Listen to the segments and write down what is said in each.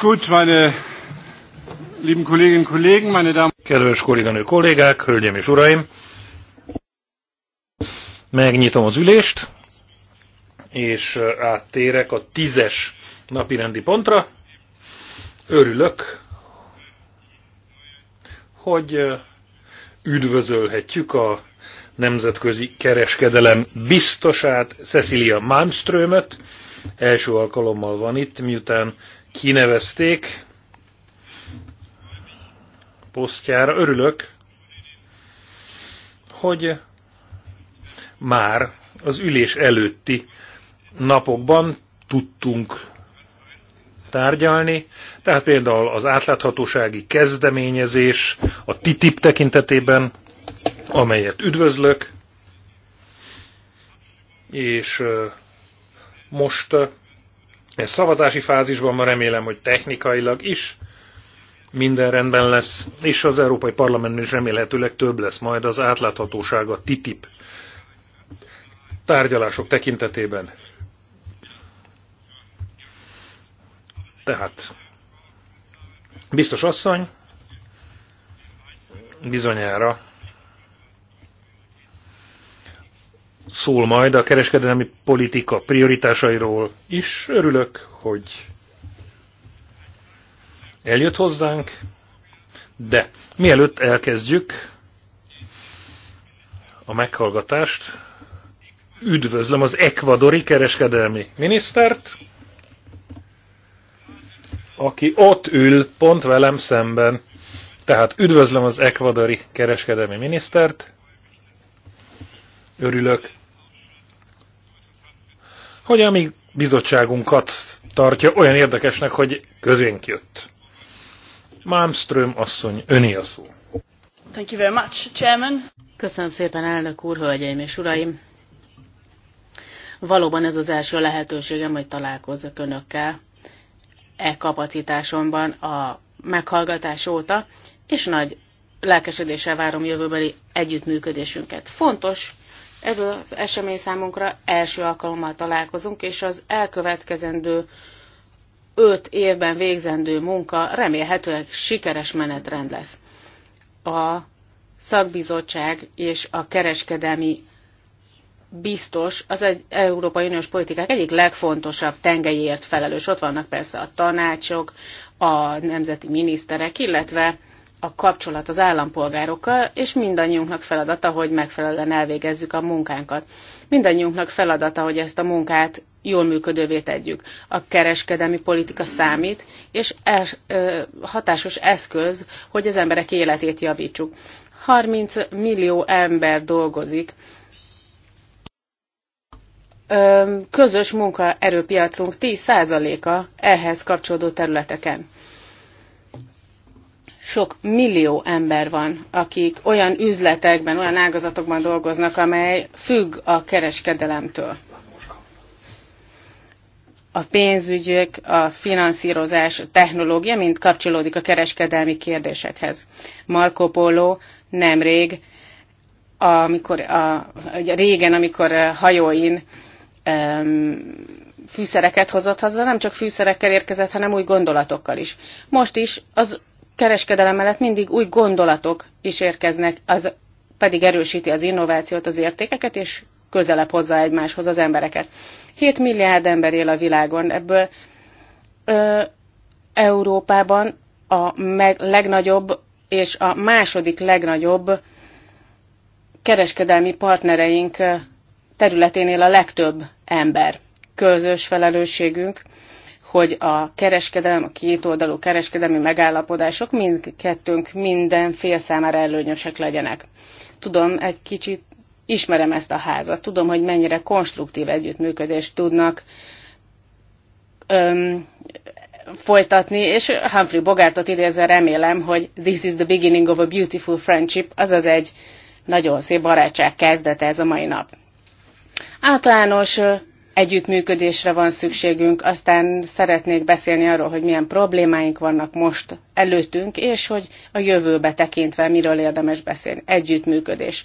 Gut, meine lieben Kolleginnen und Kollegen, meine Damen Kedves kolléganő kollégák, hölgyeim és uraim! Megnyitom az ülést, és áttérek a tízes napirendi pontra. Örülök, hogy üdvözölhetjük a nemzetközi kereskedelem biztosát, Cecilia Malmströmöt. Első alkalommal van itt, miután kinevezték posztjára. Örülök, hogy már az ülés előtti napokban tudtunk tárgyalni, tehát például az átláthatósági kezdeményezés a TTIP tekintetében, amelyet üdvözlök, és most ez szavazási fázisban ma remélem, hogy technikailag is minden rendben lesz, és az Európai Parlamentben is remélhetőleg több lesz majd az átláthatósága TTIP tárgyalások tekintetében. Tehát, biztos asszony, bizonyára szól majd a kereskedelmi politika prioritásairól is. Örülök, hogy eljött hozzánk, de mielőtt elkezdjük a meghallgatást, üdvözlöm az ekvadori kereskedelmi minisztert, aki ott ül pont velem szemben. Tehát üdvözlöm az ekvadori kereskedelmi minisztert. Örülök, hogy a mi bizottságunkat tartja olyan érdekesnek, hogy közénk jött. Malmström asszony, öné a szó. Thank you very much, Chairman. Köszönöm szépen, elnök úr, hölgyeim és uraim. Valóban ez az első lehetőségem, hogy találkozzak önökkel e kapacitásomban a meghallgatás óta, és nagy lelkesedéssel várom jövőbeli együttműködésünket. Fontos ez az esemény számunkra első alkalommal találkozunk, és az elkövetkezendő öt évben végzendő munka remélhetőleg sikeres menetrend lesz. A szakbizottság és a kereskedelmi biztos az egy Európai Uniós politikák egyik legfontosabb tengelyért felelős. Ott vannak persze a tanácsok, a nemzeti miniszterek, illetve a kapcsolat az állampolgárokkal, és mindannyiunknak feladata, hogy megfelelően elvégezzük a munkánkat. Mindannyiunknak feladata, hogy ezt a munkát jól működővé tegyük. A kereskedelmi politika számít, és es, ö, hatásos eszköz, hogy az emberek életét javítsuk. 30 millió ember dolgozik közös munkaerőpiacunk 10%-a ehhez kapcsolódó területeken sok millió ember van, akik olyan üzletekben, olyan ágazatokban dolgoznak, amely függ a kereskedelemtől. A pénzügyek, a finanszírozás, a technológia mind kapcsolódik a kereskedelmi kérdésekhez. Marco Polo nemrég, amikor a, ugye régen, amikor hajóin um, fűszereket hozott haza, nem csak fűszerekkel érkezett, hanem új gondolatokkal is. Most is az kereskedelem mellett mindig új gondolatok is érkeznek, az pedig erősíti az innovációt, az értékeket, és közelebb hozza egymáshoz az embereket. 7 milliárd ember él a világon, ebből ö, Európában a meg, legnagyobb és a második legnagyobb kereskedelmi partnereink területén él a legtöbb ember. Közös felelősségünk hogy a kereskedelem, a kétoldalú kereskedelmi megállapodások mindkettőnk minden fél számára előnyösek legyenek. Tudom, egy kicsit ismerem ezt a házat, tudom, hogy mennyire konstruktív együttműködést tudnak öm, folytatni, és Humphrey Bogartot idézve remélem, hogy this is the beginning of a beautiful friendship, azaz egy nagyon szép barátság kezdete ez a mai nap. Általános együttműködésre van szükségünk, aztán szeretnék beszélni arról, hogy milyen problémáink vannak most előttünk, és hogy a jövőbe tekintve miről érdemes beszélni. Együttműködés.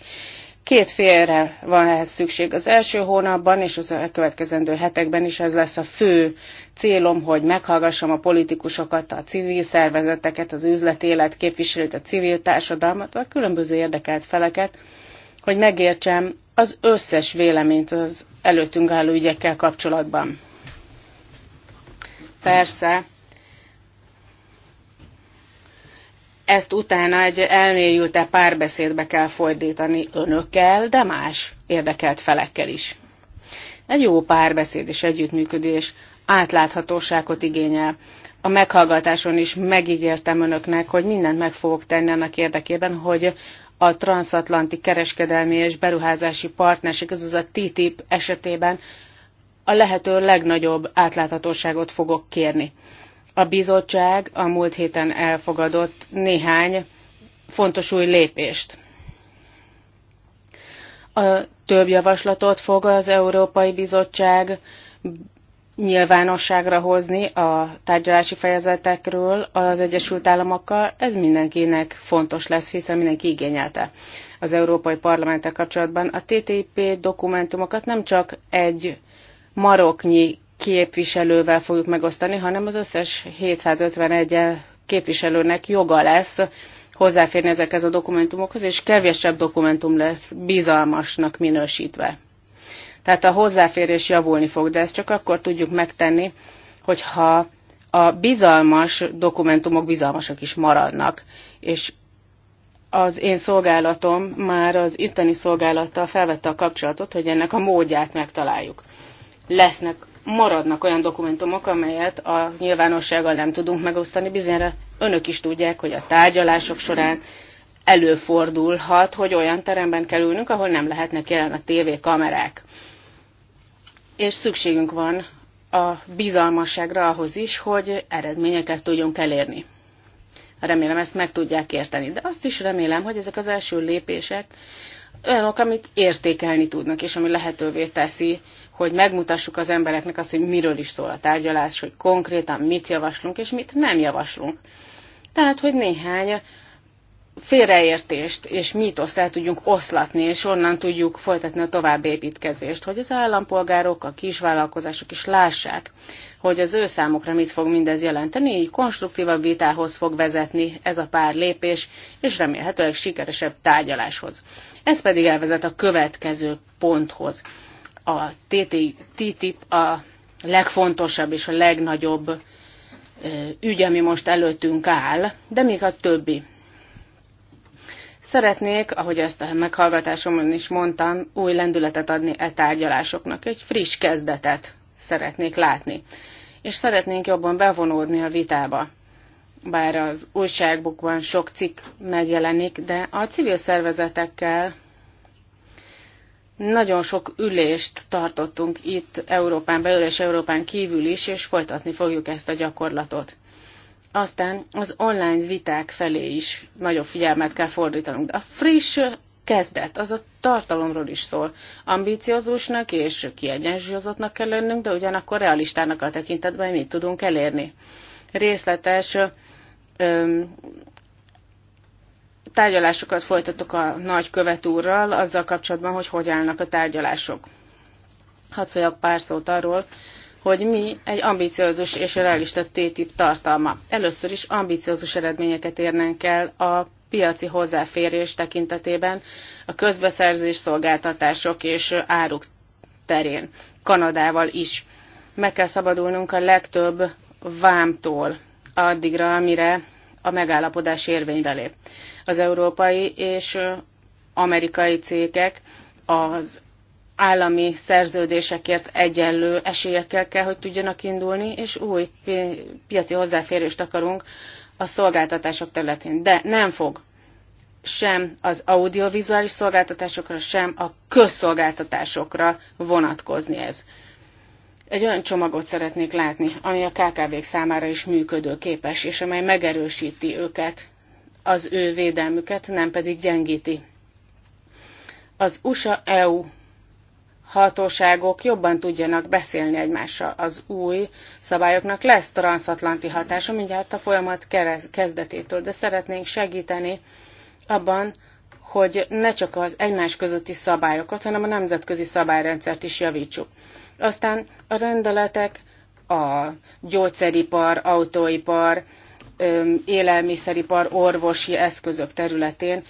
Két félre van ehhez szükség az első hónapban, és az elkövetkezendő hetekben is ez lesz a fő célom, hogy meghallgassam a politikusokat, a civil szervezeteket, az üzleti élet képviselőt, a civil társadalmat, a különböző érdekelt feleket, hogy megértsem az összes véleményt az előttünk álló ügyekkel kapcsolatban. Persze, ezt utána egy elmélyülte párbeszédbe kell fordítani önökkel, de más érdekelt felekkel is. Egy jó párbeszéd és együttműködés átláthatóságot igényel. A meghallgatáson is megígértem önöknek, hogy mindent meg fogok tenni annak érdekében, hogy a transatlanti kereskedelmi és beruházási partnerség, azaz a TTIP esetében a lehető legnagyobb átláthatóságot fogok kérni. A bizottság a múlt héten elfogadott néhány fontos új lépést. A több javaslatot fog az Európai Bizottság nyilvánosságra hozni a tárgyalási fejezetekről az Egyesült Államokkal, ez mindenkinek fontos lesz, hiszen mindenki igényelte az Európai Parlamenttel kapcsolatban. A TTIP dokumentumokat nem csak egy maroknyi képviselővel fogjuk megosztani, hanem az összes 751 képviselőnek joga lesz hozzáférni ezekhez a dokumentumokhoz, és kevesebb dokumentum lesz bizalmasnak minősítve. Tehát a hozzáférés javulni fog, de ezt csak akkor tudjuk megtenni, hogyha a bizalmas dokumentumok bizalmasak is maradnak. És az én szolgálatom már az itteni szolgálattal felvette a kapcsolatot, hogy ennek a módját megtaláljuk. Lesznek, maradnak olyan dokumentumok, amelyet a nyilvánossággal nem tudunk megosztani, bizonyára önök is tudják, hogy a tárgyalások során előfordulhat, hogy olyan teremben kell ülnünk, ahol nem lehetnek jelen a tévékamerák és szükségünk van a bizalmasságra ahhoz is, hogy eredményeket tudjunk elérni. Remélem ezt meg tudják érteni, de azt is remélem, hogy ezek az első lépések olyanok, amit értékelni tudnak, és ami lehetővé teszi, hogy megmutassuk az embereknek azt, hogy miről is szól a tárgyalás, hogy konkrétan mit javaslunk, és mit nem javaslunk. Tehát, hogy néhány félreértést és mítoszt el tudjunk oszlatni, és onnan tudjuk folytatni a továbbépítkezést, hogy az állampolgárok, a kisvállalkozások is lássák, hogy az ő számokra mit fog mindez jelenteni, így konstruktívabb vitához fog vezetni ez a pár lépés, és remélhetőleg sikeresebb tárgyaláshoz. Ez pedig elvezet a következő ponthoz. A TTIP a legfontosabb és a legnagyobb ügy, ami most előttünk áll, de még a többi Szeretnék, ahogy ezt a meghallgatásomon is mondtam, új lendületet adni e tárgyalásoknak. Egy friss kezdetet szeretnék látni. És szeretnénk jobban bevonódni a vitába. Bár az újságokban sok cikk megjelenik, de a civil szervezetekkel nagyon sok ülést tartottunk itt Európán belül és Európán kívül is, és folytatni fogjuk ezt a gyakorlatot. Aztán az online viták felé is nagyobb figyelmet kell fordítanunk. De a friss kezdet, az a tartalomról is szól. Ambíciózusnak és kiegyensúlyozottnak kell lennünk, de ugyanakkor realistának a tekintetben, hogy mit tudunk elérni. Részletes öm, tárgyalásokat folytatok a nagy követúrral azzal kapcsolatban, hogy hogy állnak a tárgyalások. Hadd szóljak pár szót arról, hogy mi egy ambiciózus és realista TTIP tartalma. Először is ambiciózus eredményeket érnénk el a piaci hozzáférés tekintetében a közbeszerzés szolgáltatások és áruk terén, Kanadával is. Meg kell szabadulnunk a legtöbb vámtól addigra, amire a megállapodás érvénybe lép. Az európai és amerikai cégek az állami szerződésekért egyenlő esélyekkel kell, hogy tudjanak indulni, és új pi piaci hozzáférést akarunk a szolgáltatások területén. De nem fog sem az audiovizuális szolgáltatásokra, sem a közszolgáltatásokra vonatkozni ez. Egy olyan csomagot szeretnék látni, ami a KKV-k számára is működőképes, és amely megerősíti őket, az ő védelmüket, nem pedig gyengíti. Az USA-EU hatóságok jobban tudjanak beszélni egymással. Az új szabályoknak lesz transatlanti hatása mindjárt a folyamat kezdetétől, de szeretnénk segíteni abban, hogy ne csak az egymás közötti szabályokat, hanem a nemzetközi szabályrendszert is javítsuk. Aztán a rendeletek a gyógyszeripar, autóipar, élelmiszeripar, orvosi eszközök területén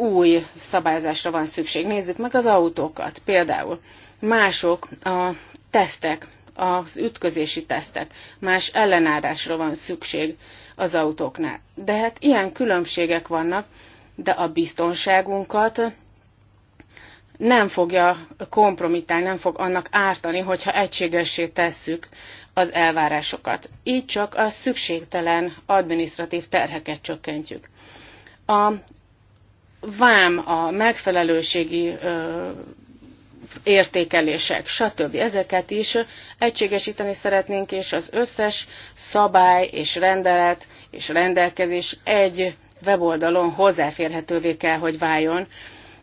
új szabályozásra van szükség. Nézzük meg az autókat például. Mások a tesztek, az ütközési tesztek, más ellenállásra van szükség az autóknál. De hát ilyen különbségek vannak, de a biztonságunkat nem fogja kompromittálni, nem fog annak ártani, hogyha egységessé tesszük az elvárásokat. Így csak a szükségtelen adminisztratív terheket csökkentjük. A vám, a megfelelőségi értékelések, stb. Ezeket is egységesíteni szeretnénk, és az összes szabály és rendelet és rendelkezés egy weboldalon hozzáférhetővé kell, hogy váljon.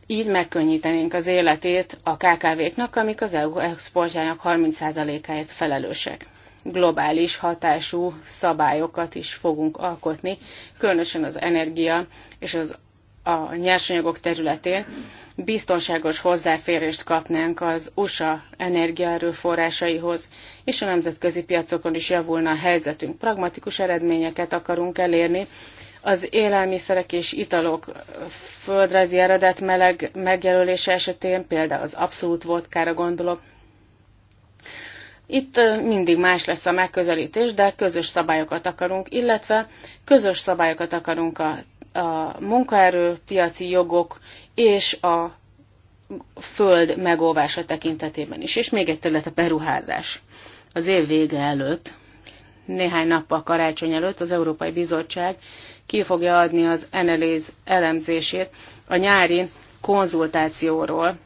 Így megkönnyítenénk az életét a KKV-knak, amik az EU exportjának 30%-áért felelősek. Globális hatású szabályokat is fogunk alkotni, különösen az energia és az a nyersanyagok területén biztonságos hozzáférést kapnánk az USA energiaerőforrásaihoz, és a nemzetközi piacokon is javulna a helyzetünk. Pragmatikus eredményeket akarunk elérni, az élelmiszerek és italok földrajzi eredet meleg megjelölése esetén, például az abszolút vodkára gondolok, itt mindig más lesz a megközelítés, de közös szabályokat akarunk, illetve közös szabályokat akarunk a a munkaerőpiaci jogok és a föld megóvása tekintetében is. És még egy terület a beruházás. Az év vége előtt, néhány nappal karácsony előtt az Európai Bizottság ki fogja adni az Eneléz elemzését a nyári konzultációról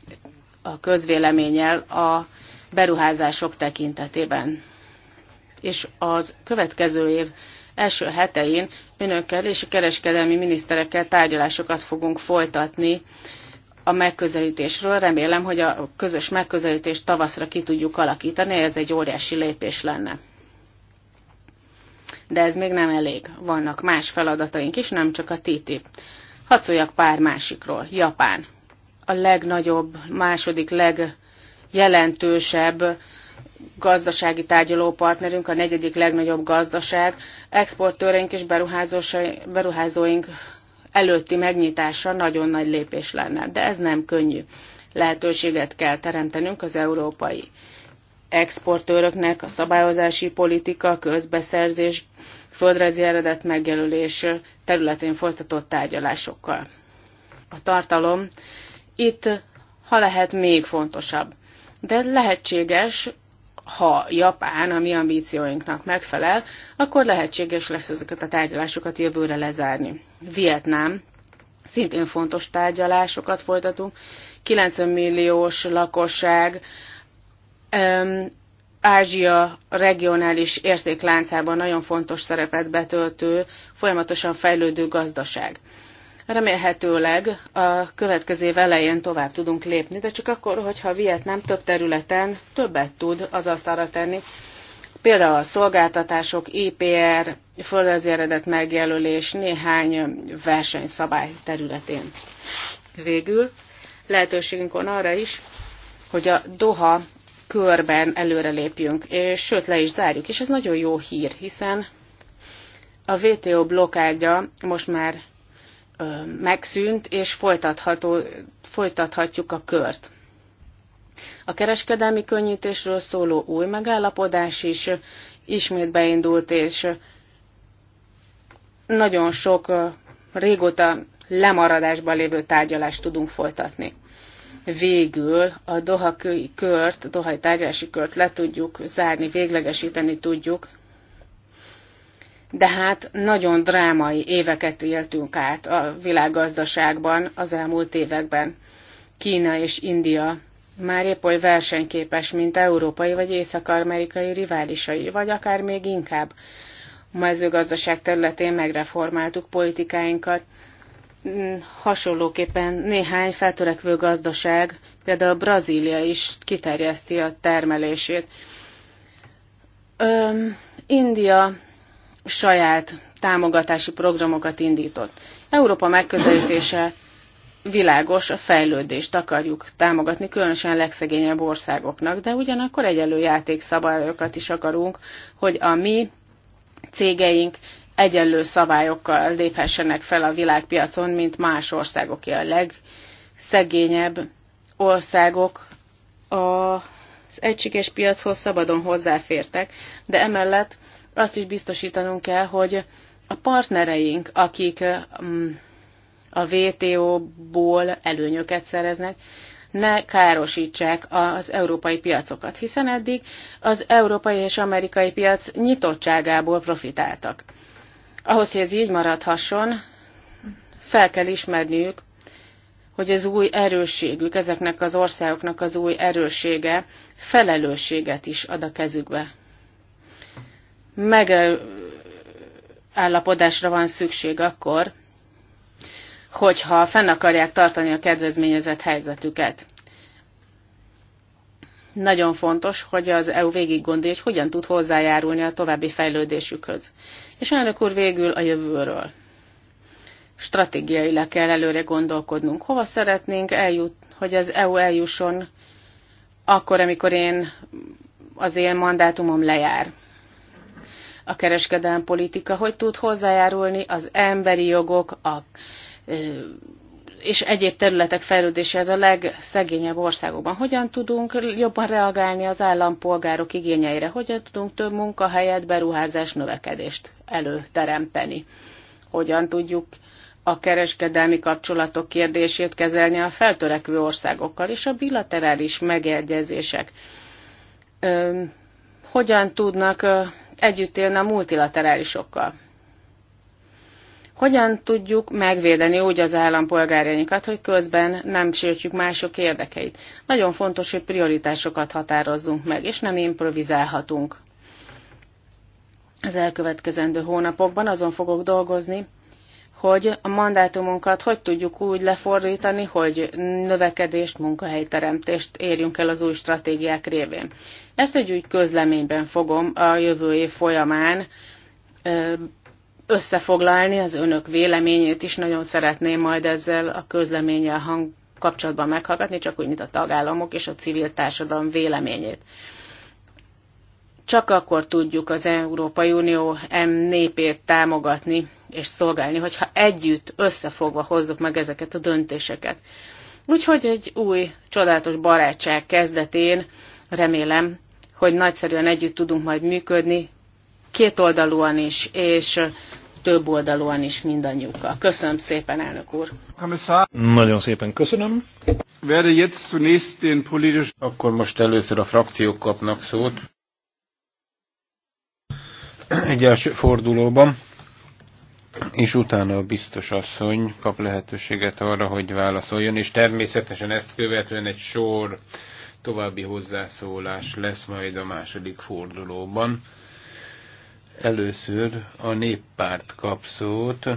a közvéleménnyel a beruházások tekintetében. És az következő év első hetein önökkel és a kereskedelmi miniszterekkel tárgyalásokat fogunk folytatni a megközelítésről. Remélem, hogy a közös megközelítést tavaszra ki tudjuk alakítani, ez egy óriási lépés lenne. De ez még nem elég. Vannak más feladataink is, nem csak a TTIP. Hadd szóljak pár másikról. Japán. A legnagyobb, második legjelentősebb gazdasági tárgyalópartnerünk, a negyedik legnagyobb gazdaság, exportőreink és beruházóink előtti megnyitása nagyon nagy lépés lenne, de ez nem könnyű. Lehetőséget kell teremtenünk az európai exportőröknek a szabályozási politika, közbeszerzés, földrajzi eredet megjelölés területén folytatott tárgyalásokkal. A tartalom itt, ha lehet, még fontosabb. De lehetséges ha Japán a mi ambícióinknak megfelel, akkor lehetséges lesz ezeket a tárgyalásokat jövőre lezárni. Vietnám, szintén fontos tárgyalásokat folytatunk, 90 milliós lakosság, um, Ázsia regionális értékláncában nagyon fontos szerepet betöltő, folyamatosan fejlődő gazdaság. Remélhetőleg a következő év elején tovább tudunk lépni, de csak akkor, hogyha Vietnám több területen többet tud az asztalra tenni, például a szolgáltatások, IPR, földrajzi eredet megjelölés néhány versenyszabály területén. Végül lehetőségünk van arra is, hogy a Doha körben előrelépjünk, és sőt le is zárjuk, és ez nagyon jó hír, hiszen a WTO blokkádja most már megszűnt, és folytatható, folytathatjuk a kört. A kereskedelmi könnyítésről szóló új megállapodás is ismét beindult, és nagyon sok régóta lemaradásban lévő tárgyalást tudunk folytatni. Végül a Doha kört, Dohai tárgyalási kört le tudjuk zárni, véglegesíteni tudjuk de hát nagyon drámai éveket éltünk át a világgazdaságban az elmúlt években. Kína és India már épp oly versenyképes, mint európai vagy észak-amerikai riválisai, vagy akár még inkább. A mezőgazdaság területén megreformáltuk politikáinkat. Mm, hasonlóképpen néhány feltörekvő gazdaság, például Brazília is kiterjeszti a termelését. Öm, India saját támogatási programokat indított. Európa megközelítése világos, a fejlődést akarjuk támogatni, különösen a legszegényebb országoknak, de ugyanakkor egyenlő játékszabályokat is akarunk, hogy a mi cégeink egyenlő szabályokkal léphessenek fel a világpiacon, mint más országoké a legszegényebb országok az egységes piachoz szabadon hozzáfértek, de emellett azt is biztosítanunk kell, hogy a partnereink, akik mm, a WTO-ból előnyöket szereznek, ne károsítsák az európai piacokat, hiszen eddig az európai és amerikai piac nyitottságából profitáltak. Ahhoz, hogy ez így maradhasson, fel kell ismerniük, hogy az új erősségük, ezeknek az országoknak az új erőssége felelősséget is ad a kezükbe megállapodásra van szükség akkor, hogyha fenn akarják tartani a kedvezményezett helyzetüket. Nagyon fontos, hogy az EU végig gondolja, hogy hogyan tud hozzájárulni a további fejlődésükhöz. És elnök úr végül a jövőről. Stratégiailag kell előre gondolkodnunk. Hova szeretnénk eljut, hogy az EU eljusson akkor, amikor én az én mandátumom lejár a kereskedelmi politika hogy tud hozzájárulni az emberi jogok a, és egyéb területek fejlődéséhez a legszegényebb országokban. Hogyan tudunk jobban reagálni az állampolgárok igényeire? Hogyan tudunk több munkahelyet, beruházás, növekedést előteremteni? Hogyan tudjuk a kereskedelmi kapcsolatok kérdését kezelni a feltörekvő országokkal és a bilaterális megegyezések? hogyan tudnak együtt élne a multilaterálisokkal. Hogyan tudjuk megvédeni úgy az állampolgárjainkat, hogy közben nem sértjük mások érdekeit? Nagyon fontos, hogy prioritásokat határozzunk meg, és nem improvizálhatunk. Az elkövetkezendő hónapokban azon fogok dolgozni, hogy a mandátumunkat hogy tudjuk úgy lefordítani, hogy növekedést, munkahelyteremtést érjünk el az új stratégiák révén. Ezt egy úgy közleményben fogom a jövő év folyamán összefoglalni az önök véleményét is. Nagyon szeretném majd ezzel a közleménnyel hang kapcsolatban meghallgatni, csak úgy, mint a tagállamok és a civil társadalom véleményét. Csak akkor tudjuk az Európai Unió M népét támogatni és szolgálni, hogyha együtt összefogva hozzuk meg ezeket a döntéseket. Úgyhogy egy új, csodálatos barátság kezdetén remélem, hogy nagyszerűen együtt tudunk majd működni, kétoldalúan is, és több oldalúan is mindannyiukkal. Köszönöm szépen, elnök úr! Nagyon szépen köszönöm. Werde jetzt zunächst den politischen. Akkor most először a frakciók kapnak szót egy első fordulóban, és utána a biztos asszony kap lehetőséget arra, hogy válaszoljon, és természetesen ezt követően egy sor további hozzászólás lesz majd a második fordulóban. Először a néppárt kap szót,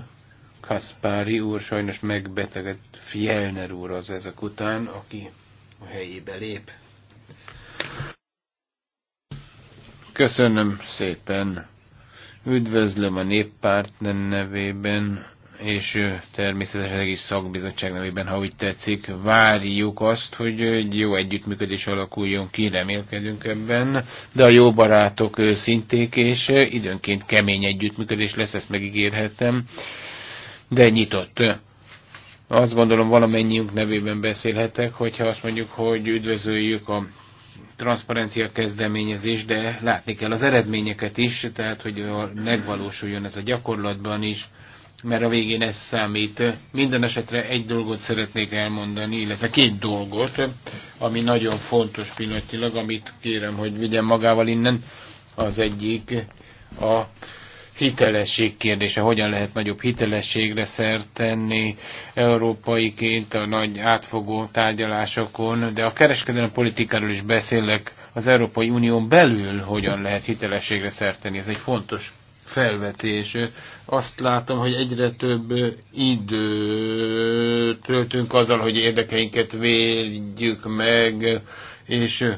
Kaspári úr sajnos megbetegett Fjellner úr az ezek után, aki a helyébe lép. Köszönöm szépen, Üdvözlöm a néppárt nevében, és természetesen egész szakbizottság nevében, ha úgy tetszik. Várjuk azt, hogy egy jó együttműködés alakuljon ki, remélkedünk ebben, de a jó barátok szinték, és időnként kemény együttműködés lesz, ezt megígérhetem, de nyitott azt gondolom valamennyiünk nevében beszélhetek, hogyha azt mondjuk, hogy üdvözöljük a transzparencia kezdeményezés, de látni kell az eredményeket is, tehát hogy megvalósuljon ez a gyakorlatban is, mert a végén ez számít. Minden esetre egy dolgot szeretnék elmondani, illetve két dolgot, ami nagyon fontos pillanatilag, amit kérem, hogy vigyen magával innen. Az egyik a hitelesség kérdése, hogyan lehet nagyobb hitelességre szert tenni európaiként a nagy átfogó tárgyalásokon, de a kereskedelmi politikáról is beszélek, az Európai Unión belül hogyan lehet hitelességre szert tenni, ez egy fontos felvetés. Azt látom, hogy egyre több időt töltünk azzal, hogy érdekeinket védjük meg, és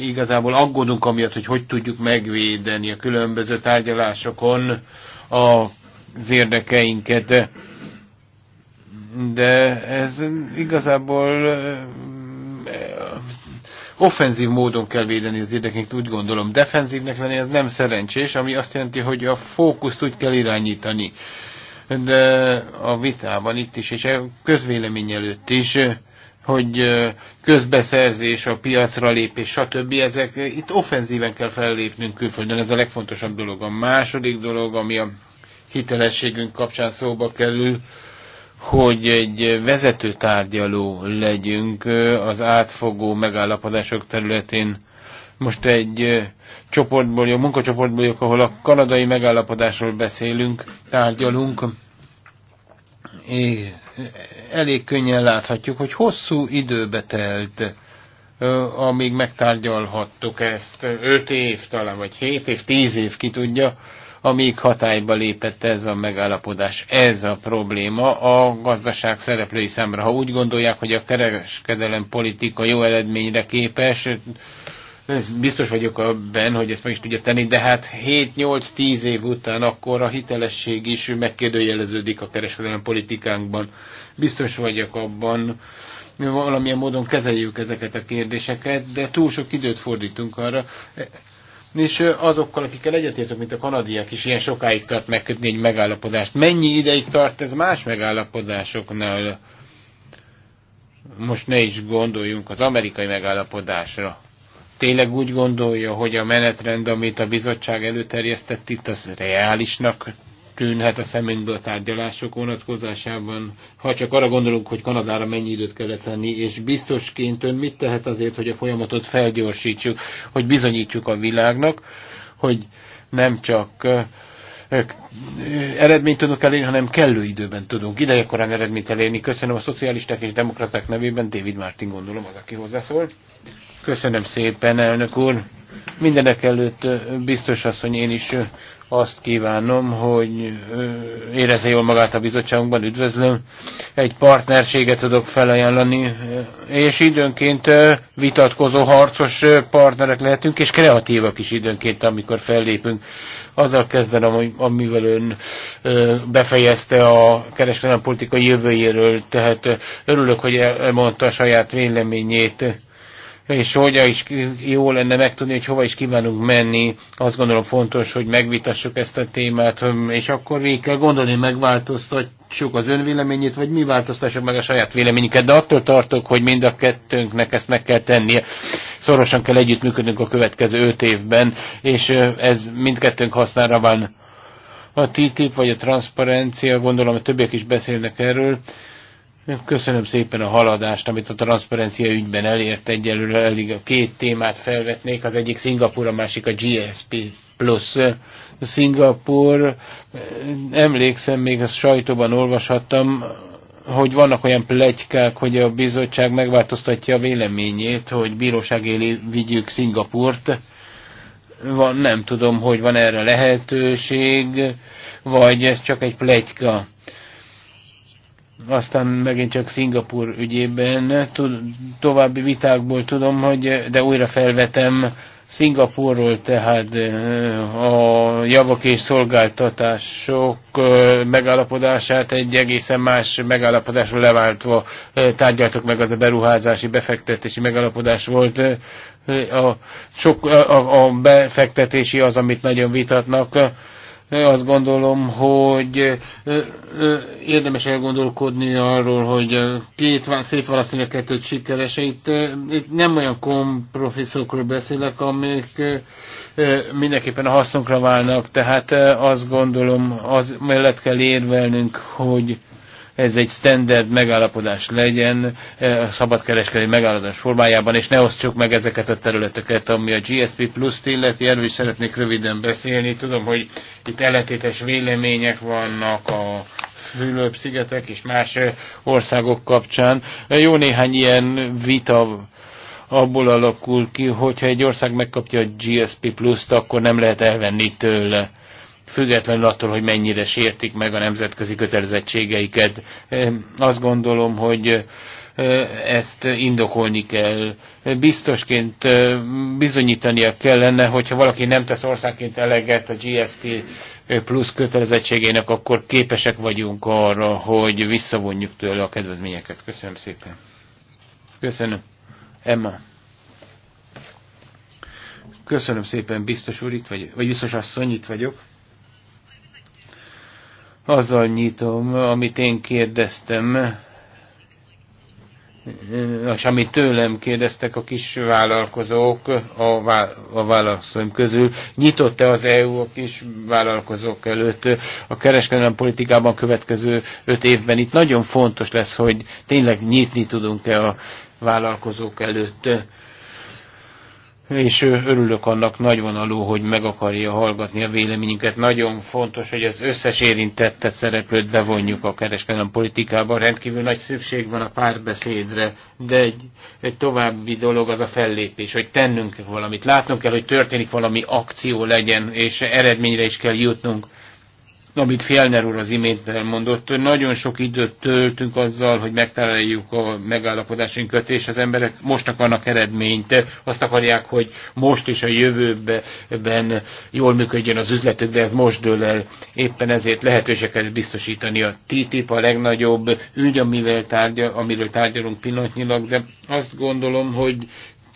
Igazából aggódunk amiatt, hogy hogy tudjuk megvédeni a különböző tárgyalásokon az érdekeinket. De ez igazából offenzív módon kell védeni az érdekeinket, úgy gondolom. Defenzívnek lenni ez nem szerencsés, ami azt jelenti, hogy a fókuszt úgy kell irányítani. De a vitában itt is, és a közvélemény előtt is hogy közbeszerzés, a piacra lépés, stb. Ezek, itt offenzíven kell fellépnünk külföldön, ez a legfontosabb dolog. A második dolog, ami a hitelességünk kapcsán szóba kerül, hogy egy vezető tárgyaló legyünk az átfogó megállapodások területén. Most egy csoportból, jó munkacsoportból, ahol a kanadai megállapodásról beszélünk, tárgyalunk, elég könnyen láthatjuk, hogy hosszú időbe telt, amíg megtárgyalhattuk ezt, 5 év talán, vagy 7 év, 10 év, ki tudja, amíg hatályba lépett ez a megállapodás. Ez a probléma a gazdaság szereplői számára. Ha úgy gondolják, hogy a kereskedelem politika jó eredményre képes, biztos vagyok abban, hogy ezt meg is tudja tenni, de hát 7-8-10 év után akkor a hitelesség is megkérdőjeleződik a kereskedelmi politikánkban. Biztos vagyok abban, valamilyen módon kezeljük ezeket a kérdéseket, de túl sok időt fordítunk arra. És azokkal, akikkel egyetértünk, mint a kanadiak is, ilyen sokáig tart megkötni egy megállapodást. Mennyi ideig tart ez más megállapodásoknál? Most ne is gondoljunk az amerikai megállapodásra tényleg úgy gondolja, hogy a menetrend, amit a bizottság előterjesztett itt, az reálisnak tűnhet a szeményből a tárgyalások vonatkozásában, ha csak arra gondolunk, hogy Kanadára mennyi időt kellett szenni, és biztosként ön mit tehet azért, hogy a folyamatot felgyorsítsuk, hogy bizonyítsuk a világnak, hogy nem csak eredményt tudunk elérni, hanem kellő időben tudunk idejekorán eredményt elérni. Köszönöm a szocialisták és demokraták nevében, David Martin gondolom az, aki hozzászól. Köszönöm szépen, elnök úr. Mindenek előtt biztos asszony, én is azt kívánom, hogy érezze jól magát a bizottságunkban, üdvözlöm. Egy partnerséget tudok felajánlani, és időnként vitatkozó harcos partnerek lehetünk, és kreatívak is időnként, amikor fellépünk. Azzal kezdenem, amivel ön befejezte a kereskedelmi politikai jövőjéről, tehát örülök, hogy elmondta a saját véleményét és hogyan is jó lenne megtudni, hogy hova is kívánunk menni. Azt gondolom fontos, hogy megvitassuk ezt a témát, és akkor végig kell gondolni, megváltoztatjuk az önvéleményét, vagy mi változtassuk meg a saját véleményünket, de attól tartok, hogy mind a kettőnknek ezt meg kell tennie. Szorosan kell együttműködnünk a következő öt évben, és ez mindkettőnk hasznára van. A TTIP vagy a transzparencia, gondolom a többiek is beszélnek erről, Köszönöm szépen a haladást, amit a transzparencia ügyben elért egyelőre. Elég a két témát felvetnék, az egyik Szingapur, a másik a GSP plusz. Szingapur, emlékszem, még ezt sajtóban olvashattam, hogy vannak olyan plegykák, hogy a bizottság megváltoztatja a véleményét, hogy bíróság élé vigyük Szingapurt. Van, nem tudom, hogy van erre lehetőség, vagy ez csak egy plegyka aztán megint csak Szingapur ügyében további vitákból tudom, hogy, de újra felvetem Szingapurról, tehát eh, a javak és szolgáltatások eh, megállapodását egy egészen más megállapodásról leváltva eh, tárgyaltok meg, az a beruházási, befektetési megállapodás volt. A, sok, a, a befektetési az, amit nagyon vitatnak azt gondolom, hogy érdemes elgondolkodni arról, hogy két, szétválasztani a kettőt sikeresen. Itt, itt nem olyan kompromisszokról beszélek, amik mindenképpen a hasznunkra válnak. Tehát azt gondolom, az mellett kell érvelnünk, hogy ez egy standard megállapodás legyen eh, a szabadkereskedelmi megállapodás formájában, és ne osztsuk meg ezeket a területeket, ami a GSP Plus-t illeti. Erről is szeretnék röviden beszélni. Tudom, hogy itt ellentétes vélemények vannak a Fülöp-szigetek és más eh, országok kapcsán. Eh, jó néhány ilyen vita abból alakul ki, hogyha egy ország megkapja a GSP Plus-t, akkor nem lehet elvenni tőle függetlenül attól, hogy mennyire sértik meg a nemzetközi kötelezettségeiket. Azt gondolom, hogy ezt indokolni kell. Biztosként bizonyítania kellene, hogyha valaki nem tesz országként eleget a GSP plusz kötelezettségének, akkor képesek vagyunk arra, hogy visszavonjuk tőle a kedvezményeket. Köszönöm szépen. Köszönöm. Emma. Köszönöm szépen, biztos úr, itt vagy, vagy biztos asszony, itt vagyok azzal nyitom, amit én kérdeztem, és amit tőlem kérdeztek a kis vállalkozók a, vá a válaszom közül, nyitott-e az EU a kis vállalkozók előtt a kereskedelmi politikában következő öt évben? Itt nagyon fontos lesz, hogy tényleg nyitni tudunk-e a vállalkozók előtt és örülök annak nagyvonalú, hogy meg akarja hallgatni a véleményünket. Nagyon fontos, hogy az összes érintettet szereplőt bevonjuk a kereskedelmi politikába. Rendkívül nagy szükség van a párbeszédre, de egy, egy további dolog az a fellépés, hogy tennünk valamit. Látnunk kell, hogy történik valami akció legyen, és eredményre is kell jutnunk amit Fjellner úr az imént elmondott, nagyon sok időt töltünk azzal, hogy megtaláljuk a megállapodásunkat, és az emberek most akarnak eredményt, azt akarják, hogy most és a jövőben jól működjön az üzletük, de ez most dől el. Éppen ezért lehetőséget biztosítani a TTIP, a legnagyobb ügy, amivel tárgyal, amiről tárgyalunk pillanatnyilag, de azt gondolom, hogy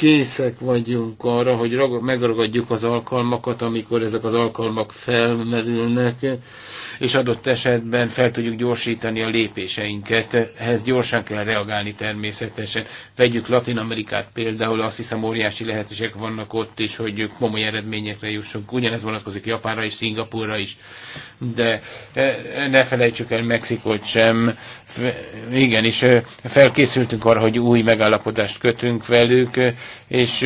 készek vagyunk arra, hogy megragadjuk az alkalmakat, amikor ezek az alkalmak felmerülnek, és adott esetben fel tudjuk gyorsítani a lépéseinket. Ehhez gyorsan kell reagálni természetesen. Vegyük Latin Amerikát például, azt hiszem óriási lehetőségek vannak ott is, hogy komoly eredményekre jussunk. Ugyanez vonatkozik Japánra és Szingapurra is. De e, ne felejtsük el Mexikót sem. Igen, és e, felkészültünk arra, hogy új megállapodást kötünk velük, és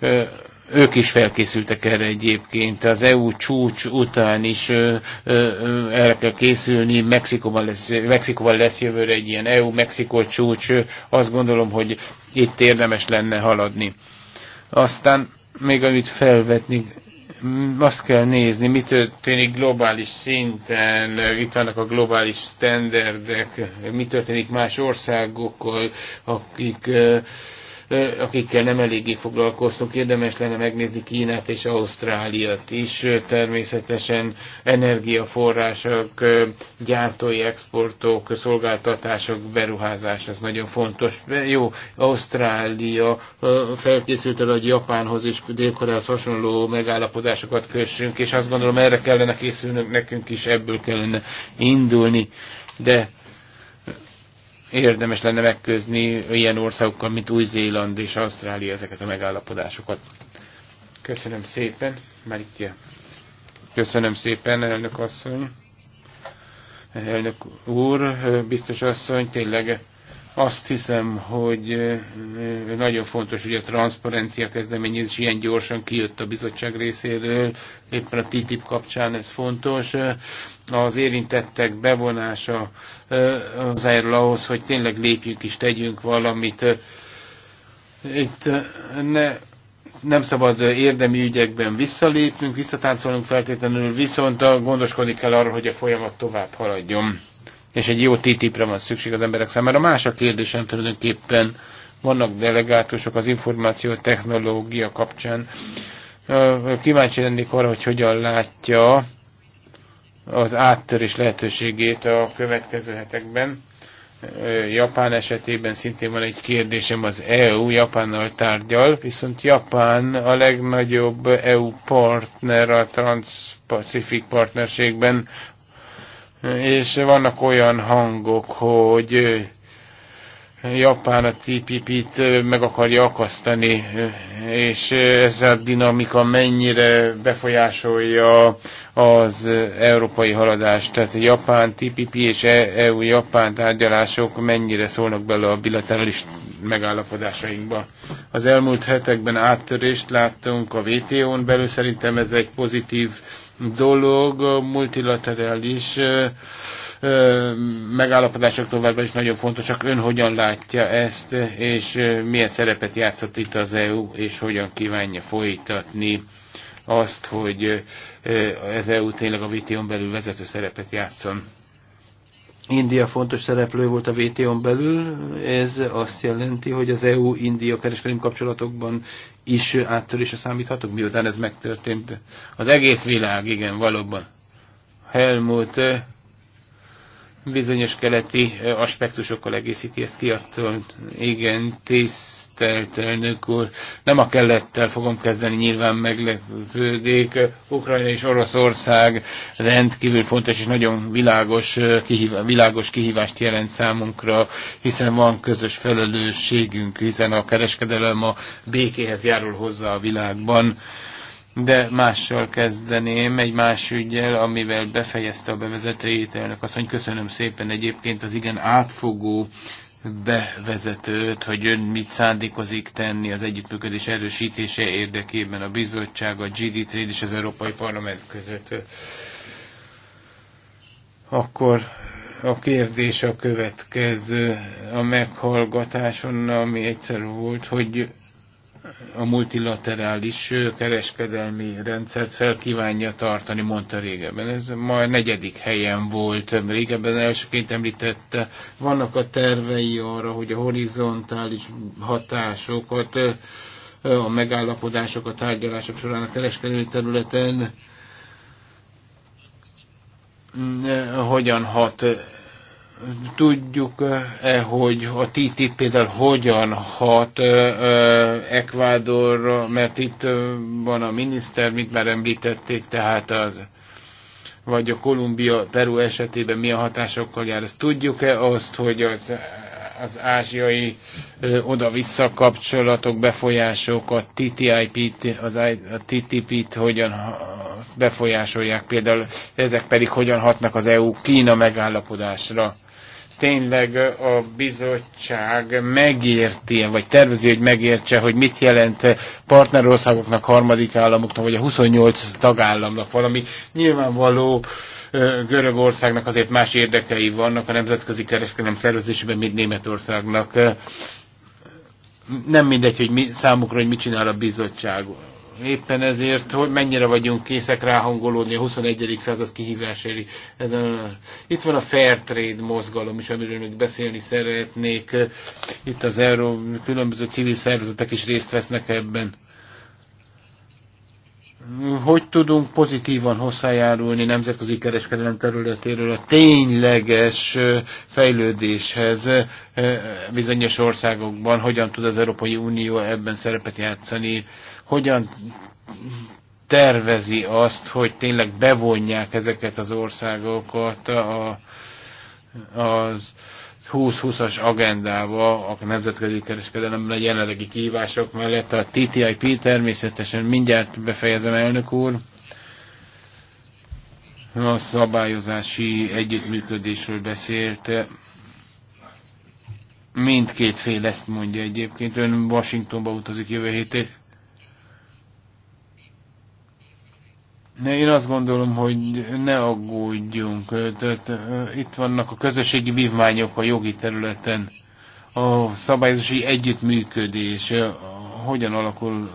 e, ők is felkészültek erre egyébként. Az EU csúcs után is ö, ö, ö, erre kell készülni. Mexikóban lesz, Mexikóban lesz jövőre egy ilyen EU-Mexikó csúcs. Azt gondolom, hogy itt érdemes lenne haladni. Aztán még amit felvetni, azt kell nézni, mi történik globális szinten, itt vannak a globális standardek, mi történik más országokkal, akik akikkel nem eléggé foglalkoztunk. Érdemes lenne megnézni Kínát és Ausztráliát is. Természetesen energiaforrások, gyártói exportok, szolgáltatások, beruházás, ez nagyon fontos. Jó, Ausztrália felkészült el, hogy Japánhoz és dél hasonló megállapodásokat kössünk, és azt gondolom erre kellene készülnünk, nekünk is ebből kellene indulni. De érdemes lenne megközni ilyen országokkal, mint Új-Zéland és Ausztrália ezeket a megállapodásokat. Köszönöm szépen, Maritja. Köszönöm szépen, elnök asszony. Elnök úr, biztos asszony, tényleg azt hiszem, hogy nagyon fontos, hogy a transzparencia kezdeményezés ilyen gyorsan kijött a bizottság részéről, éppen a TTIP kapcsán ez fontos. Az érintettek bevonása az ahhoz, hogy tényleg lépjünk is, tegyünk valamit. Itt ne nem szabad érdemi ügyekben visszalépnünk, visszatáncolunk feltétlenül, viszont gondoskodni kell arról, hogy a folyamat tovább haladjon és egy jó TTIP-re van szükség az emberek számára. Más a kérdésem tulajdonképpen vannak delegátusok az információ technológia kapcsán. Kíváncsi lennék arra, hogy hogyan látja az áttörés lehetőségét a következő hetekben. Japán esetében szintén van egy kérdésem, az EU Japánnal tárgyal, viszont Japán a legnagyobb EU partner a Trans-Pacific partnerségben, és vannak olyan hangok, hogy Japán a TPP-t meg akarja akasztani, és ez a dinamika mennyire befolyásolja az európai haladást. Tehát a Japán, TPP és EU-Japán e tárgyalások mennyire szólnak bele a bilaterális megállapodásainkba. Az elmúlt hetekben áttörést láttunk a WTO-n belül, szerintem ez egy pozitív dolog, multilaterális megállapodások továbbra is nagyon fontosak. Ön hogyan látja ezt, és milyen szerepet játszott itt az EU, és hogyan kívánja folytatni azt, hogy az EU tényleg a vitión belül vezető szerepet játszon? India fontos szereplő volt a WTO-n belül, ez azt jelenti, hogy az EU-India kereskedelmi kapcsolatokban is áttörésre számíthatok, miután ez megtörtént. Az egész világ, igen, valóban. Helmut, bizonyos keleti aspektusokkal egészíti ezt ki, attól igen, tisztelt elnök úr. Nem a kelettel fogom kezdeni, nyilván meglepődik. Ukrajna és Oroszország rendkívül fontos és nagyon világos, kihívás, világos kihívást jelent számunkra, hiszen van közös felelősségünk, hiszen a kereskedelem a békéhez járul hozzá a világban de mással kezdeném, egy más ügyel, amivel befejezte a bevezetőjét elnök asszony. Köszönöm szépen egyébként az igen átfogó bevezetőt, hogy ön mit szándékozik tenni az együttműködés erősítése érdekében a bizottság, a GD Trade és az Európai Parlament között. Akkor a kérdés a következő a meghallgatáson, ami egyszer volt, hogy a multilaterális kereskedelmi rendszert kívánja tartani, mondta régebben. Ez ma a negyedik helyen volt, régebben elsőként említette. Vannak a tervei arra, hogy a horizontális hatásokat, a megállapodások, a tárgyalások során a kereskedelmi területen hogyan hat tudjuk-e, hogy a TTIP például hogyan hat Ekvádorra, mert itt van a miniszter, mint már említették, tehát az vagy a Kolumbia, Peru esetében milyen hatásokkal jár. Ezt tudjuk-e azt, hogy az, az ázsiai oda-vissza kapcsolatok, befolyások, a TTIP-t, az, a TTIP-t hogyan befolyásolják például, ezek pedig hogyan hatnak az EU-Kína megállapodásra? tényleg a bizottság megérti vagy tervezi, hogy megértse, hogy mit jelent partnerországoknak, harmadik államoknak, vagy a 28 tagállamnak valami nyilvánvaló Görögországnak azért más érdekei vannak a nemzetközi kereskedelem szervezésében, mint Németországnak. Nem mindegy, hogy mi, számukra, hogy mit csinál a bizottság. Éppen ezért, hogy mennyire vagyunk készek ráhangolódni a 21. század kihívására. itt van a fair trade mozgalom is, amiről még beszélni szeretnék. Itt az Euró különböző civil szervezetek is részt vesznek ebben hogy tudunk pozitívan hozzájárulni nemzetközi kereskedelem területéről a tényleges fejlődéshez bizonyos országokban, hogyan tud az Európai Unió ebben szerepet játszani hogyan tervezi azt, hogy tényleg bevonják ezeket az országokat a, a 20-20-as agendába, a nemzetközi kereskedelem a jelenlegi kihívások mellett a TTIP természetesen mindjárt befejezem elnök úr a szabályozási együttműködésről beszélt. Mindkét fél ezt mondja egyébként. Ön Washingtonba utazik jövő héten. ne, Én azt gondolom, hogy ne aggódjunk. Tehát, itt vannak a közösségi vívmányok a jogi területen. A szabályozási együttműködés hogyan alakul,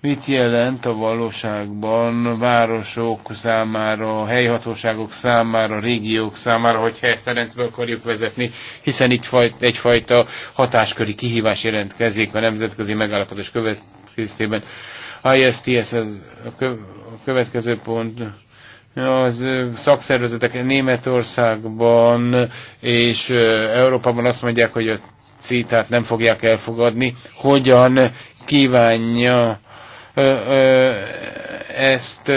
mit jelent a valóságban a városok számára, a helyhatóságok számára, a régiók számára, hogyha ezt a rendszerbe akarjuk vezetni, hiszen itt egyfajta hatásköri kihívás jelentkezik a nemzetközi megállapodás következtében. ISTS az következő pont az szakszervezetek Németországban és Európában azt mondják, hogy a citát nem fogják elfogadni. Hogyan kívánja ezt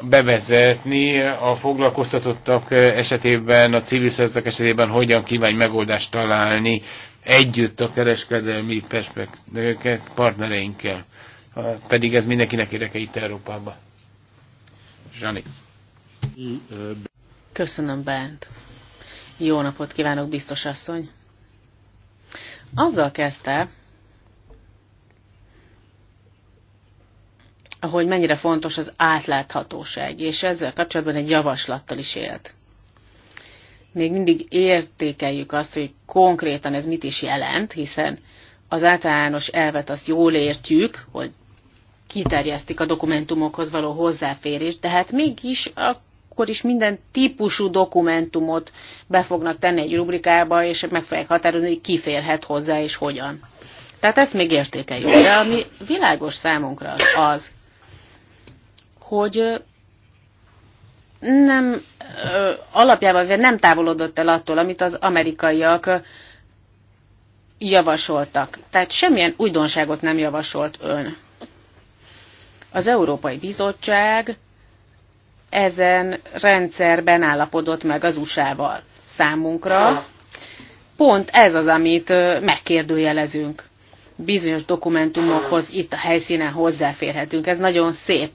bevezetni a foglalkoztatottak esetében, a civil szervezetek esetében hogyan kívánj megoldást találni együtt a kereskedelmi partnereinkkel pedig ez mindenkinek érdeke itt Európában. Zsani. Köszönöm, Bent. Jó napot kívánok, biztos asszony. Azzal kezdte, hogy mennyire fontos az átláthatóság, és ezzel kapcsolatban egy javaslattal is élt. Még mindig értékeljük azt, hogy konkrétan ez mit is jelent, hiszen az általános elvet azt jól értjük, hogy kiterjesztik a dokumentumokhoz való hozzáférést, de hát mégis akkor is minden típusú dokumentumot be fognak tenni egy rubrikába, és meg fogják határozni, hogy ki férhet hozzá és hogyan. Tehát ezt még értékeljük. De ami világos számunkra az, hogy nem alapjában nem távolodott el attól, amit az amerikaiak javasoltak. Tehát semmilyen újdonságot nem javasolt ön. Az Európai Bizottság ezen rendszerben állapodott meg az USA-val. Számunkra pont ez az, amit megkérdőjelezünk. Bizonyos dokumentumokhoz itt a helyszínen hozzáférhetünk. Ez nagyon szép.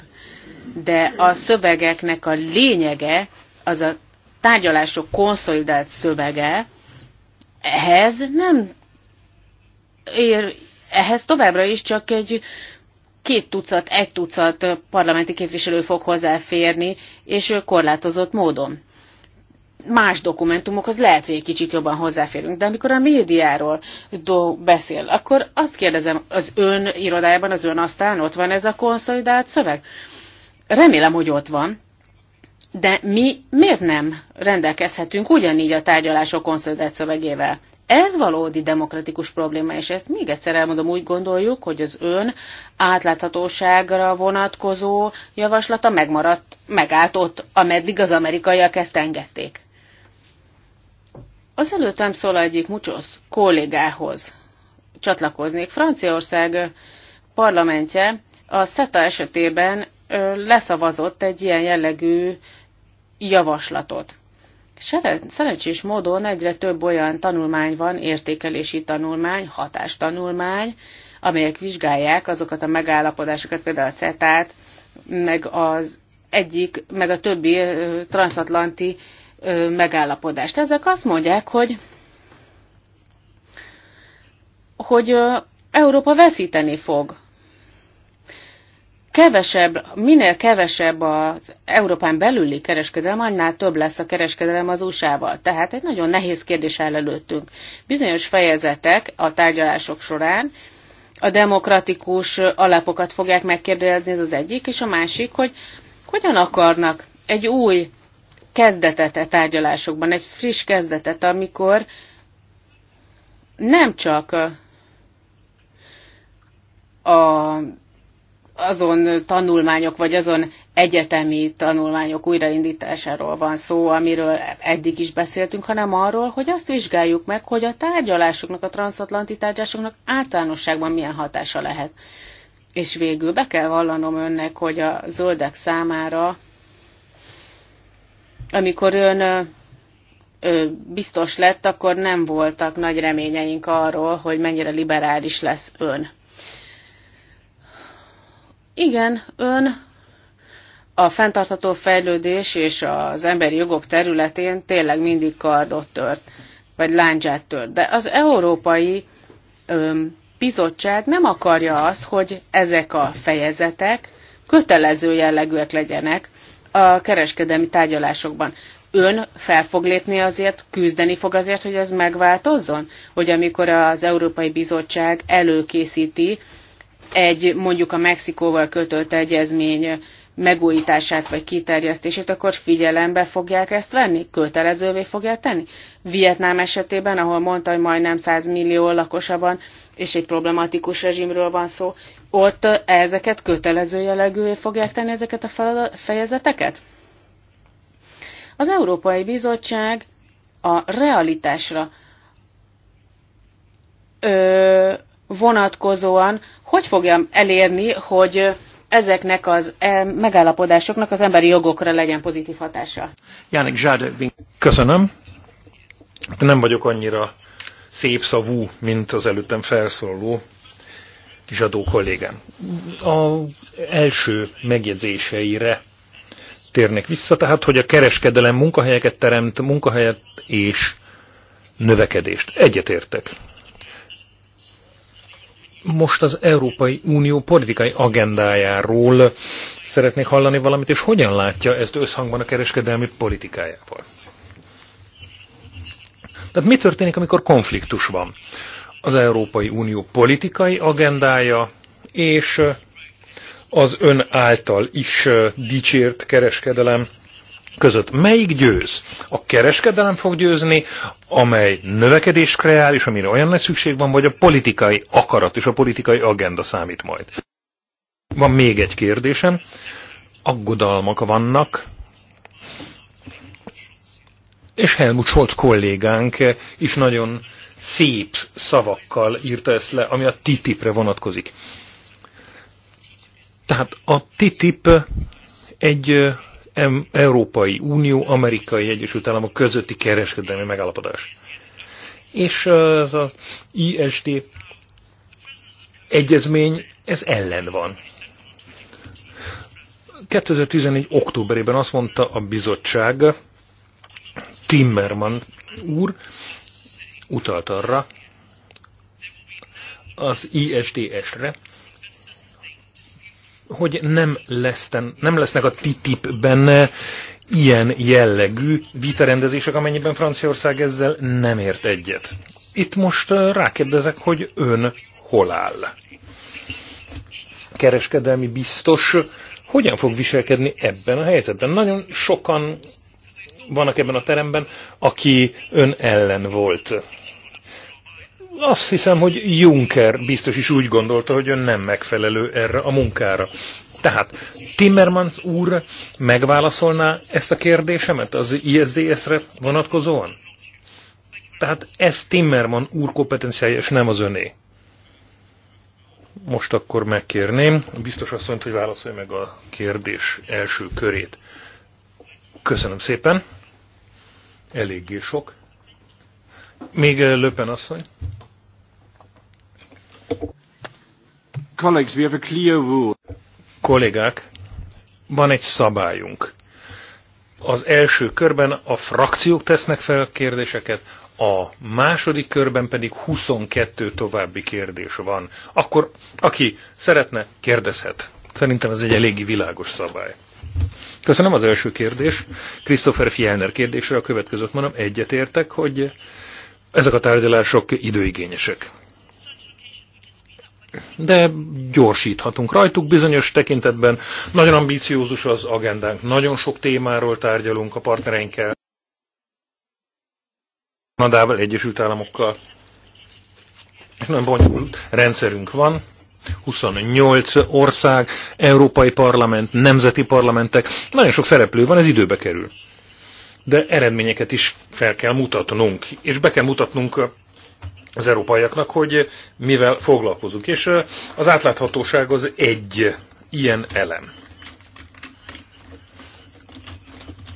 De a szövegeknek a lényege, az a tárgyalások konszolidált szövege, ehhez nem ér, ehhez továbbra is csak egy két tucat, egy tucat parlamenti képviselő fog hozzáférni, és korlátozott módon. Más dokumentumokhoz lehet, hogy egy kicsit jobban hozzáférünk, de amikor a médiáról do- beszél, akkor azt kérdezem, az ön irodájában, az ön aztán ott van ez a konszolidált szöveg? Remélem, hogy ott van, de mi miért nem rendelkezhetünk ugyanígy a tárgyalások konszolidált szövegével? Ez valódi demokratikus probléma, és ezt még egyszer elmondom, úgy gondoljuk, hogy az ön átláthatóságra vonatkozó javaslata megmaradt, megállt ott, ameddig az amerikaiak ezt engedték. Az előttem szól egyik Mucsosz kollégához csatlakoznék. Franciaország parlamentje a SETA esetében leszavazott egy ilyen jellegű javaslatot. Szerencsés módon egyre több olyan tanulmány van, értékelési tanulmány, hatástanulmány, amelyek vizsgálják azokat a megállapodásokat, például a CETÁT, meg az egyik, meg a többi transatlanti megállapodást. Ezek azt mondják, hogy, hogy Európa veszíteni fog kevesebb, minél kevesebb az Európán belüli kereskedelem, annál több lesz a kereskedelem az USA-val. Tehát egy nagyon nehéz kérdés áll előttünk. Bizonyos fejezetek a tárgyalások során a demokratikus alapokat fogják megkérdezni, ez az egyik, és a másik, hogy hogyan akarnak egy új kezdetet a e tárgyalásokban, egy friss kezdetet, amikor nem csak a azon tanulmányok, vagy azon egyetemi tanulmányok újraindításáról van szó, amiről eddig is beszéltünk, hanem arról, hogy azt vizsgáljuk meg, hogy a tárgyalásoknak, a transatlanti tárgyalásoknak általánosságban milyen hatása lehet. És végül be kell vallanom önnek, hogy a zöldek számára, amikor ön biztos lett, akkor nem voltak nagy reményeink arról, hogy mennyire liberális lesz ön. Igen, ön a fenntartható fejlődés és az emberi jogok területén tényleg mindig kardot tört, vagy láncsát tört. De az Európai öm, Bizottság nem akarja azt, hogy ezek a fejezetek kötelező jellegűek legyenek a kereskedelmi tárgyalásokban. Ön fel fog lépni azért, küzdeni fog azért, hogy ez megváltozzon? Hogy amikor az Európai Bizottság előkészíti egy mondjuk a Mexikóval kötött egyezmény megújítását vagy kiterjesztését, akkor figyelembe fogják ezt venni? Kötelezővé fogják tenni? Vietnám esetében, ahol mondta, hogy majdnem 100 millió lakosa van, és egy problematikus rezsimről van szó, ott ezeket kötelező jellegűvé fogják tenni ezeket a fejezeteket? Az Európai Bizottság a realitásra ö, vonatkozóan hogy fogjam elérni, hogy ezeknek az eh, megállapodásoknak az emberi jogokra legyen pozitív hatása. Jánik Köszönöm. Köszönöm. Hát nem vagyok annyira szép szavú, mint az előttem felszólaló zsadó kollégám. Az első megjegyzéseire térnek vissza, tehát hogy a kereskedelem munkahelyeket teremt, munkahelyet és növekedést. Egyetértek most az Európai Unió politikai agendájáról szeretnék hallani valamit, és hogyan látja ezt összhangban a kereskedelmi politikájával. Tehát mi történik, amikor konfliktus van? Az Európai Unió politikai agendája és az ön által is dicsért kereskedelem között. Melyik győz? A kereskedelem fog győzni, amely növekedés kreál, és amire olyan nagy szükség van, vagy a politikai akarat és a politikai agenda számít majd. Van még egy kérdésem. Aggodalmak vannak, és Helmut Scholz kollégánk is nagyon szép szavakkal írta ezt le, ami a TTIP-re vonatkozik. Tehát a TTIP egy Európai Unió, Amerikai Egyesült Államok közötti kereskedelmi megállapodás. És az az IST egyezmény, ez ellen van. 2014. októberében azt mondta a bizottság, Timmerman úr utalt arra az ISDS-re, hogy nem, leszten, nem lesznek a ttip benne ilyen jellegű vitarendezések, amennyiben Franciaország ezzel nem ért egyet. Itt most rákérdezek, hogy ön hol áll? Kereskedelmi biztos hogyan fog viselkedni ebben a helyzetben? Nagyon sokan vannak ebben a teremben, aki ön ellen volt azt hiszem, hogy Juncker biztos is úgy gondolta, hogy ön nem megfelelő erre a munkára. Tehát Timmermans úr megválaszolná ezt a kérdésemet az ISDS-re vonatkozóan? Tehát ez Timmerman úr kompetenciája, és nem az öné. Most akkor megkérném a biztos asszonyt, hogy válaszolja meg a kérdés első körét. Köszönöm szépen. Eléggé sok. Még eh, Löpen asszony. Kollégák, van egy szabályunk. Az első körben a frakciók tesznek fel kérdéseket, a második körben pedig 22 további kérdés van. Akkor aki szeretne, kérdezhet. Szerintem ez egy eléggé világos szabály. Köszönöm az első kérdés. Christopher Fielner kérdésre a következőt mondom. Egyetértek, hogy ezek a tárgyalások időigényesek de gyorsíthatunk rajtuk bizonyos tekintetben. Nagyon ambíciózus az agendánk, nagyon sok témáról tárgyalunk a partnereinkkel, Kanadával, Egyesült Államokkal. És nagyon bonyolult rendszerünk van, 28 ország, Európai Parlament, nemzeti parlamentek, nagyon sok szereplő van, ez időbe kerül. De eredményeket is fel kell mutatnunk, és be kell mutatnunk az európaiaknak, hogy mivel foglalkozunk. És az átláthatóság az egy ilyen elem.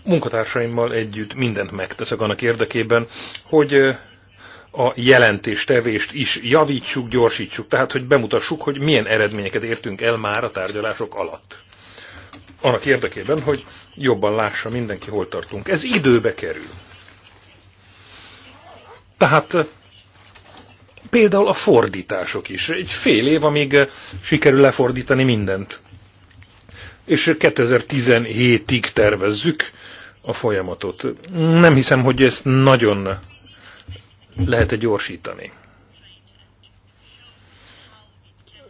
Munkatársaimmal együtt mindent megteszek annak érdekében, hogy a jelentéstevést is javítsuk, gyorsítsuk, tehát hogy bemutassuk, hogy milyen eredményeket értünk el már a tárgyalások alatt. Annak érdekében, hogy jobban lássa mindenki, hol tartunk. Ez időbe kerül. Tehát például a fordítások is. Egy fél év, amíg eh, sikerül lefordítani mindent. És 2017-ig tervezzük a folyamatot. Nem hiszem, hogy ezt nagyon lehet -e gyorsítani.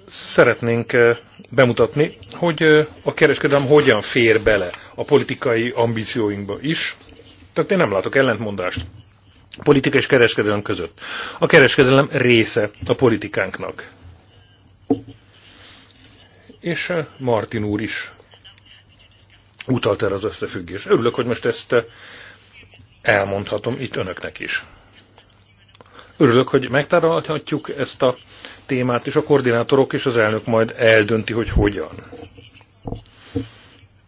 Szeretnénk eh, bemutatni, hogy eh, a kereskedelem hogyan fér bele a politikai ambícióinkba is. Tehát én nem látok ellentmondást politika és kereskedelem között. A kereskedelem része a politikánknak. És eh, Martin úr is utalt erre az összefüggés. Örülök, hogy most ezt eh, elmondhatom itt önöknek is. Örülök, hogy megtárolhatjuk ezt a témát, és a koordinátorok és az elnök majd eldönti, hogy hogyan.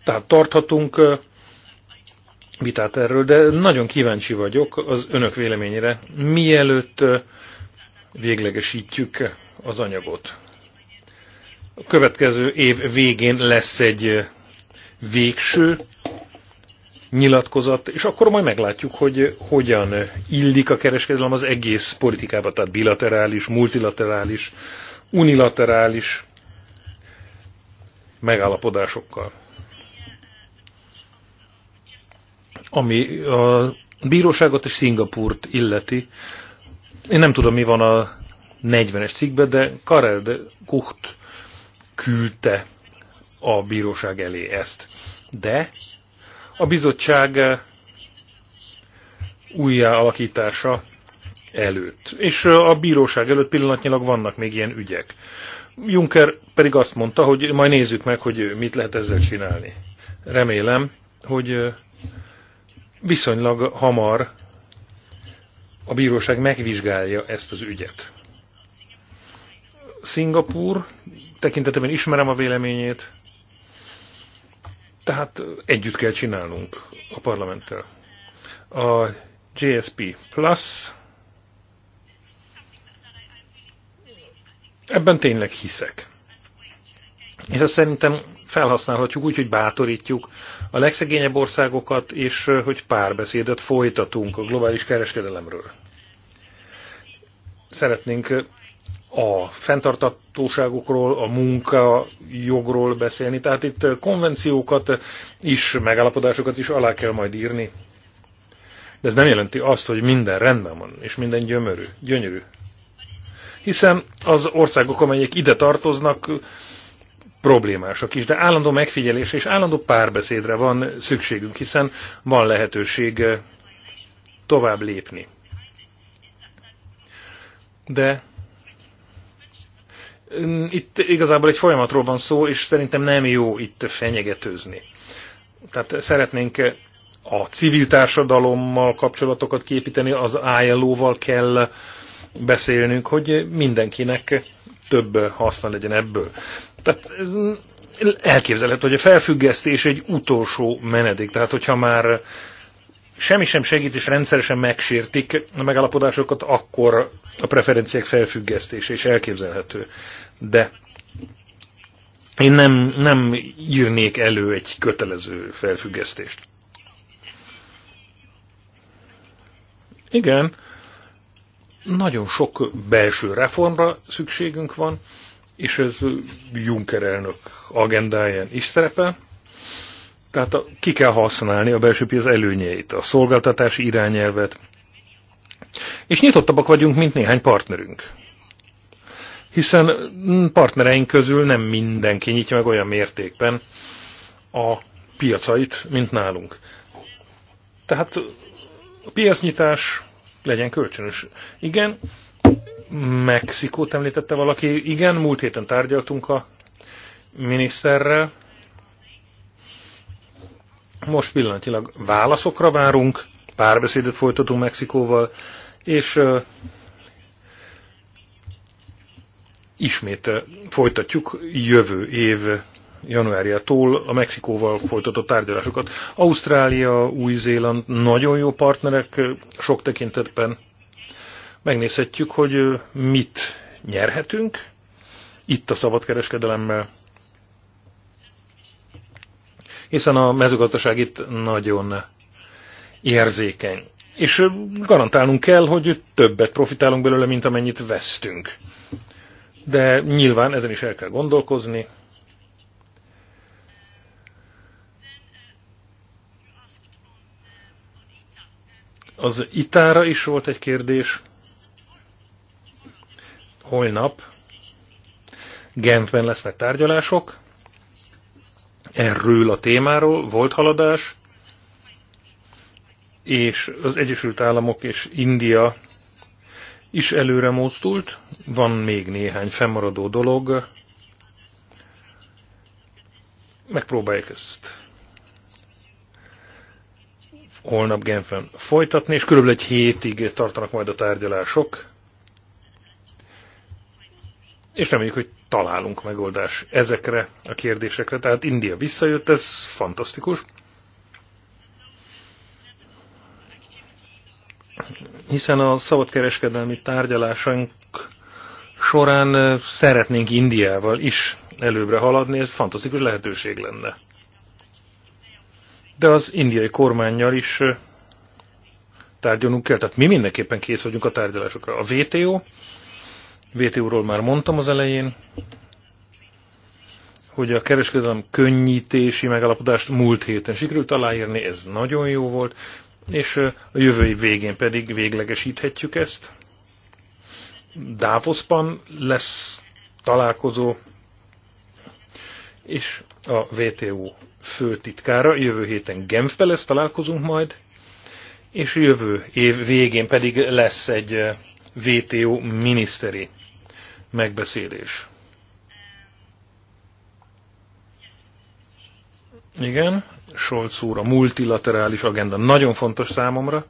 Tehát tarthatunk eh, vitát erről, de nagyon kíváncsi vagyok az önök véleményére, mielőtt véglegesítjük az anyagot. A következő év végén lesz egy végső nyilatkozat, és akkor majd meglátjuk, hogy hogyan illik a kereskedelem az egész politikába, tehát bilaterális, multilaterális, unilaterális megállapodásokkal. ami a bíróságot és Szingapurt illeti. Én nem tudom, mi van a 40-es cikkben, de Karel de Kucht küldte a bíróság elé ezt. De a bizottság újjáalakítása előtt. És a bíróság előtt pillanatnyilag vannak még ilyen ügyek. Juncker pedig azt mondta, hogy majd nézzük meg, hogy mit lehet ezzel csinálni. Remélem, hogy viszonylag hamar a bíróság megvizsgálja ezt az ügyet. Szingapúr, tekintetében ismerem a véleményét, tehát együtt kell csinálnunk a parlamenttel. A GSP Plus, ebben tényleg hiszek. És azt szerintem felhasználhatjuk úgy, hogy bátorítjuk a legszegényebb országokat, és hogy párbeszédet folytatunk a globális kereskedelemről. Szeretnénk a fenntartatóságokról, a munka jogról beszélni. Tehát itt konvenciókat is, megállapodásokat is alá kell majd írni. De ez nem jelenti azt, hogy minden rendben van, és minden gyömörű, gyönyörű. Hiszen az országok, amelyek ide tartoznak, problémásak is, de állandó megfigyelésre és állandó párbeszédre van szükségünk, hiszen van lehetőség eh, tovább lépni. De mm, itt igazából egy folyamatról van szó, és szerintem nem jó itt fenyegetőzni. Tehát szeretnénk eh, a civil társadalommal kapcsolatokat képíteni, az ILO-val kell beszélnünk, hogy mindenkinek több haszna legyen ebből. Tehát elképzelhető, hogy a felfüggesztés egy utolsó menedék. Tehát, hogyha már semmi sem segít, és rendszeresen megsértik a megállapodásokat, akkor a preferenciák felfüggesztése is elképzelhető. De én nem, nem jönnék elő egy kötelező felfüggesztést. Igen, nagyon sok belső reformra szükségünk van, és ez Juncker elnök agendáján is szerepel. Tehát a, ki kell használni a belső piac előnyeit, a szolgáltatási irányelvet, és nyitottabbak vagyunk, mint néhány partnerünk. Hiszen partnereink közül nem mindenki nyitja meg olyan mértékben a piacait, mint nálunk. Tehát a piacnyitás legyen kölcsönös. Igen, Mexikót említette valaki. Igen, múlt héten tárgyaltunk a miniszterrel. Most pillanatilag válaszokra várunk, párbeszédet folytatunk Mexikóval, és uh, ismét uh, folytatjuk jövő év januárjától a Mexikóval folytatott tárgyalásokat. Ausztrália, Új-Zéland nagyon jó partnerek sok tekintetben megnézhetjük, hogy mit nyerhetünk itt a szabadkereskedelemmel, hiszen a mezőgazdaság itt nagyon érzékeny. És garantálnunk kell, hogy többet profitálunk belőle, mint amennyit vesztünk. De nyilván ezen is el kell gondolkozni. Az itára is volt egy kérdés holnap Genfben lesznek tárgyalások, erről a témáról volt haladás, és az Egyesült Államok és India is előre mozdult, van még néhány fennmaradó dolog, megpróbáljuk ezt holnap Genfen folytatni, és körülbelül egy hétig tartanak majd a tárgyalások és reméljük, hogy találunk megoldás ezekre a kérdésekre. Tehát India visszajött, ez fantasztikus. Hiszen a szabadkereskedelmi tárgyalásunk során szeretnénk Indiával is előbbre haladni, ez fantasztikus lehetőség lenne. De az indiai kormányjal is tárgyalnunk kell, tehát mi mindenképpen kész vagyunk a tárgyalásokra. A WTO VTU-ról már mondtam az elején, hogy a kereskedelem könnyítési megalapodást múlt héten sikerült aláírni, ez nagyon jó volt, és a jövői végén pedig véglegesíthetjük ezt. Davosban lesz találkozó, és a VTO főtitkára jövő héten Genfbe lesz, találkozunk majd, és jövő év végén pedig lesz egy VTO miniszteri megbeszélés. Igen, Scholz úr, a multilaterális agenda nagyon fontos számomra.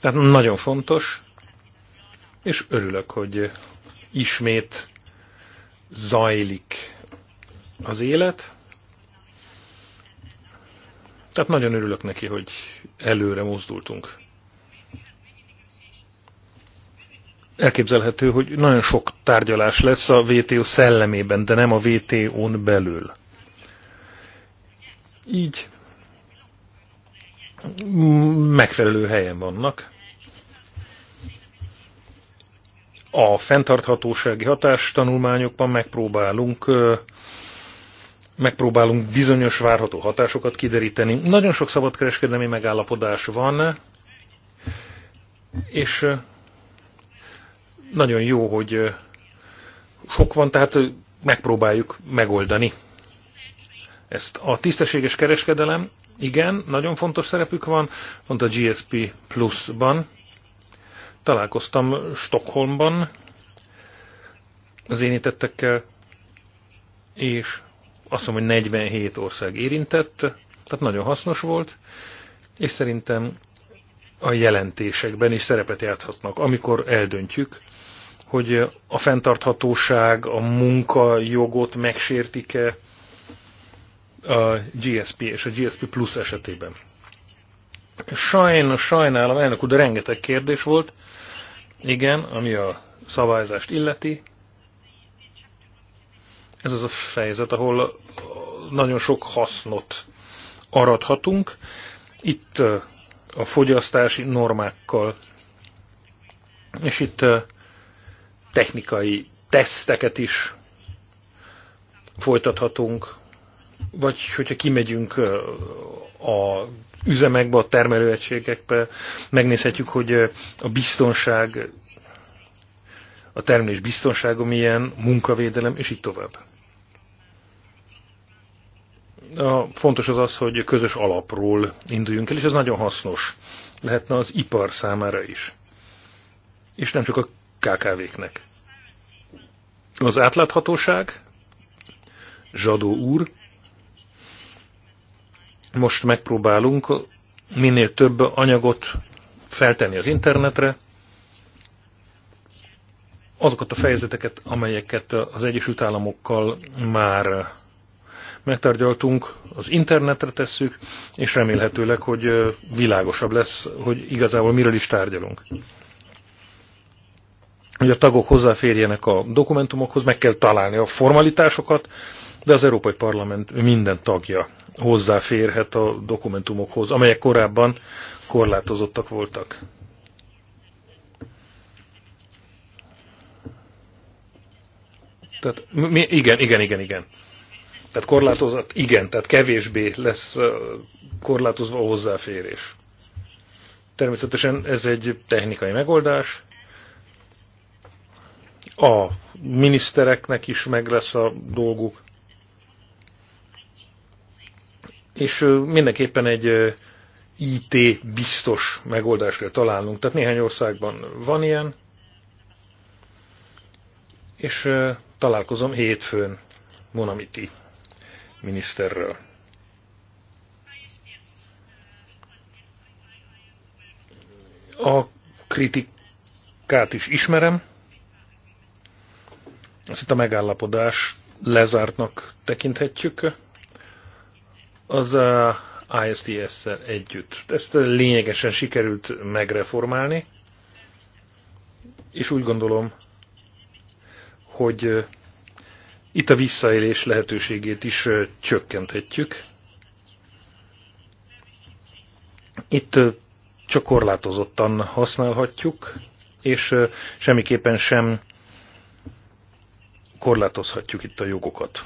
Tehát nagyon fontos, és örülök, hogy ismét zajlik az élet. Tehát nagyon örülök neki, hogy előre mozdultunk. Elképzelhető, hogy nagyon sok tárgyalás lesz a VTO szellemében, de nem a VTO-n belül. Így megfelelő helyen vannak. A fenntarthatósági hatástanulmányokban megpróbálunk megpróbálunk bizonyos várható hatásokat kideríteni. Nagyon sok szabadkereskedelmi megállapodás van, és nagyon jó, hogy sok van, tehát megpróbáljuk megoldani ezt. A tisztességes kereskedelem, igen, nagyon fontos szerepük van, pont a GSP Plus-ban. Találkoztam Stockholmban az érintettekkel, és azt mondom, hogy 47 ország érintett, tehát nagyon hasznos volt, és szerintem a jelentésekben is szerepet játszhatnak, amikor eldöntjük, hogy a fenntarthatóság, a munkajogot megsértik-e a GSP és a GSP Plus esetében. Sajnos, sajnálom, elnök úr, de rengeteg kérdés volt, igen, ami a szabályzást illeti, ez az a fejezet, ahol nagyon sok hasznot arathatunk. Itt a fogyasztási normákkal, és itt technikai teszteket is folytathatunk, vagy hogyha kimegyünk a üzemekbe, a termelőegységekbe, megnézhetjük, hogy a biztonság, a termelés biztonsága milyen, munkavédelem, és így tovább a, fontos az az, hogy közös alapról induljunk el, és ez nagyon hasznos lehetne az ipar számára is. És nem csak a KKV-knek. Az átláthatóság, Zsadó úr, most megpróbálunk minél több anyagot feltenni az internetre, azokat a fejezeteket, amelyeket az Egyesült Államokkal már megtárgyaltunk, az internetre tesszük, és remélhetőleg, hogy világosabb lesz, hogy igazából miről is tárgyalunk. Hogy a tagok hozzáférjenek a dokumentumokhoz, meg kell találni a formalitásokat, de az Európai Parlament minden tagja hozzáférhet a dokumentumokhoz, amelyek korábban korlátozottak voltak. Tehát, mi, igen, igen, igen, igen. Tehát korlátozott, igen, tehát kevésbé lesz korlátozva a hozzáférés. Természetesen ez egy technikai megoldás. A minisztereknek is meg lesz a dolguk. És mindenképpen egy IT biztos megoldást kell találnunk. Tehát néhány országban van ilyen, és találkozom hétfőn Monamiti miniszterrel. A kritikát is ismerem. Ezt itt a megállapodás lezártnak tekinthetjük. Az a eh, ISDS-szel együtt. Ezt lényegesen sikerült megreformálni, és úgy gondolom, hogy eh, itt a visszaélés lehetőségét is csökkenthetjük. Itt csak korlátozottan használhatjuk, és semmiképpen sem korlátozhatjuk itt a jogokat.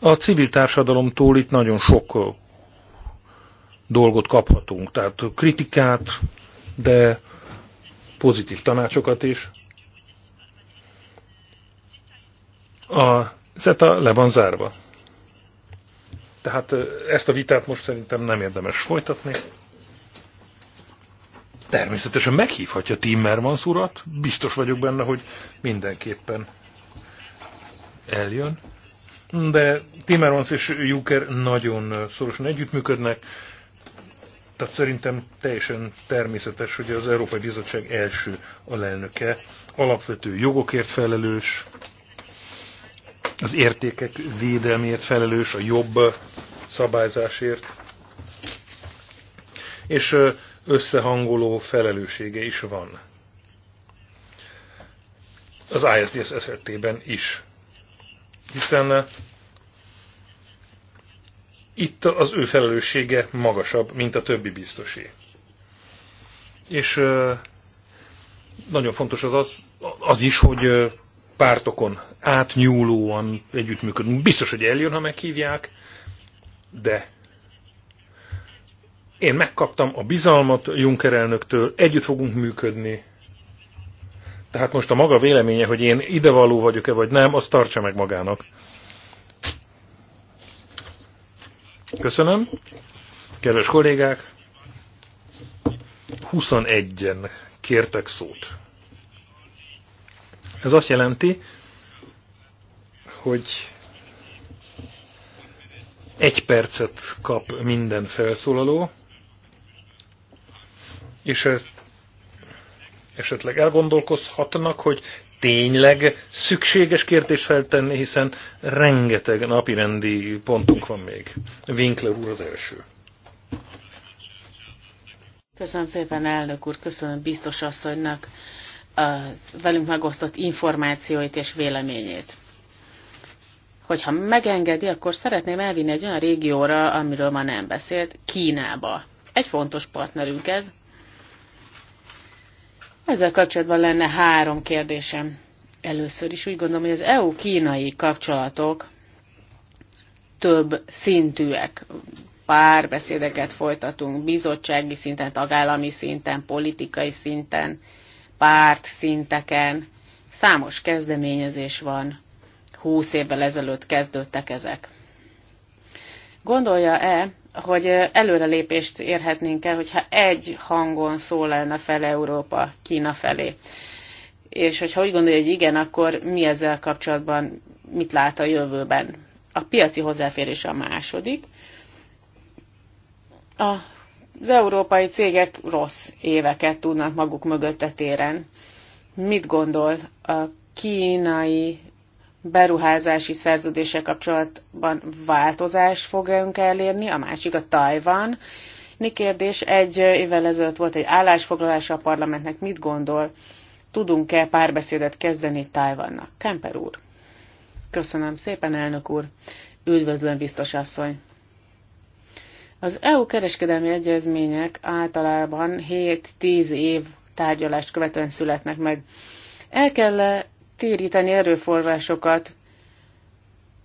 A civil társadalomtól itt nagyon sok dolgot kaphatunk, tehát kritikát, de pozitív tanácsokat is. A Zeta le van zárva. Tehát ezt a vitát most szerintem nem érdemes folytatni. Természetesen meghívhatja Timmermans urat, biztos vagyok benne, hogy mindenképpen eljön. De Timmermans és Juker nagyon szorosan együttműködnek, tehát szerintem teljesen természetes, hogy az Európai Bizottság első alelnöke, alapvető jogokért felelős, az értékek védelmért felelős, a jobb szabályzásért, és összehangoló felelőssége is van. Az ISDS esetében is. Hiszen itt az ő felelőssége magasabb, mint a többi biztosé. És nagyon fontos az, az, az is, hogy pártokon átnyúlóan együttműködünk. Biztos, hogy eljön, ha meghívják, de én megkaptam a bizalmat Juncker elnöktől, együtt fogunk működni. Tehát most a maga véleménye, hogy én idevaló vagyok-e vagy nem, azt tartsa meg magának. Köszönöm. Kedves kollégák, 21-en kértek szót. Ez azt jelenti, hogy egy percet kap minden felszólaló, és esetleg elgondolkozhatnak, hogy tényleg szükséges kérdést feltenni, hiszen rengeteg napirendi pontunk van még. Winkler úr az első. Köszönöm szépen, elnök úr, köszönöm biztos asszonynak a velünk megosztott információit és véleményét. Hogyha megengedi, akkor szeretném elvinni egy olyan régióra, amiről ma nem beszélt, Kínába. Egy fontos partnerünk ez. Ezzel kapcsolatban lenne három kérdésem. Először is úgy gondolom, hogy az EU-kínai kapcsolatok több szintűek. Párbeszédeket folytatunk bizottsági szinten, tagállami szinten, politikai szinten párt szinteken. Számos kezdeményezés van, húsz évvel ezelőtt kezdődtek ezek. Gondolja-e, hogy előrelépést érhetnénk el, hogyha egy hangon szólalna fel Európa Kína felé? És hogyha úgy gondolja, hogy igen, akkor mi ezzel kapcsolatban mit lát a jövőben? A piaci hozzáférés a második. A az európai cégek rossz éveket tudnak maguk mögött téren. Mit gondol a kínai beruházási szerződése kapcsolatban változás fog önk elérni, a másik a Tajvan. Mi kérdés, egy évvel ezelőtt volt egy állásfoglalása a parlamentnek, mit gondol, tudunk-e párbeszédet kezdeni Tajvannak? Kemper úr. Köszönöm szépen, elnök úr. Üdvözlöm, biztos asszony. Az EU kereskedelmi egyezmények általában 7-10 év tárgyalást követően születnek meg. El kell -e téríteni erőforrásokat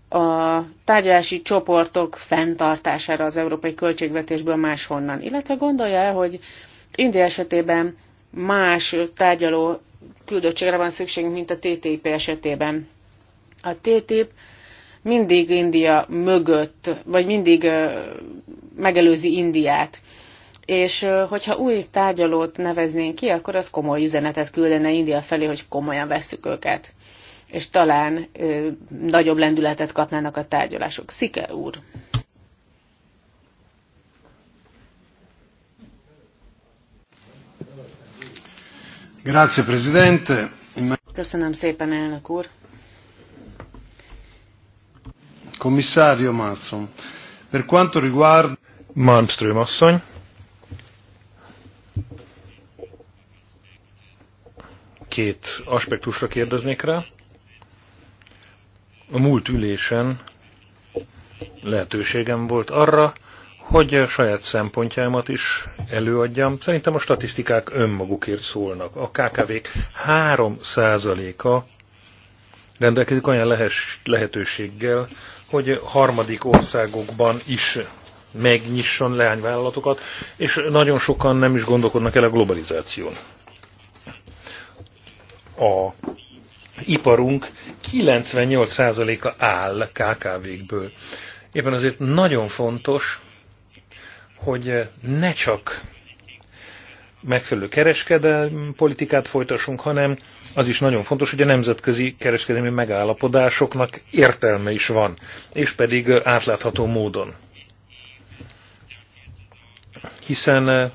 a tárgyalási csoportok fenntartására az európai költségvetésből máshonnan. Illetve gondolja el, hogy India esetében más tárgyaló küldöttségre van szükségünk, mint a TTIP esetében. A TTIP mindig India mögött, vagy mindig megelőzi Indiát. És hogyha új tárgyalót neveznénk ki, akkor az komoly üzenetet küldene India felé, hogy komolyan vesszük őket. És talán ö, nagyobb lendületet kapnának a tárgyalások. Szike úr! Grazie, Presidente. Köszönöm szépen, elnök úr! Commissario Malmström, per quanto riguarda... Malmström asszony. Két aspektusra kérdeznék rá. A múlt ülésen lehetőségem volt arra, hogy a saját szempontjáimat is előadjam. Szerintem a statisztikák önmagukért szólnak. A kkv 3%-a rendelkezik olyan lehetőséggel, hogy harmadik országokban is megnyisson leányvállalatokat, és nagyon sokan nem is gondolkodnak el a globalizáción. A iparunk 98%-a áll KKV-kből. Éppen azért nagyon fontos, hogy ne csak megfelelő kereskedelmi politikát folytassunk, hanem az is nagyon fontos, hogy a nemzetközi kereskedelmi megállapodásoknak értelme is van, és pedig átlátható módon. Hiszen eh,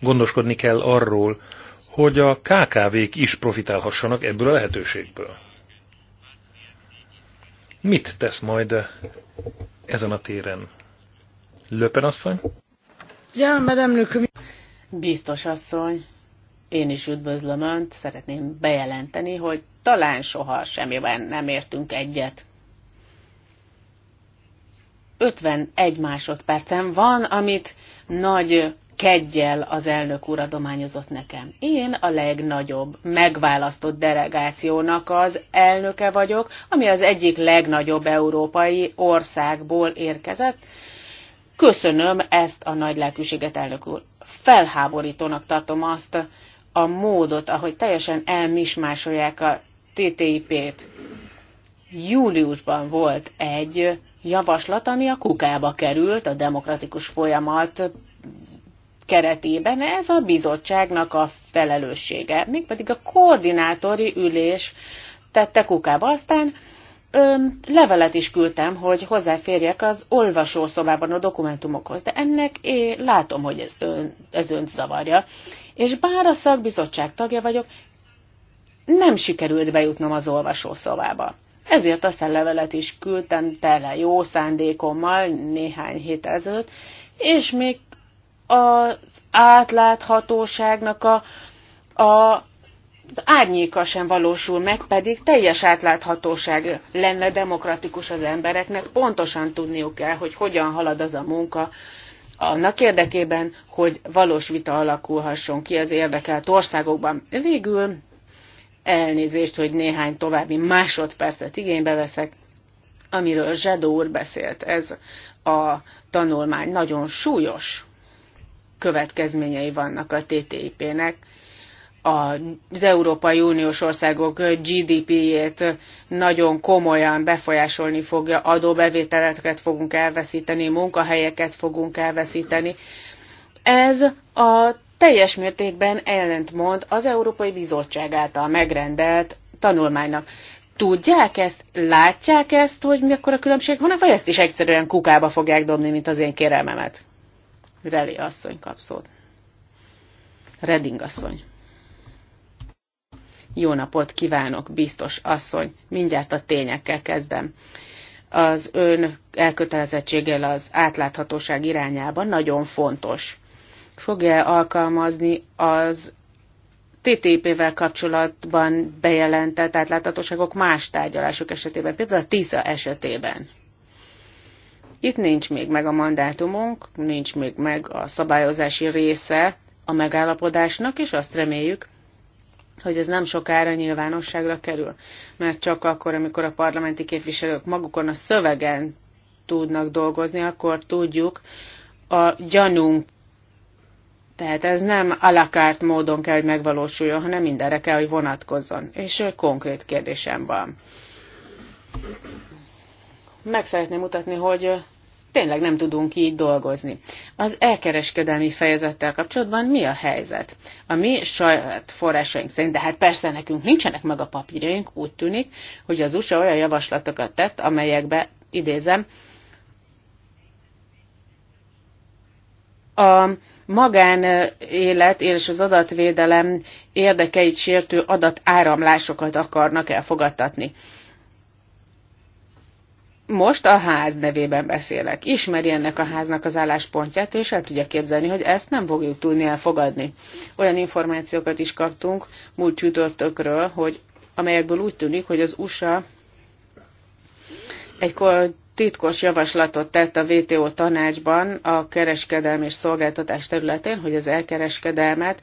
gondoskodni kell arról, hogy a KKV-k is profitálhassanak ebből a lehetőségből. Mit tesz majd eh, ezen a téren? Löpen asszony? Ja, madame le Biztos asszony, én is üdvözlöm Önt, szeretném bejelenteni, hogy talán soha semmiben nem értünk egyet. 51 másodpercen van, amit nagy kegyel az elnök úr adományozott nekem. Én a legnagyobb megválasztott delegációnak az elnöke vagyok, ami az egyik legnagyobb európai országból érkezett. Köszönöm ezt a nagy lelkűséget, elnök úr felháborítónak tartom azt a módot, ahogy teljesen elmismásolják a TTIP-t. Júliusban volt egy javaslat, ami a kukába került a demokratikus folyamat keretében. Ez a bizottságnak a felelőssége, mégpedig a koordinátori ülés tette kukába. Aztán ö, levelet is küldtem, hogy hozzáférjek az olvasószobában a dokumentumokhoz, de ennek én látom, hogy ez, ön, ez önt zavarja. És bár a szakbizottság tagja vagyok, nem sikerült bejutnom az olvasószobába. Ezért azt a levelet is küldtem tele jó szándékommal néhány hét ezelőtt, és még az átláthatóságnak a, a az árnyéka sem valósul meg, pedig teljes átláthatóság lenne demokratikus az embereknek, pontosan tudniuk kell, hogy hogyan halad az a munka, annak érdekében, hogy valós vita alakulhasson ki az érdekelt országokban. Végül elnézést, hogy néhány további másodpercet igénybe veszek, amiről Zsedó úr beszélt. Ez a tanulmány nagyon súlyos következményei vannak a TTIP-nek, az Európai Uniós országok GDP-jét nagyon komolyan befolyásolni fogja, adóbevételeket fogunk elveszíteni, munkahelyeket fogunk elveszíteni. Ez a teljes mértékben ellentmond az Európai Bizottság által megrendelt tanulmánynak. Tudják ezt? Látják ezt, hogy mekkora különbség van, vagy ezt is egyszerűen kukába fogják dobni, mint az én kérelmemet? Reli asszony kapszód. szót. Reding asszony. Jó napot kívánok, biztos asszony, mindjárt a tényekkel kezdem. Az ön elkötelezettséggel az átláthatóság irányában nagyon fontos. Fogja alkalmazni az ttp vel kapcsolatban bejelentett átláthatóságok más tárgyalások esetében, például a TISA esetében. Itt nincs még meg a mandátumunk, nincs még meg a szabályozási része a megállapodásnak, és azt reméljük, hogy ez nem sokára nyilvánosságra kerül, mert csak akkor, amikor a parlamenti képviselők magukon a szövegen tudnak dolgozni, akkor tudjuk a gyanunk. Tehát ez nem alakárt módon kell, hogy megvalósuljon, hanem mindenre kell, hogy vonatkozzon. És konkrét kérdésem van. Meg szeretném mutatni, hogy tényleg nem tudunk így dolgozni. Az elkereskedelmi fejezettel kapcsolatban mi a helyzet? A mi saját forrásaink szerint, de hát persze nekünk nincsenek meg a papírjaink, úgy tűnik, hogy az USA olyan javaslatokat tett, amelyekbe, idézem, a magánélet és az adatvédelem érdekeit sértő adatáramlásokat akarnak elfogadtatni most a ház nevében beszélek. Ismeri ennek a háznak az álláspontját, és el tudja képzelni, hogy ezt nem fogjuk tudni elfogadni. Olyan információkat is kaptunk múlt csütörtökről, hogy amelyekből úgy tűnik, hogy az USA egy titkos javaslatot tett a WTO tanácsban a kereskedelmi és szolgáltatás területén, hogy az elkereskedelmet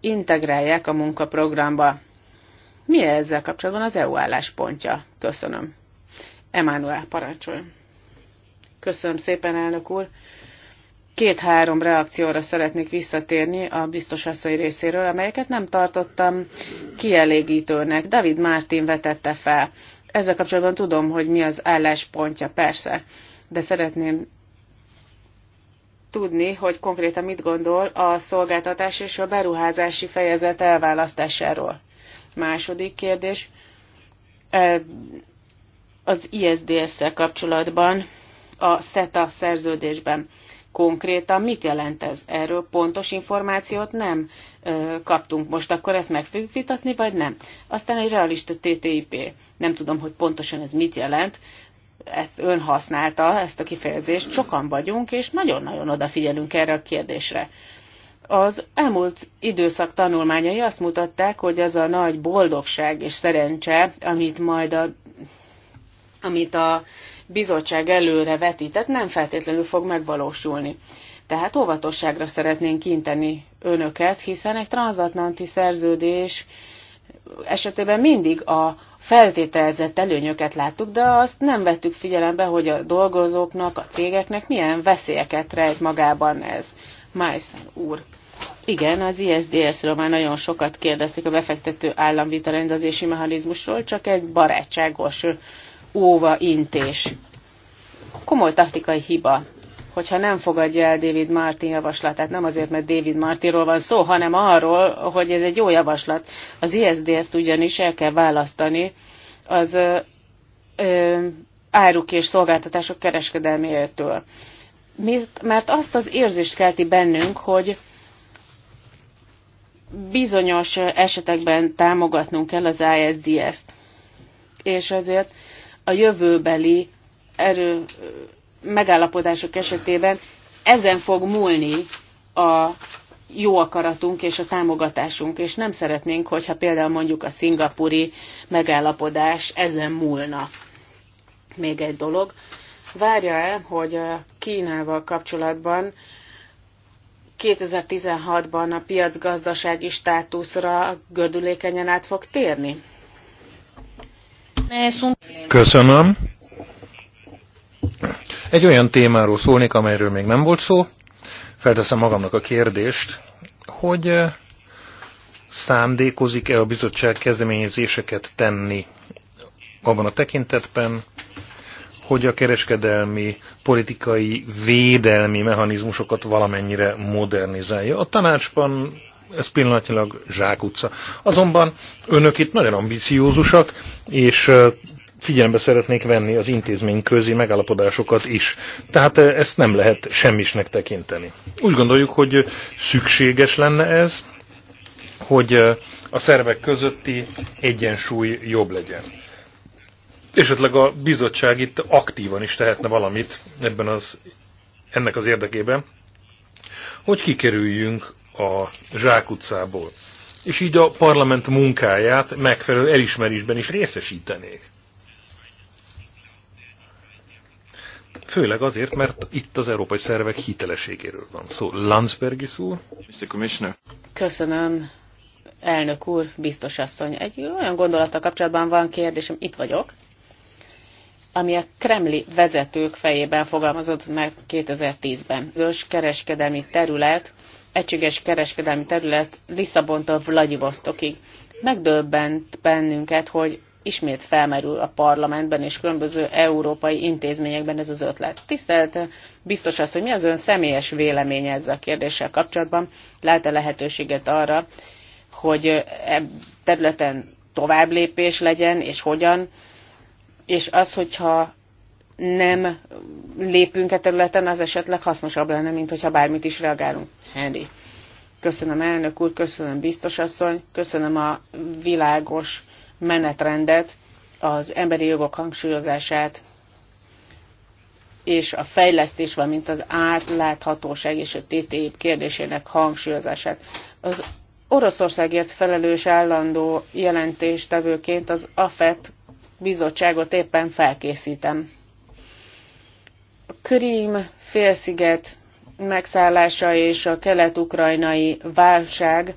integrálják a munkaprogramba. Mi ezzel kapcsolatban az EU álláspontja? Köszönöm. Emmanuel, parancsol. Köszönöm szépen, elnök úr! Két-három reakcióra szeretnék visszatérni a biztos asszony részéről, amelyeket nem tartottam kielégítőnek. David Martin vetette fel. Ezzel kapcsolatban tudom, hogy mi az álláspontja, persze, de szeretném tudni, hogy konkrétan mit gondol a szolgáltatás és a beruházási fejezet elválasztásáról. Második kérdés. E, az ISDS-szel kapcsolatban a SETA szerződésben. Konkrétan mit jelent ez? Erről pontos információt nem ö, kaptunk. Most akkor ezt meg fogjuk vitatni, vagy nem? Aztán egy realista TTIP. Nem tudom, hogy pontosan ez mit jelent. Ezt ön használta, ezt a kifejezést. Sokan vagyunk, és nagyon-nagyon odafigyelünk erre a kérdésre. Az elmúlt időszak tanulmányai azt mutatták, hogy az a nagy boldogság és szerencse, amit majd a amit a bizottság előre vetített, nem feltétlenül fog megvalósulni. Tehát óvatosságra szeretnénk kinteni önöket, hiszen egy transatlanti szerződés esetében mindig a feltételezett előnyöket láttuk, de azt nem vettük figyelembe, hogy a dolgozóknak, a cégeknek milyen veszélyeket rejt magában ez. Májszen úr. Igen, az ISDS-ről már nagyon sokat kérdezték a befektető államvitarendezési mechanizmusról, csak egy barátságos óva intés. Komoly taktikai hiba, hogyha nem fogadja el David Martin javaslatát, nem azért, mert David Martinról van szó, hanem arról, hogy ez egy jó javaslat. Az ISD ezt ugyanis el kell választani az ö, ö, áruk és szolgáltatások kereskedelméjétől. Mert azt az érzést kelti bennünk, hogy bizonyos esetekben támogatnunk kell az ISDS-t. És azért a jövőbeli erő megállapodások esetében ezen fog múlni a jó akaratunk és a támogatásunk, és nem szeretnénk, hogyha például mondjuk a szingapuri megállapodás ezen múlna. Még egy dolog. Várja el, hogy a Kínával kapcsolatban 2016-ban a piacgazdasági státuszra gördülékenyen át fog térni? Köszönöm. Egy olyan témáról szólnék, amelyről még nem volt szó. Felteszem magamnak a kérdést, hogy eh, szándékozik-e a bizottság kezdeményezéseket tenni abban a tekintetben, hogy a kereskedelmi, politikai, védelmi mechanizmusokat valamennyire modernizálja. A tanácsban ez pillanatilag zsákutca. Azonban önök itt nagyon ambiciózusak, és figyelembe szeretnék venni az intézmény közi megállapodásokat is. Tehát ezt nem lehet semmisnek tekinteni. Úgy gondoljuk, hogy szükséges lenne ez, hogy a szervek közötti egyensúly jobb legyen. Esetleg a bizottság itt aktívan is tehetne valamit ebben az, ennek az érdekében, hogy kikerüljünk a utcából. és így a parlament munkáját megfelelő elismerésben is részesítenék. Főleg azért, mert itt az európai szervek hitelességéről van szó. Szóval Landsbergi úr. Mr. Commissioner. Köszönöm, elnök úr, biztos asszony. Egy olyan gondolata kapcsolatban van kérdésem, itt vagyok, ami a kremli vezetők fejében fogalmazott meg 2010-ben. Ős kereskedelmi terület egységes kereskedelmi terület Lisszabontól Vladivostokig. Megdöbbent bennünket, hogy ismét felmerül a parlamentben és különböző európai intézményekben ez az ötlet. Tisztelt biztos az, hogy mi az ön személyes véleménye ezzel a kérdéssel kapcsolatban? Lát-e lehetőséget arra, hogy e területen tovább lépés legyen, és hogyan? És az, hogyha nem lépünk e területen, az esetleg hasznosabb lenne, mint hogyha bármit is reagálunk. Henry. Köszönöm elnök úr, köszönöm biztos asszony, köszönöm a világos menetrendet, az emberi jogok hangsúlyozását, és a fejlesztés, valamint az átláthatóság és a TTIP kérdésének hangsúlyozását. Az Oroszországért felelős állandó jelentéstevőként az AFET bizottságot éppen felkészítem Krím félsziget megszállása és a kelet-ukrajnai válság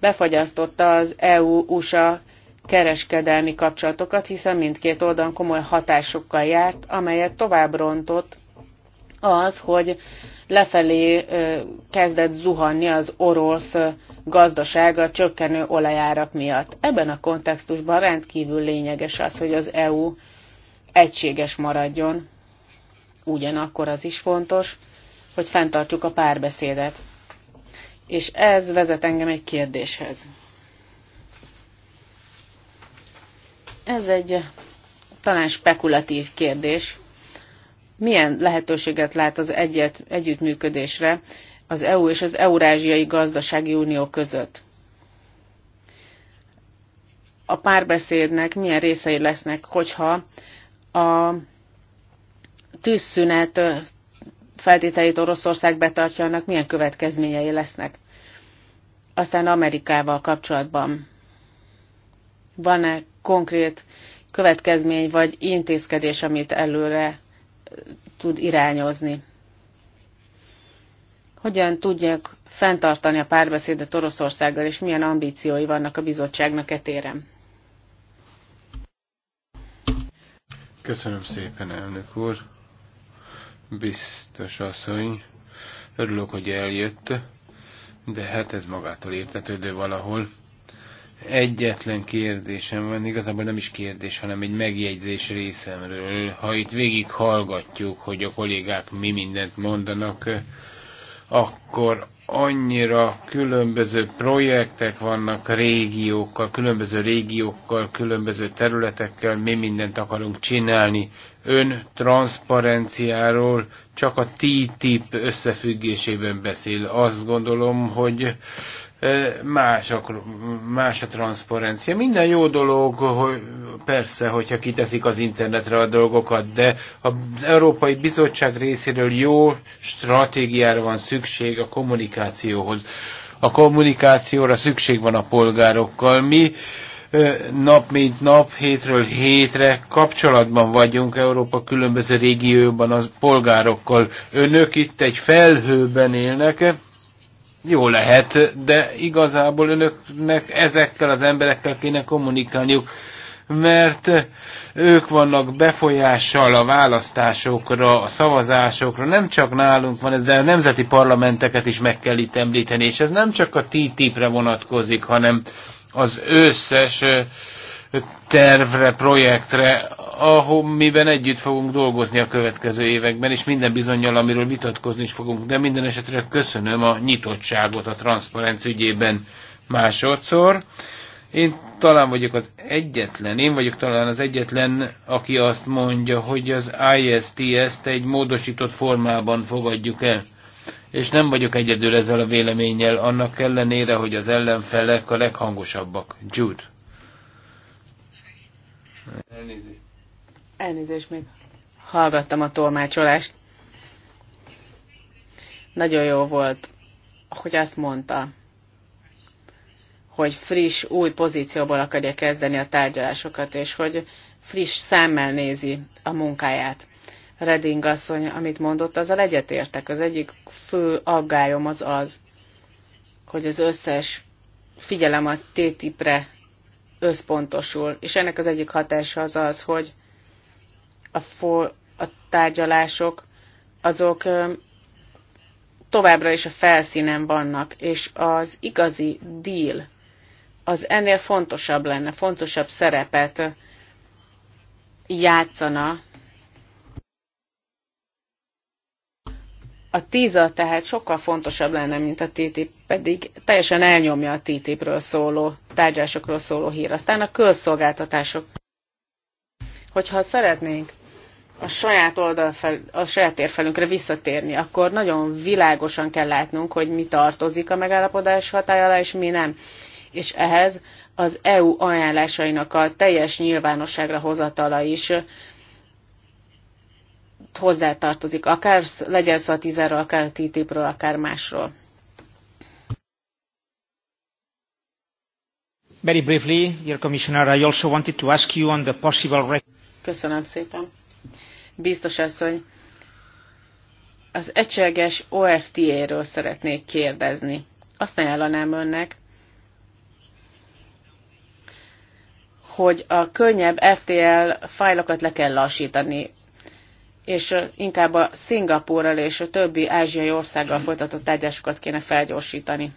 befagyasztotta az EU-USA kereskedelmi kapcsolatokat, hiszen mindkét oldalon komoly hatásokkal járt, amelyet tovább rontott az, hogy lefelé kezdett zuhanni az orosz gazdasága csökkenő olajárak miatt. Ebben a kontextusban rendkívül lényeges az, hogy az EU egységes maradjon, ugyanakkor az is fontos, hogy fenntartsuk a párbeszédet. És ez vezet engem egy kérdéshez. Ez egy talán spekulatív kérdés. Milyen lehetőséget lát az egyet, együttműködésre az EU és az Eurázsiai Gazdasági Unió között? A párbeszédnek milyen részei lesznek, hogyha a tűzszünet feltételét Oroszország betartja, annak milyen következményei lesznek. Aztán Amerikával kapcsolatban van-e konkrét következmény vagy intézkedés, amit előre tud irányozni? Hogyan tudják fenntartani a párbeszédet Oroszországgal, és milyen ambíciói vannak a bizottságnak etérem? Köszönöm szépen, elnök úr. Biztos asszony, örülök, hogy eljött, de hát ez magától értetődő valahol. Egyetlen kérdésem van, igazából nem is kérdés, hanem egy megjegyzés részemről. Ha itt végig hallgatjuk, hogy a kollégák mi mindent mondanak, akkor annyira különböző projektek vannak régiókkal, különböző régiókkal, különböző területekkel, mi mindent akarunk csinálni. Ön transzparenciáról csak a T T-tip összefüggésében beszél. Azt gondolom, hogy más a, más a transzparencia. Minden jó dolog, hogy persze, hogyha kiteszik az internetre a dolgokat, de az Európai Bizottság részéről jó stratégiára van szükség a kommunikációhoz. A kommunikációra szükség van a polgárokkal. Mi nap mint nap, hétről hétre kapcsolatban vagyunk Európa különböző régióban a polgárokkal. Önök itt egy felhőben élnek, jó lehet, de igazából önöknek ezekkel az emberekkel kéne kommunikálniuk, mert ők vannak befolyással a választásokra, a szavazásokra, nem csak nálunk van ez, de a nemzeti parlamenteket is meg kell itt említeni, és ez nem csak a TTIP-re vonatkozik, hanem az összes tervre, projektre, ahol miben együtt fogunk dolgozni a következő években, és minden bizonyal, amiről vitatkozni is fogunk. De minden esetre köszönöm a nyitottságot a transzparenc ügyében másodszor. Én talán vagyok az egyetlen, én vagyok talán az egyetlen, aki azt mondja, hogy az ISTS-t egy módosított formában fogadjuk el. És nem vagyok egyedül ezzel a véleménnyel, annak ellenére, hogy az ellenfelek a leghangosabbak. Jude. Elnézést. Elnézést még. Hallgattam a tolmácsolást. Nagyon jó volt, hogy azt mondta, hogy friss, új pozícióból akarja kezdeni a tárgyalásokat, és hogy friss szemmel nézi a munkáját. Reding asszony, amit mondott, az a egyetértek. Az egyik fő aggályom az az, hogy az összes figyelem a TTIP-re összpontosul, és ennek az egyik hatása az az, hogy a, for, a tárgyalások azok továbbra is a felszínen vannak, és az igazi deal az ennél fontosabb lenne, fontosabb szerepet játszana. A TISA tehát sokkal fontosabb lenne, mint a TTIP, pedig teljesen elnyomja a TTIP-ről szóló, tárgyalásokról szóló hír. Aztán a közszolgáltatások. Hogyha szeretnénk a saját oldalfel, a saját térfelünkre visszatérni, akkor nagyon világosan kell látnunk, hogy mi tartozik a megállapodás hatája alá, és mi nem. És ehhez az EU ajánlásainak a teljes nyilvánosságra hozatala is hozzátartozik, akár legyen szó a tízáról, akár a TTIP-ről, akár másról. Very briefly, dear Commissioner, I also wanted to ask you on the possible... Köszönöm szépen. Biztos asszony, az egységes OFTA-ről szeretnék kérdezni. Azt ajánlanám önnek, hogy a könnyebb FTL fájlokat le kell lassítani, és inkább a Szingapúrral és a többi ázsiai országgal folytatott tárgyásokat kéne felgyorsítani.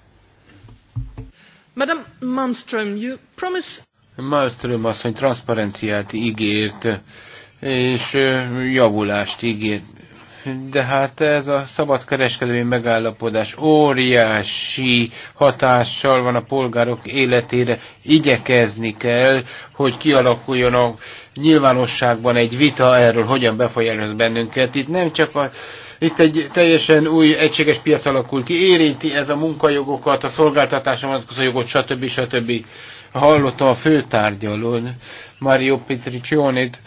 Madam Malmström, you promise... Malmström asszony transzparenciát ígért és javulást ígér. De hát ez a szabadkereskedelmi megállapodás óriási hatással van a polgárok életére. Igyekezni kell, hogy kialakuljon a nyilvánosságban egy vita erről, hogyan befolyároz bennünket. Itt nem csak a itt egy teljesen új egységes piac alakul ki, érinti ez a munkajogokat, a szolgáltatásra vonatkozó jogot, stb. stb hallotta a főtárgyalón, Mario Petricionit,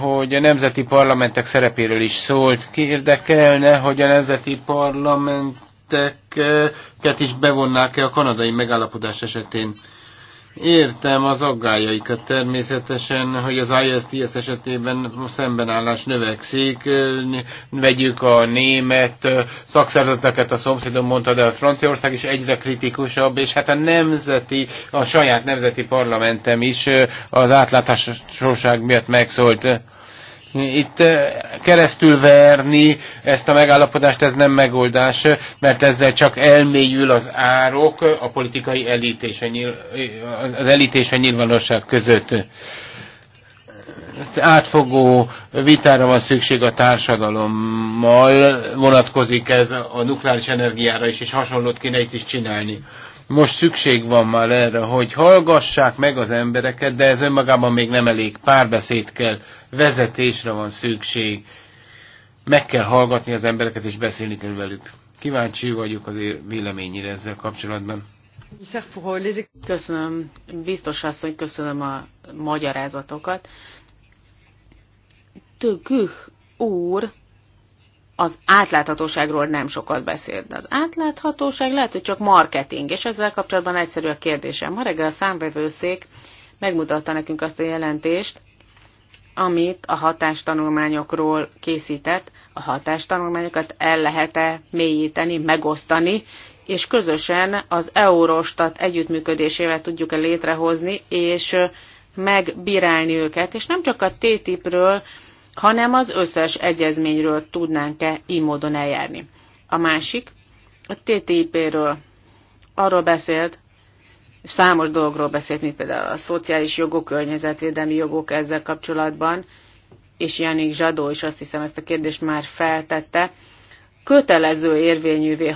hogy a nemzeti parlamentek szerepéről is szólt. Érdekelne, hogy a nemzeti parlamenteket is bevonnák-e a kanadai megállapodás esetén? Értem az aggájaikat természetesen, hogy az ISTS esetében szembenállás növekszik. Vegyük a német szakszerzeteket, a szomszédom mondta, de a Franciaország is egyre kritikusabb, és hát a nemzeti, a saját nemzeti parlamentem is az átlátásosság miatt megszólt itt verni ezt a megállapodást, ez nem megoldás, mert ezzel csak elmélyül az árok a politikai elítése, az elítése nyilvánosság között. Átfogó vitára van szükség a társadalommal, vonatkozik ez a nukleáris energiára is, és hasonlót kéne itt is csinálni. Most szükség van már erre, hogy hallgassák meg az embereket, de ez önmagában még nem elég. Párbeszéd kell, vezetésre van szükség. Meg kell hallgatni az embereket, és beszélni kell velük. Kíváncsi vagyok az véleményére ezzel kapcsolatban. Köszönöm, biztos asszony, köszönöm a magyarázatokat. Tökük úr az átláthatóságról nem sokat beszélt. De az átláthatóság lehet, hogy csak marketing, és ezzel kapcsolatban egyszerű a kérdésem. Ma reggel a számvevőszék megmutatta nekünk azt a jelentést, amit a hatástanulmányokról készített. A hatástanulmányokat el lehet-e mélyíteni, megosztani, és közösen az Eurostat együttműködésével tudjuk-e létrehozni, és megbírálni őket. És nem csak a TTIP-ről, hanem az összes egyezményről tudnánk-e így módon eljárni. A másik, a TTIP-ről arról beszélt, számos dologról beszélt, mint például a szociális jogok, környezetvédelmi jogok ezzel kapcsolatban, és Janik Zsadó is azt hiszem ezt a kérdést már feltette, kötelező érvényűvé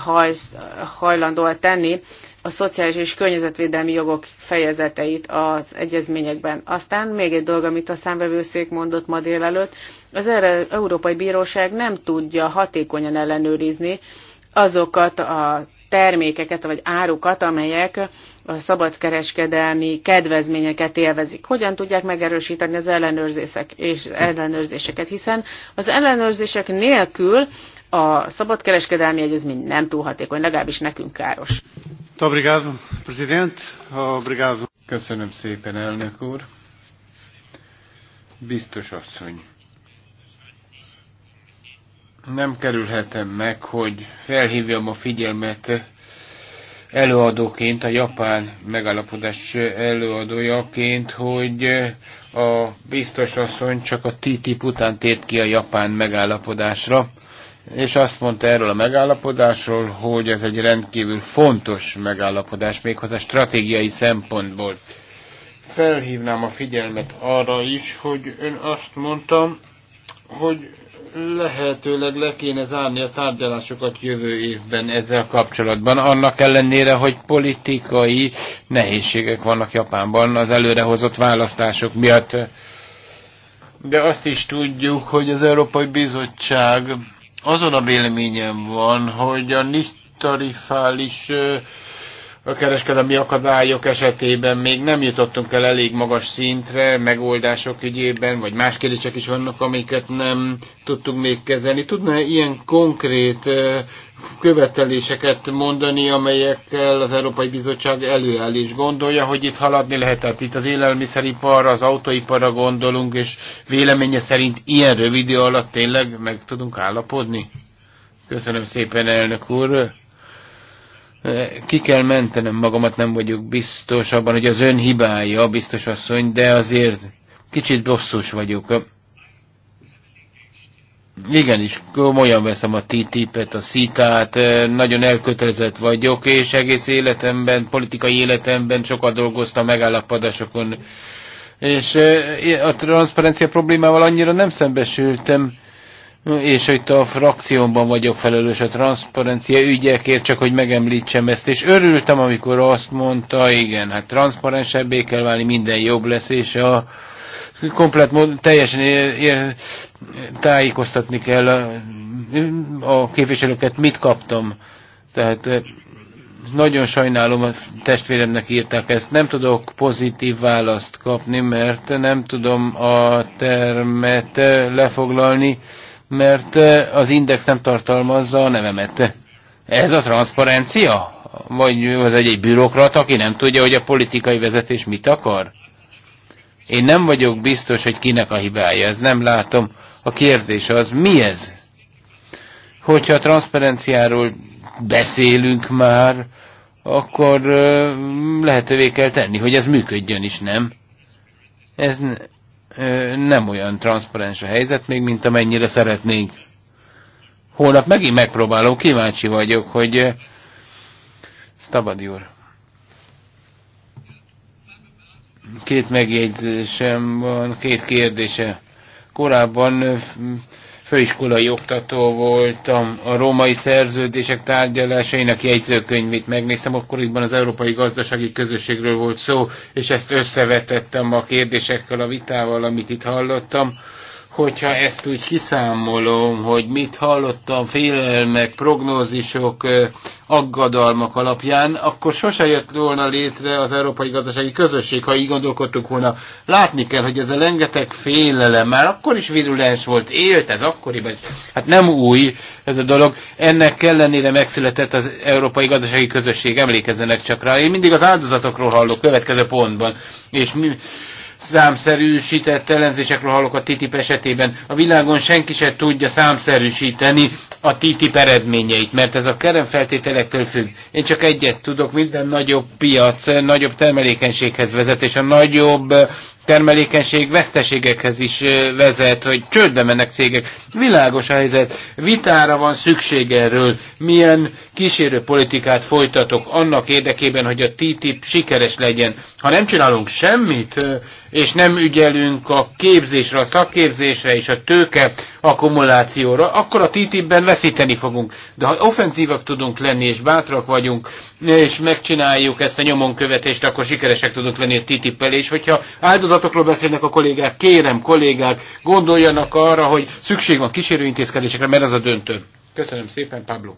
hajlandó tenni a szociális és környezetvédelmi jogok fejezeteit az egyezményekben. Aztán még egy dolog, amit a számvevőszék mondott ma délelőtt, az erre Európai Bíróság nem tudja hatékonyan ellenőrizni azokat a termékeket vagy árukat, amelyek a szabadkereskedelmi kedvezményeket élvezik. Hogyan tudják megerősíteni az ellenőrzések és ellenőrzéseket, hiszen az ellenőrzések nélkül a szabadkereskedelmi egyezmény nem túl hatékony, legalábbis nekünk káros. Obrigado, president. Obrigado. Köszönöm szépen, elnök úr. Biztos asszony. Nem kerülhetem meg, hogy felhívjam a figyelmet előadóként, a japán megalapodás előadójaként, hogy a biztos asszony csak a TTIP után tért ki a japán megállapodásra és azt mondta erről a megállapodásról, hogy ez egy rendkívül fontos megállapodás, méghozzá stratégiai szempontból. Felhívnám a figyelmet arra is, hogy ön azt mondtam, hogy lehetőleg le kéne zárni a tárgyalásokat jövő évben ezzel kapcsolatban, annak ellenére, hogy politikai nehézségek vannak Japánban az előrehozott választások miatt. De azt is tudjuk, hogy az Európai Bizottság azon a véleményem van, hogy a nicht tarifális a kereskedelmi akadályok esetében még nem jutottunk el elég magas szintre megoldások ügyében, vagy más kérdések is vannak, amiket nem tudtunk még kezelni. Tudna ilyen konkrét követeléseket mondani, amelyekkel az Európai Bizottság előáll és gondolja, hogy itt haladni lehet. Tehát itt az élelmiszeriparra, az autóiparra gondolunk, és véleménye szerint ilyen rövid idő alatt tényleg meg tudunk állapodni? Köszönöm szépen, elnök úr! ki kell mentenem magamat, nem vagyok biztos abban, hogy az ön hibája, biztos asszony, de azért kicsit bosszus vagyok. Igenis, komolyan veszem a TTIP-et, a szitát, nagyon elkötelezett vagyok, és egész életemben, politikai életemben sokat dolgoztam megállapodásokon, és eh, a transzparencia problémával annyira nem szembesültem, és itt a frakciómban vagyok felelős a transzparencia ügyekért, csak hogy megemlítsem ezt, és örültem, amikor azt mondta, igen, hát transzparensebbé kell válni, minden jobb lesz, és a komplet mód, teljesen ér, ér, tájékoztatni kell a, a képviselőket, mit kaptam. Tehát eh, nagyon sajnálom, a testvéremnek írták ezt. Nem tudok pozitív választ kapni, mert nem tudom a termet eh, lefoglalni mert eh, az index nem tartalmazza a nevemet. Ez a transzparencia? Vagy az egy, egy bürokrat, aki nem tudja, hogy a politikai vezetés mit akar? Én nem vagyok biztos, hogy kinek a hibája, ez nem látom. A kérdés az, mi ez? Hogyha a transzparenciáról beszélünk már, akkor eh, lehetővé kell tenni, hogy ez működjön is, nem? Ez nem olyan transzparens a helyzet még, mint amennyire szeretnénk. Holnap megint megpróbálom, kíváncsi vagyok, hogy Stabadi úr. Két megjegyzésem van, két kérdése. Korábban főiskolai oktató voltam, a római szerződések tárgyalásainak jegyzőkönyvét megnéztem, akkoriban az Európai Gazdasági Közösségről volt szó, és ezt összevetettem a kérdésekkel, a vitával, amit itt hallottam. Hogyha ezt úgy kiszámolom, hogy mit hallottam, félelmek, prognózisok, aggadalmak alapján, akkor sose jött volna létre az Európai Gazdasági Közösség, ha így gondolkodtuk volna. Látni kell, hogy ez a rengeteg félelem már akkor is virulens volt, élt ez akkoriban, hát nem új ez a dolog. Ennek ellenére megszületett az Európai Gazdasági Közösség, emlékezzenek csak rá. Én mindig az áldozatokról hallok következő pontban, és mi, számszerűsített ellenzésekről hallok a TTIP esetében. A világon senki se tudja számszerűsíteni a TTIP eredményeit, mert ez a keremfeltételektől függ. Én csak egyet tudok, minden nagyobb piac, nagyobb termelékenységhez vezet, és a nagyobb termelékenység veszteségekhez is vezet, hogy csődbe mennek cégek. Világos a helyzet, vitára van szükség erről, milyen kísérő politikát folytatok annak érdekében, hogy a TTIP sikeres legyen. Ha nem csinálunk semmit, és nem ügyelünk a képzésre, a szakképzésre és a tőke akkumulációra, akkor a TTIP-ben veszíteni fogunk. De ha offenzívak tudunk lenni és bátrak vagyunk, és megcsináljuk ezt a nyomon követést, akkor sikeresek tudunk lenni a TTIP-el, és hogyha áldozatokról beszélnek a kollégák, kérem kollégák, gondoljanak arra, hogy szükség van kísérőintézkedésekre, mert ez a döntő. Köszönöm szépen, Pablo.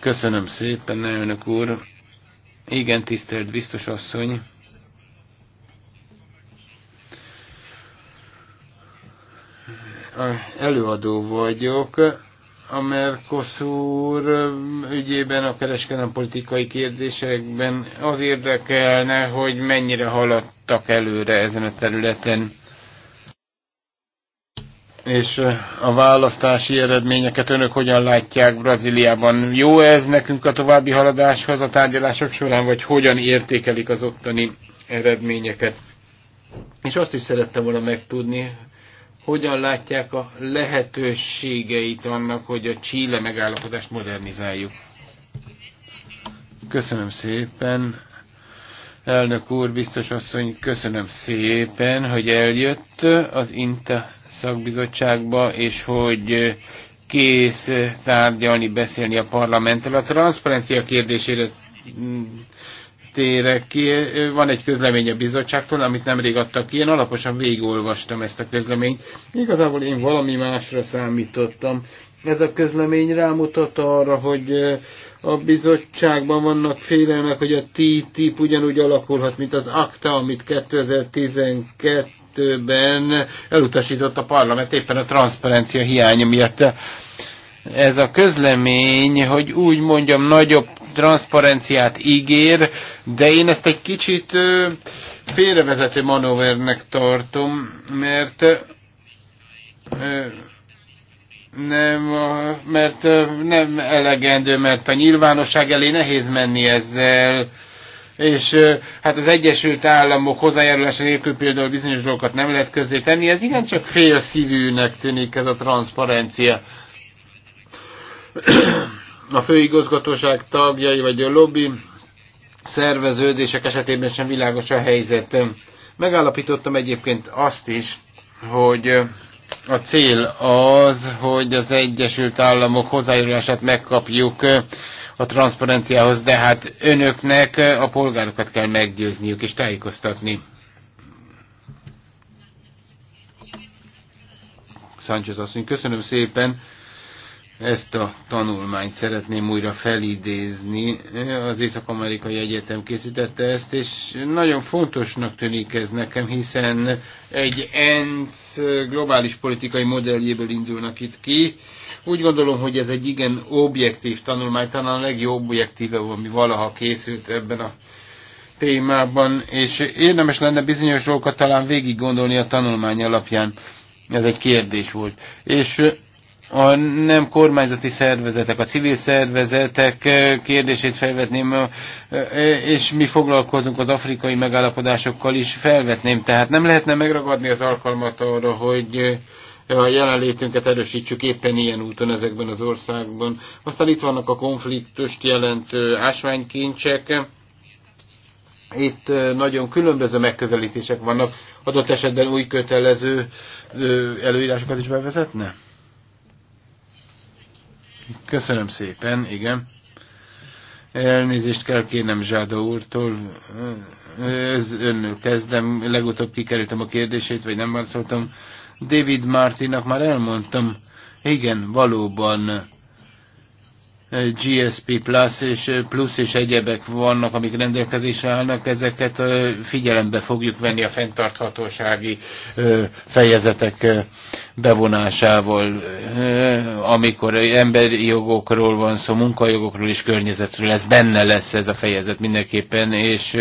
Köszönöm szépen, elnök úr. Igen, tisztelt biztos asszony. Előadó vagyok a Mercosur ügyében, a kereskedelmi politikai kérdésekben az érdekelne, hogy mennyire haladtak előre ezen a területen. És a választási eredményeket önök hogyan látják Brazíliában? Jó -e ez nekünk a további haladáshoz a tárgyalások során, vagy hogyan értékelik az ottani eredményeket? És azt is szerettem volna megtudni, hogyan látják a lehetőségeit annak, hogy a Chile megállapodást modernizáljuk? Köszönöm szépen. Elnök úr, biztos asszony, köszönöm szépen, hogy eljött az INTA szakbizottságba, és hogy kész tárgyalni, beszélni a parlamenttel. A transzparencia kérdésére térek ki. Van egy közlemény a bizottságtól, amit nemrég adtak ki. Én alaposan végigolvastam ezt a közleményt. Igazából én valami másra számítottam. Ez a közlemény rámutat arra, hogy eh, a bizottságban vannak félelmek, hogy a TTIP ugyanúgy alakulhat, mint az ACTA, amit 2012-ben elutasított a parlament éppen a transzparencia hiánya miatt. Ez a közlemény, hogy úgy mondjam, nagyobb transzparenciát ígér, de én ezt egy kicsit félrevezető manővernek tartom, mert nem, mert nem elegendő, mert a nyilvánosság elé nehéz menni ezzel, és hát az Egyesült Államok hozzájárulása nélkül például bizonyos dolgokat nem lehet közé tenni, ez igencsak félszívűnek tűnik ez a transzparencia a főigazgatóság tagjai vagy a lobby szerveződések esetében sem világos a helyzet. Megállapítottam egyébként azt is, hogy a cél az, hogy az Egyesült Államok hozzájárulását megkapjuk a transzparenciához, de hát önöknek a polgárokat kell meggyőzniük és tájékoztatni. Sánchez asszony, köszönöm szépen. Ezt a tanulmányt szeretném újra felidézni. Az Észak-Amerikai Egyetem készítette ezt, és nagyon fontosnak tűnik ez nekem, hiszen egy ENSZ globális politikai modelljéből indulnak itt ki. Úgy gondolom, hogy ez egy igen objektív tanulmány, talán a legjobb objektíve, ami valaha készült ebben a témában, és érdemes lenne bizonyos dolgokat talán végig gondolni a tanulmány alapján. Ez egy kérdés volt. És a nem kormányzati szervezetek, a civil szervezetek eh, kérdését felvetném, eh, eh, és mi foglalkozunk az afrikai megállapodásokkal is, felvetném. Tehát nem lehetne megragadni az alkalmat arra, hogy a jelenlétünket erősítsük éppen ilyen úton ezekben az országban. Aztán itt vannak a konfliktust jelentő ásványkincsek. Itt nagyon különböző megközelítések vannak. Adott esetben új kötelező előírásokat is bevezetne? Köszönöm szépen, igen. Elnézést kell kérnem Zsáda úrtól. Ez önnől kezdem. Legutóbb kikerültem a kérdését, vagy nem válaszoltam. David Martinnak már elmondtam. Igen, valóban GSP Plus és plusz és egyebek vannak, amik rendelkezésre állnak, ezeket figyelembe fogjuk venni a fenntarthatósági fejezetek bevonásával, amikor emberi jogokról van szó, munkajogokról és környezetről, ez benne lesz ez a fejezet mindenképpen, és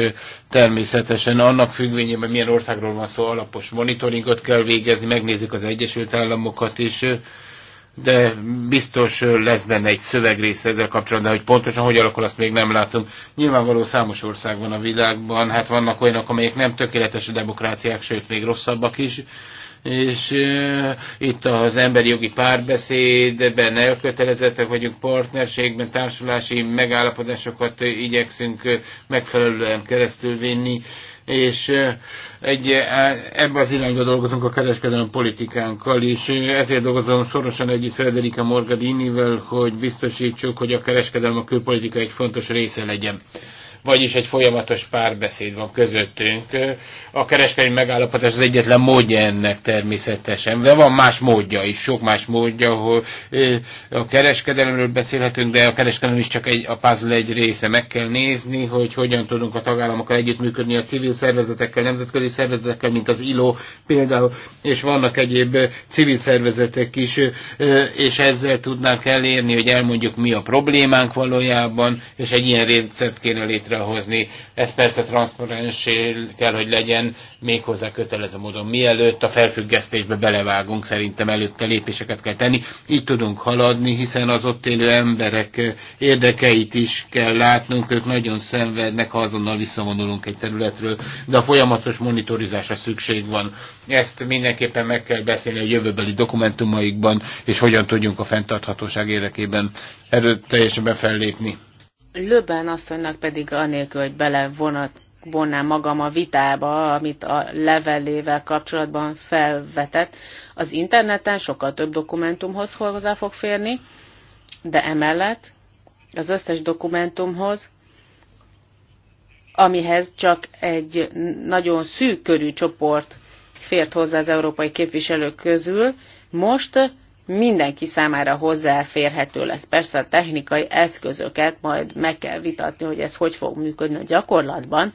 természetesen annak függvényében milyen országról van szó, alapos monitoringot kell végezni, megnézzük az Egyesült Államokat is, de biztos lesz benne egy szövegrész ezzel kapcsolatban, de hogy pontosan hogy alakul, azt még nem látom. Nyilvánvaló számos ország van a világban, hát vannak olyanok, amelyek nem tökéletes a demokráciák, sőt, még rosszabbak is, és e, itt az emberi jogi párbeszédben elkötelezettek vagyunk, partnerségben, társulási megállapodásokat igyekszünk megfelelően vinni, és egy, e, ebbe az irányba dolgozunk a kereskedelmi politikánkkal is. Ezért dolgozom szorosan együtt Frederica Morgadinivel, hogy biztosítsuk, hogy a kereskedelmi a külpolitika egy fontos része legyen vagyis egy folyamatos párbeszéd van közöttünk. A kereskedelmi megállapodás az egyetlen módja ennek természetesen, de van más módja is, sok más módja, ahol a kereskedelemről beszélhetünk, de a kereskedelem is csak egy, a puzzle egy része. Meg kell nézni, hogy hogyan tudunk a tagállamokkal együttműködni, a civil szervezetekkel, nemzetközi szervezetekkel, mint az ILO például, és vannak egyéb civil szervezetek is, és ezzel tudnánk elérni, hogy elmondjuk mi a problémánk valójában, és egy ilyen rendszert kéne létre létrehozni. Ez persze transzparensé kell, hogy legyen méghozzá kötelező módon. Mielőtt a felfüggesztésbe belevágunk, szerintem előtte lépéseket kell tenni. Így tudunk haladni, hiszen az ott élő emberek érdekeit is kell látnunk. Ők nagyon szenvednek, ha azonnal visszavonulunk egy területről, de a folyamatos monitorizásra szükség van. Ezt mindenképpen meg kell beszélni a jövőbeli dokumentumaikban, és hogyan tudjunk a fenntarthatóság érdekében erőteljesen befellépni. Löbben asszonynak pedig anélkül, hogy belevonat magam a vitába, amit a levelével kapcsolatban felvetett. Az interneten sokkal több dokumentumhoz hozzá fog férni, de emellett az összes dokumentumhoz, amihez csak egy nagyon szűk körű csoport fért hozzá az európai képviselők közül, most mindenki számára hozzáférhető lesz. Persze a technikai eszközöket majd meg kell vitatni, hogy ez hogy fog működni a gyakorlatban,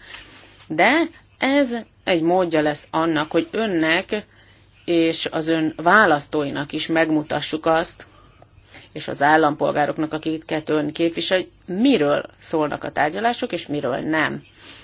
de ez egy módja lesz annak, hogy önnek és az ön választóinak is megmutassuk azt, és az állampolgároknak, akiket ön képvisel, miről szólnak a tárgyalások, és miről nem.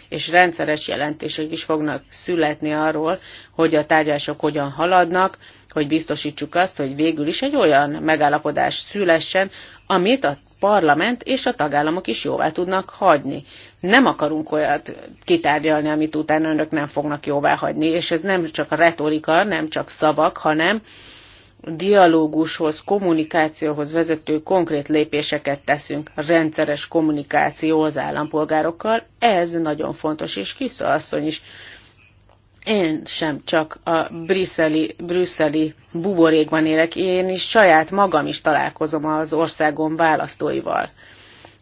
És rendszeres jelentések is fognak születni arról, hogy a tárgyalások hogyan haladnak, hogy biztosítsuk azt, hogy végül is egy olyan megállapodás szülessen, amit a parlament és a tagállamok is jóvá tudnak hagyni. Nem akarunk olyat kitárgyalni, amit utána önök nem fognak jóvá hagyni, és ez nem csak a retorika, nem csak szavak, hanem dialógushoz, kommunikációhoz vezető konkrét lépéseket teszünk, rendszeres kommunikáció az állampolgárokkal, ez nagyon fontos, és Kisza asszony is én sem csak a brüsszeli, brüsszeli buborékban élek, én is saját magam is találkozom az országom választóival.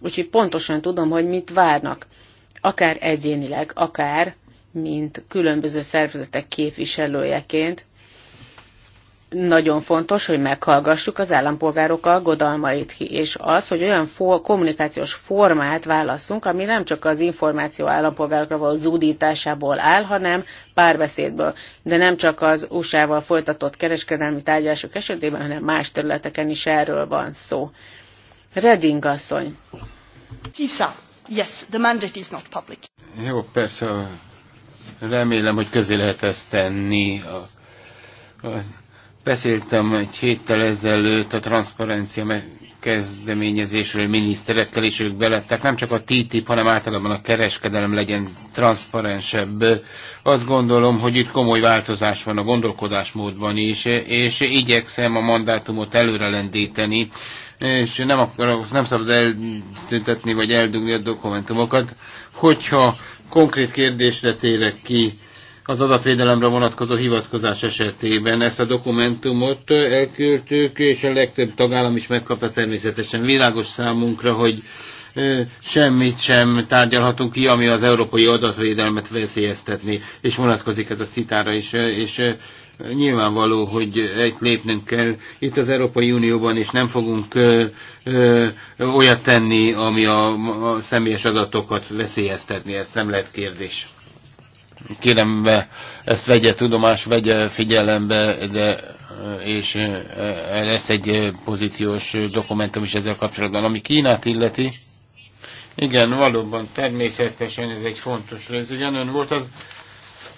Úgyhogy pontosan tudom, hogy mit várnak, akár egyénileg, akár mint különböző szervezetek képviselőjeként, nagyon fontos, hogy meghallgassuk az állampolgárok aggodalmait ki, és az, hogy olyan for, kommunikációs formát válaszunk, ami nem csak az információ állampolgárokra való zúdításából áll, hanem párbeszédből. De nem csak az USA-val folytatott kereskedelmi tárgyalások esetében, hanem más területeken is erről van szó. Reding asszony. Tisza. Yes, the mandate is not public. Jó, persze, remélem, hogy közé lehet ezt tenni a, a Beszéltem egy héttel ezelőtt a transzparencia kezdeményezésről miniszterekkel, és ők belettek. Nem csak a TTIP, hanem általában a kereskedelem legyen transzparensebb. Azt gondolom, hogy itt komoly változás van a gondolkodásmódban is, és igyekszem a mandátumot előre lendíteni, és nem, akarok, nem szabad eltüntetni vagy eldugni a dokumentumokat. Hogyha konkrét kérdésre térek ki, az adatvédelemre vonatkozó hivatkozás esetében. Ezt a dokumentumot elküldtük, és a legtöbb tagállam is megkapta természetesen. Világos számunkra, hogy semmit sem tárgyalhatunk ki, ami az európai adatvédelmet veszélyeztetni, és vonatkozik ez a szitára is, és nyilvánvaló, hogy egy lépnünk kell. Itt az Európai Unióban és nem fogunk ö, ö, olyat tenni, ami a, a személyes adatokat veszélyeztetni, ez nem lehet kérdés kérem, ezt vegye tudomás, vegye figyelembe, de és e, e, lesz egy e, pozíciós dokumentum is ezzel kapcsolatban. Ami Kínát illeti, igen, valóban, természetesen ez egy fontos rész. Ugyan ön volt az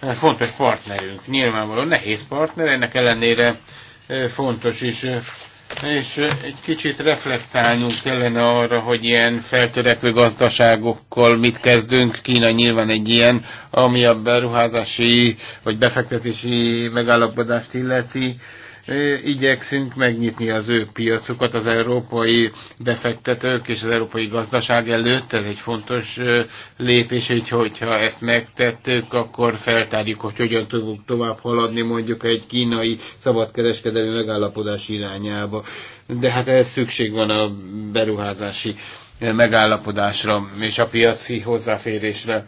fontos partnerünk, nyilvánvalóan nehéz partner, ennek ellenére fontos is. És egy kicsit reflektálnunk kellene arra, hogy ilyen feltörekvő gazdaságokkal mit kezdünk. Kína nyilván egy ilyen, ami a beruházási vagy befektetési megállapodást illeti igyekszünk megnyitni az ő piacukat az európai befektetők és az európai gazdaság előtt. Ez egy fontos lépés, így hogyha ezt megtettük, akkor feltárjuk, hogy hogyan tudunk tovább haladni mondjuk egy kínai szabadkereskedelmi megállapodás irányába. De hát ehhez szükség van a beruházási megállapodásra és a piaci hozzáférésre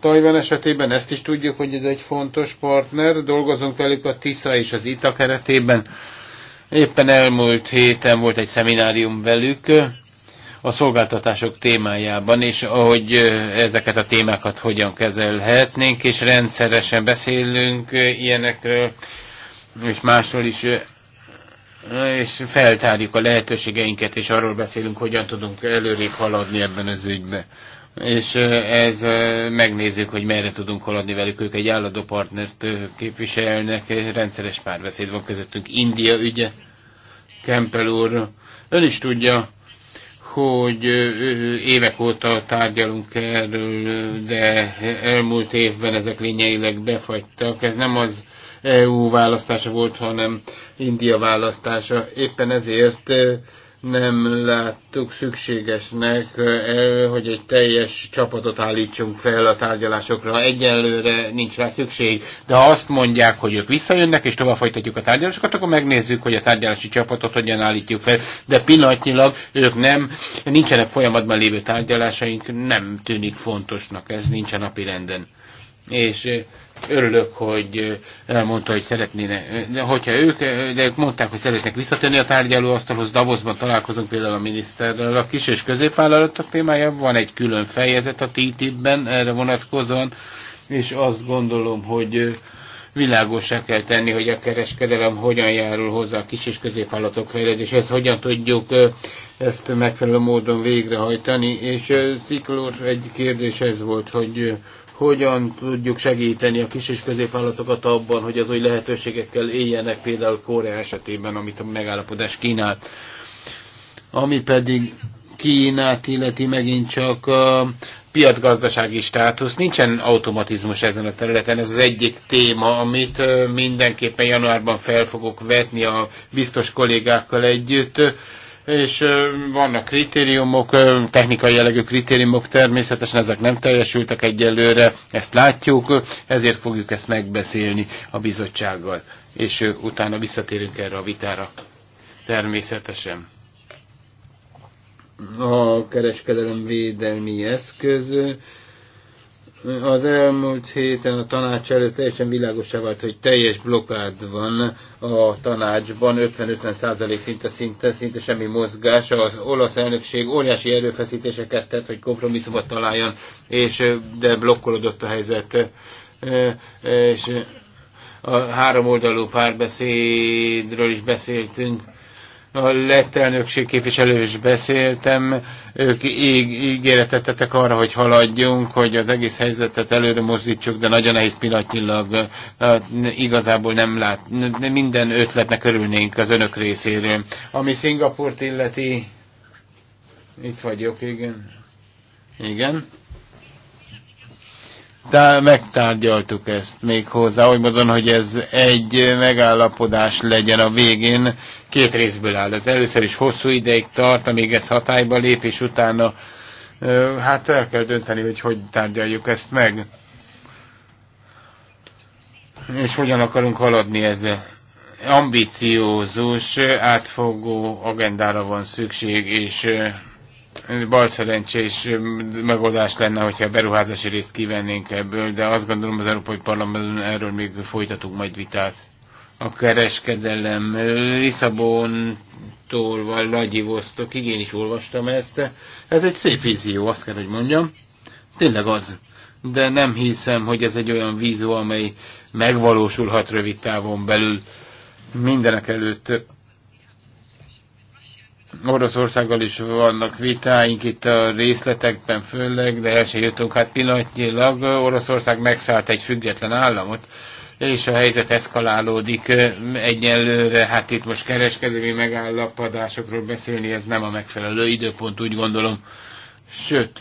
Tajvan esetében ezt is tudjuk, hogy ez egy fontos partner. Dolgozunk velük a TISZA és az ITA keretében. Éppen elmúlt héten volt egy szeminárium velük a szolgáltatások témájában, és ahogy ezeket a témákat hogyan kezelhetnénk, és rendszeresen beszélünk ilyenekről, és másról is, és feltárjuk a lehetőségeinket, és arról beszélünk, hogyan tudunk előrébb haladni ebben az ügyben és ez megnézzük, hogy merre tudunk haladni velük. Ők egy állandó partnert képviselnek, rendszeres párbeszéd van közöttünk. India ügye, Kempel úr, ön is tudja, hogy évek óta tárgyalunk erről, de elmúlt évben ezek lényeileg befagytak. Ez nem az EU választása volt, hanem India választása. Éppen ezért nem láttuk szükségesnek, eh, hogy egy teljes csapatot állítsunk fel a tárgyalásokra. Egyelőre nincs rá szükség, de ha azt mondják, hogy ők visszajönnek, és tovább folytatjuk a tárgyalásokat, akkor megnézzük, hogy a tárgyalási csapatot hogyan állítjuk fel. De pillanatnyilag ők nem, nincsenek folyamatban lévő tárgyalásaink, nem tűnik fontosnak, ez nincsen a napi renden és örülök, hogy elmondta, hogy szeretnének, de hogyha ők, de ők mondták, hogy szeretnék visszatérni a tárgyalóasztalhoz, Davosban találkozunk például a miniszterrel, a kis és középvállalatok témája, van egy külön fejezet a TTIP-ben erre vonatkozóan, és azt gondolom, hogy világosá kell tenni, hogy a kereskedelem hogyan járul hozzá a kis és középvállalatok fejlődéséhez, hogyan tudjuk ezt megfelelő módon végrehajtani, és Sziklór egy kérdés ez volt, hogy hogyan tudjuk segíteni a kis és középvállalatokat abban, hogy az új lehetőségekkel éljenek, például Korea esetében, amit a megállapodás kínál. Ami pedig Kínát illeti megint csak a piacgazdasági státusz. Nincsen automatizmus ezen a területen, ez az egyik téma, amit mindenképpen januárban fel fogok vetni a biztos kollégákkal együtt és vannak kritériumok, technikai jellegű kritériumok, természetesen ezek nem teljesültek egyelőre, ezt látjuk, ezért fogjuk ezt megbeszélni a bizottsággal, és utána visszatérünk erre a vitára. Természetesen. A kereskedelem védelmi eszköz az elmúlt héten a tanács előtt teljesen világosá vált, hogy teljes blokád van a tanácsban, 50-50 százalék szinte, szinte, szinte semmi mozgás. Az olasz elnökség óriási erőfeszítéseket tett, hogy kompromisszumot találjon, és de blokkolódott a helyzet. És a három oldalú párbeszédről is beszéltünk a lett elnökség képviselő is beszéltem, ők ígéretet tettek arra, hogy haladjunk, hogy az egész helyzetet előre mozdítsuk, de nagyon nehéz pillanatnyilag hát, igazából nem lát, minden ötletnek örülnénk az önök részéről. Ami Szingapurt illeti, itt vagyok, igen. Igen. Tá, megtárgyaltuk ezt még hozzá, hogy mondom, hogy ez egy megállapodás legyen a végén, két részből áll. Ez először is hosszú ideig tart, amíg ez hatályba lép, és utána hát el kell dönteni, hogy hogy tárgyaljuk ezt meg. És hogyan akarunk haladni ezzel. Ambiciózus, átfogó agendára van szükség, és balszerencsés megoldás lenne, hogyha a beruházási részt kivennénk ebből, de azt gondolom az Európai Parlamentben erről még folytatunk majd vitát a kereskedelem Lisszabontól van Lagyivosztokig, én is olvastam ezt. Ez egy szép vízió, azt kell, hogy mondjam. Tényleg az. De nem hiszem, hogy ez egy olyan vízió, amely megvalósulhat rövid távon belül. Mindenek előtt Oroszországgal is vannak vitáink itt a részletekben főleg, de el se jutunk hát pillanatnyilag. Oroszország megszállt egy független államot, és a helyzet eszkalálódik egyenlőre Hát itt most kereskedelmi megállapodásokról beszélni, ez nem a megfelelő időpont, úgy gondolom. Sőt,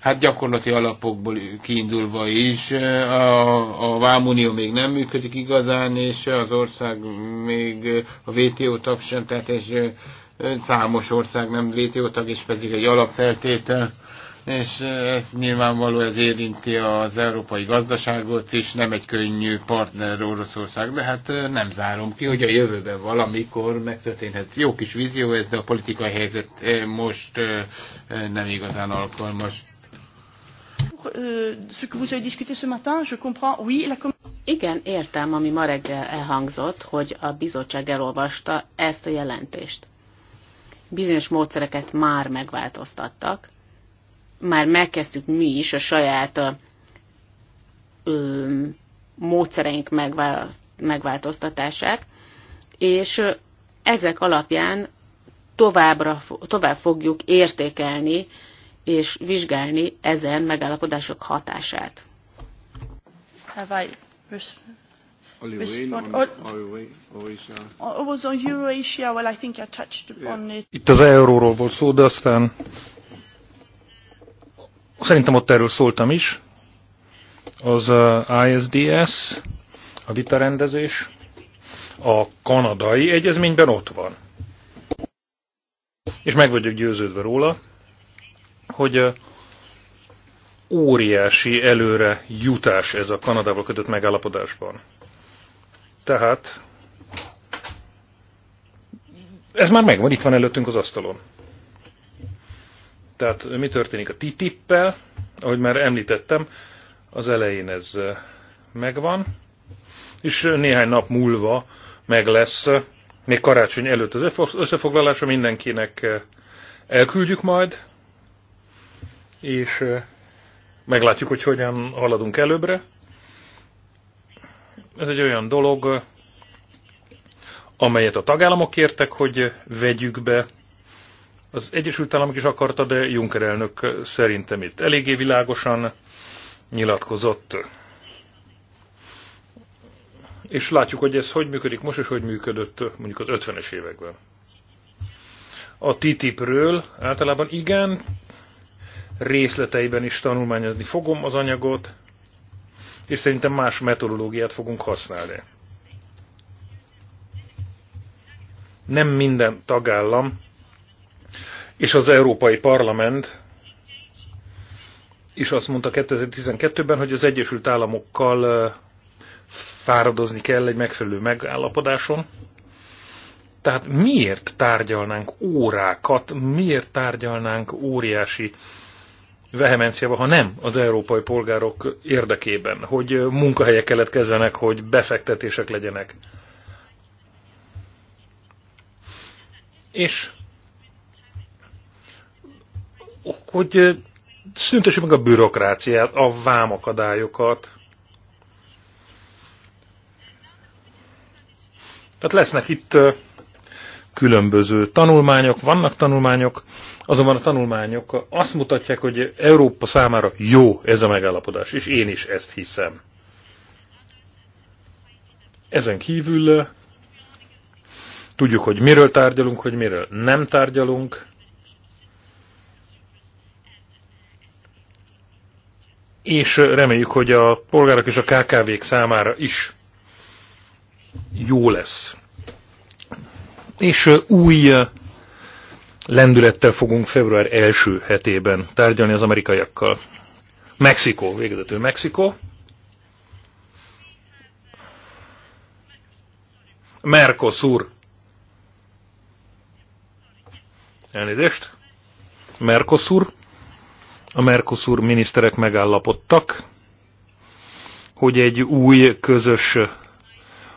hát gyakorlati alapokból kiindulva is a, a Vámunió még nem működik igazán, és az ország még a WTO tag sem, tehát és számos ország nem WTO tag, és pedig egy alapfeltétel és ez nyilvánvaló ez érinti az európai gazdaságot is, nem egy könnyű partner Oroszország, de hát nem zárom ki, hogy a jövőben valamikor megtörténhet. Jó kis vízió ez, de a politikai helyzet most nem igazán alkalmas. Euh, Igen, értem, ami ma reggel elhangzott, hogy a bizottság elolvasta ezt a jelentést. Bizonyos módszereket már megváltoztattak, már megkezdtük mi is a saját a, ö, módszereink megváltoztatását, és ezek alapján továbbra, tovább fogjuk értékelni és vizsgálni ezen megállapodások hatását. Have I Itt az euróról volt szó, de aztán Szerintem ott erről szóltam is. Az uh, ISDS, a vitarendezés, a kanadai egyezményben ott van. És meg vagyok győződve róla, hogy uh, óriási előre jutás ez a Kanadával kötött megállapodásban. Tehát ez már megvan, itt van előttünk az asztalon. Tehát mi történik a TTIP-pel? Ahogy már említettem, az elején ez megvan, és néhány nap múlva meg lesz, még karácsony előtt az összefoglalása mindenkinek elküldjük majd, és meglátjuk, hogy hogyan haladunk előbbre. Ez egy olyan dolog, amelyet a tagállamok kértek, hogy vegyük be az Egyesült Államok is akarta, de Juncker elnök szerintem itt eléggé világosan nyilatkozott. És látjuk, hogy ez hogy működik most, és hogy működött mondjuk az 50-es években. A TTIP-ről általában igen, részleteiben is tanulmányozni fogom az anyagot, és szerintem más metodológiát fogunk használni. Nem minden tagállam és az Európai Parlament is azt mondta 2012-ben, hogy az Egyesült Államokkal fáradozni kell egy megfelelő megállapodáson. Tehát miért tárgyalnánk órákat, miért tárgyalnánk óriási vehemenciával, ha nem az európai polgárok érdekében, hogy munkahelyek keletkezzenek, hogy befektetések legyenek. És hogy szüntessük meg a bürokráciát, a vámakadályokat. Tehát lesznek itt különböző tanulmányok, vannak tanulmányok, azonban a tanulmányok azt mutatják, hogy Európa számára jó ez a megállapodás, és én is ezt hiszem. Ezen kívül tudjuk, hogy miről tárgyalunk, hogy miről nem tárgyalunk, és reméljük, hogy a polgárok és a KKV-k számára is jó lesz. És új lendülettel fogunk február első hetében tárgyalni az amerikaiakkal. Mexikó, végezetül Mexikó. Mercosur. Elnézést. Mercosur a Mercosur miniszterek megállapodtak, hogy egy új közös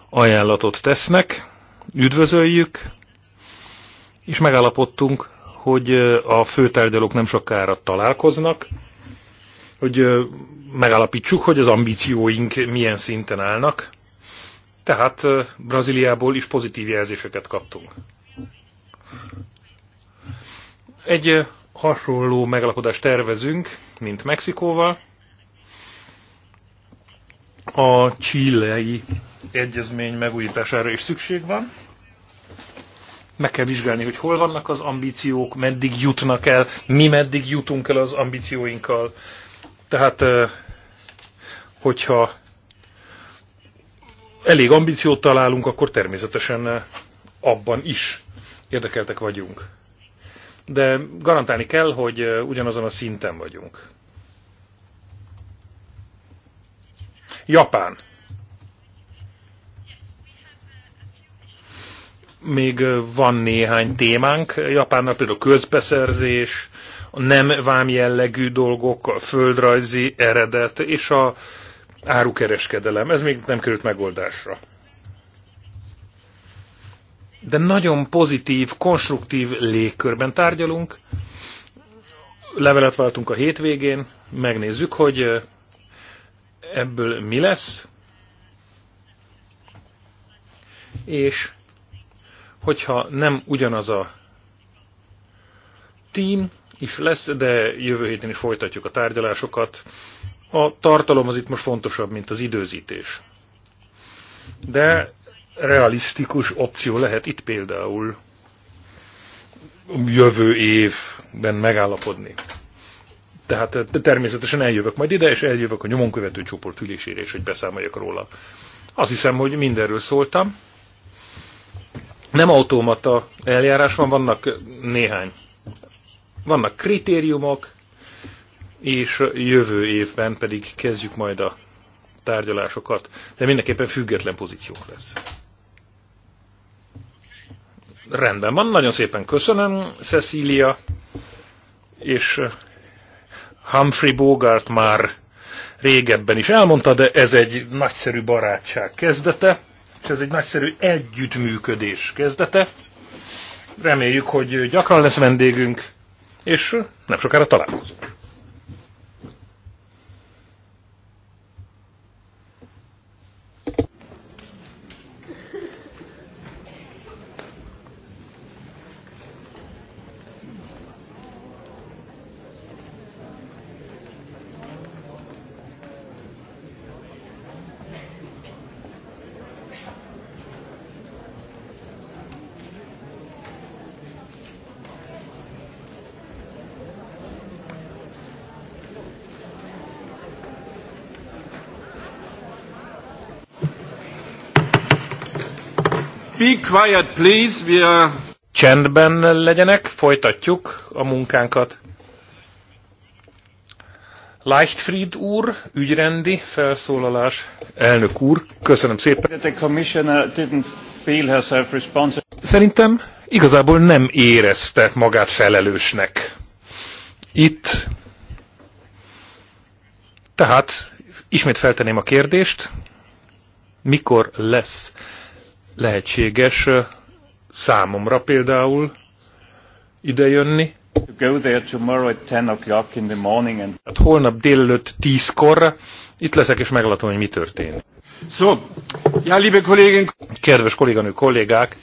ajánlatot tesznek, üdvözöljük, és megállapodtunk, hogy a főtárgyalók nem sokára találkoznak, hogy megállapítsuk, hogy az ambícióink milyen szinten állnak. Tehát Brazíliából is pozitív jelzéseket kaptunk. Egy hasonló megalapodást tervezünk, mint Mexikóval. A csillei egyezmény megújítására is szükség van. Meg kell vizsgálni, hogy hol vannak az ambíciók, meddig jutnak el, mi meddig jutunk el az ambícióinkkal. Tehát, hogyha elég ambíciót találunk, akkor természetesen abban is érdekeltek vagyunk de garantálni kell, hogy ugyanazon a szinten vagyunk. Japán. Még van néhány témánk. Japánnal például közbeszerzés, a nem jellegű dolgok, a földrajzi eredet és a árukereskedelem. Ez még nem került megoldásra de nagyon pozitív, konstruktív légkörben tárgyalunk. Levelet váltunk a hétvégén, megnézzük, hogy ebből mi lesz. És hogyha nem ugyanaz a team is lesz, de jövő héten is folytatjuk a tárgyalásokat. A tartalom az itt most fontosabb, mint az időzítés. De realisztikus opció lehet itt például jövő évben megállapodni. Tehát de eh, természetesen eljövök majd ide, és eljövök a követő csoport ülésére, és hogy beszámoljak róla. Azt hiszem, hogy mindenről szóltam. Nem automata eljárás van, vannak eh, néhány. Vannak kritériumok, és jövő évben pedig kezdjük majd a tárgyalásokat, de mindenképpen független pozíciók lesz. Rendben van, nagyon szépen köszönöm, Cecília, és eh, Humphrey Bogart már régebben is elmondta, de ez egy nagyszerű barátság kezdete, és ez egy nagyszerű együttműködés kezdete. Reméljük, hogy gyakran lesz vendégünk, és eh, nem sokára találkozunk. quiet, please. We are... Csendben legyenek, folytatjuk a munkánkat. Leichtfried úr, ügyrendi felszólalás. Elnök úr, köszönöm szépen. Szerintem igazából nem érezte magát felelősnek. Itt. Tehát ismét feltenném a kérdést, mikor lesz lehetséges számomra például idejönni. Hát holnap délelőtt 10-kor itt leszek és meglátom, hogy mi történik. So, ja, liebe Kollegen... Kedves kolléganő kollégák,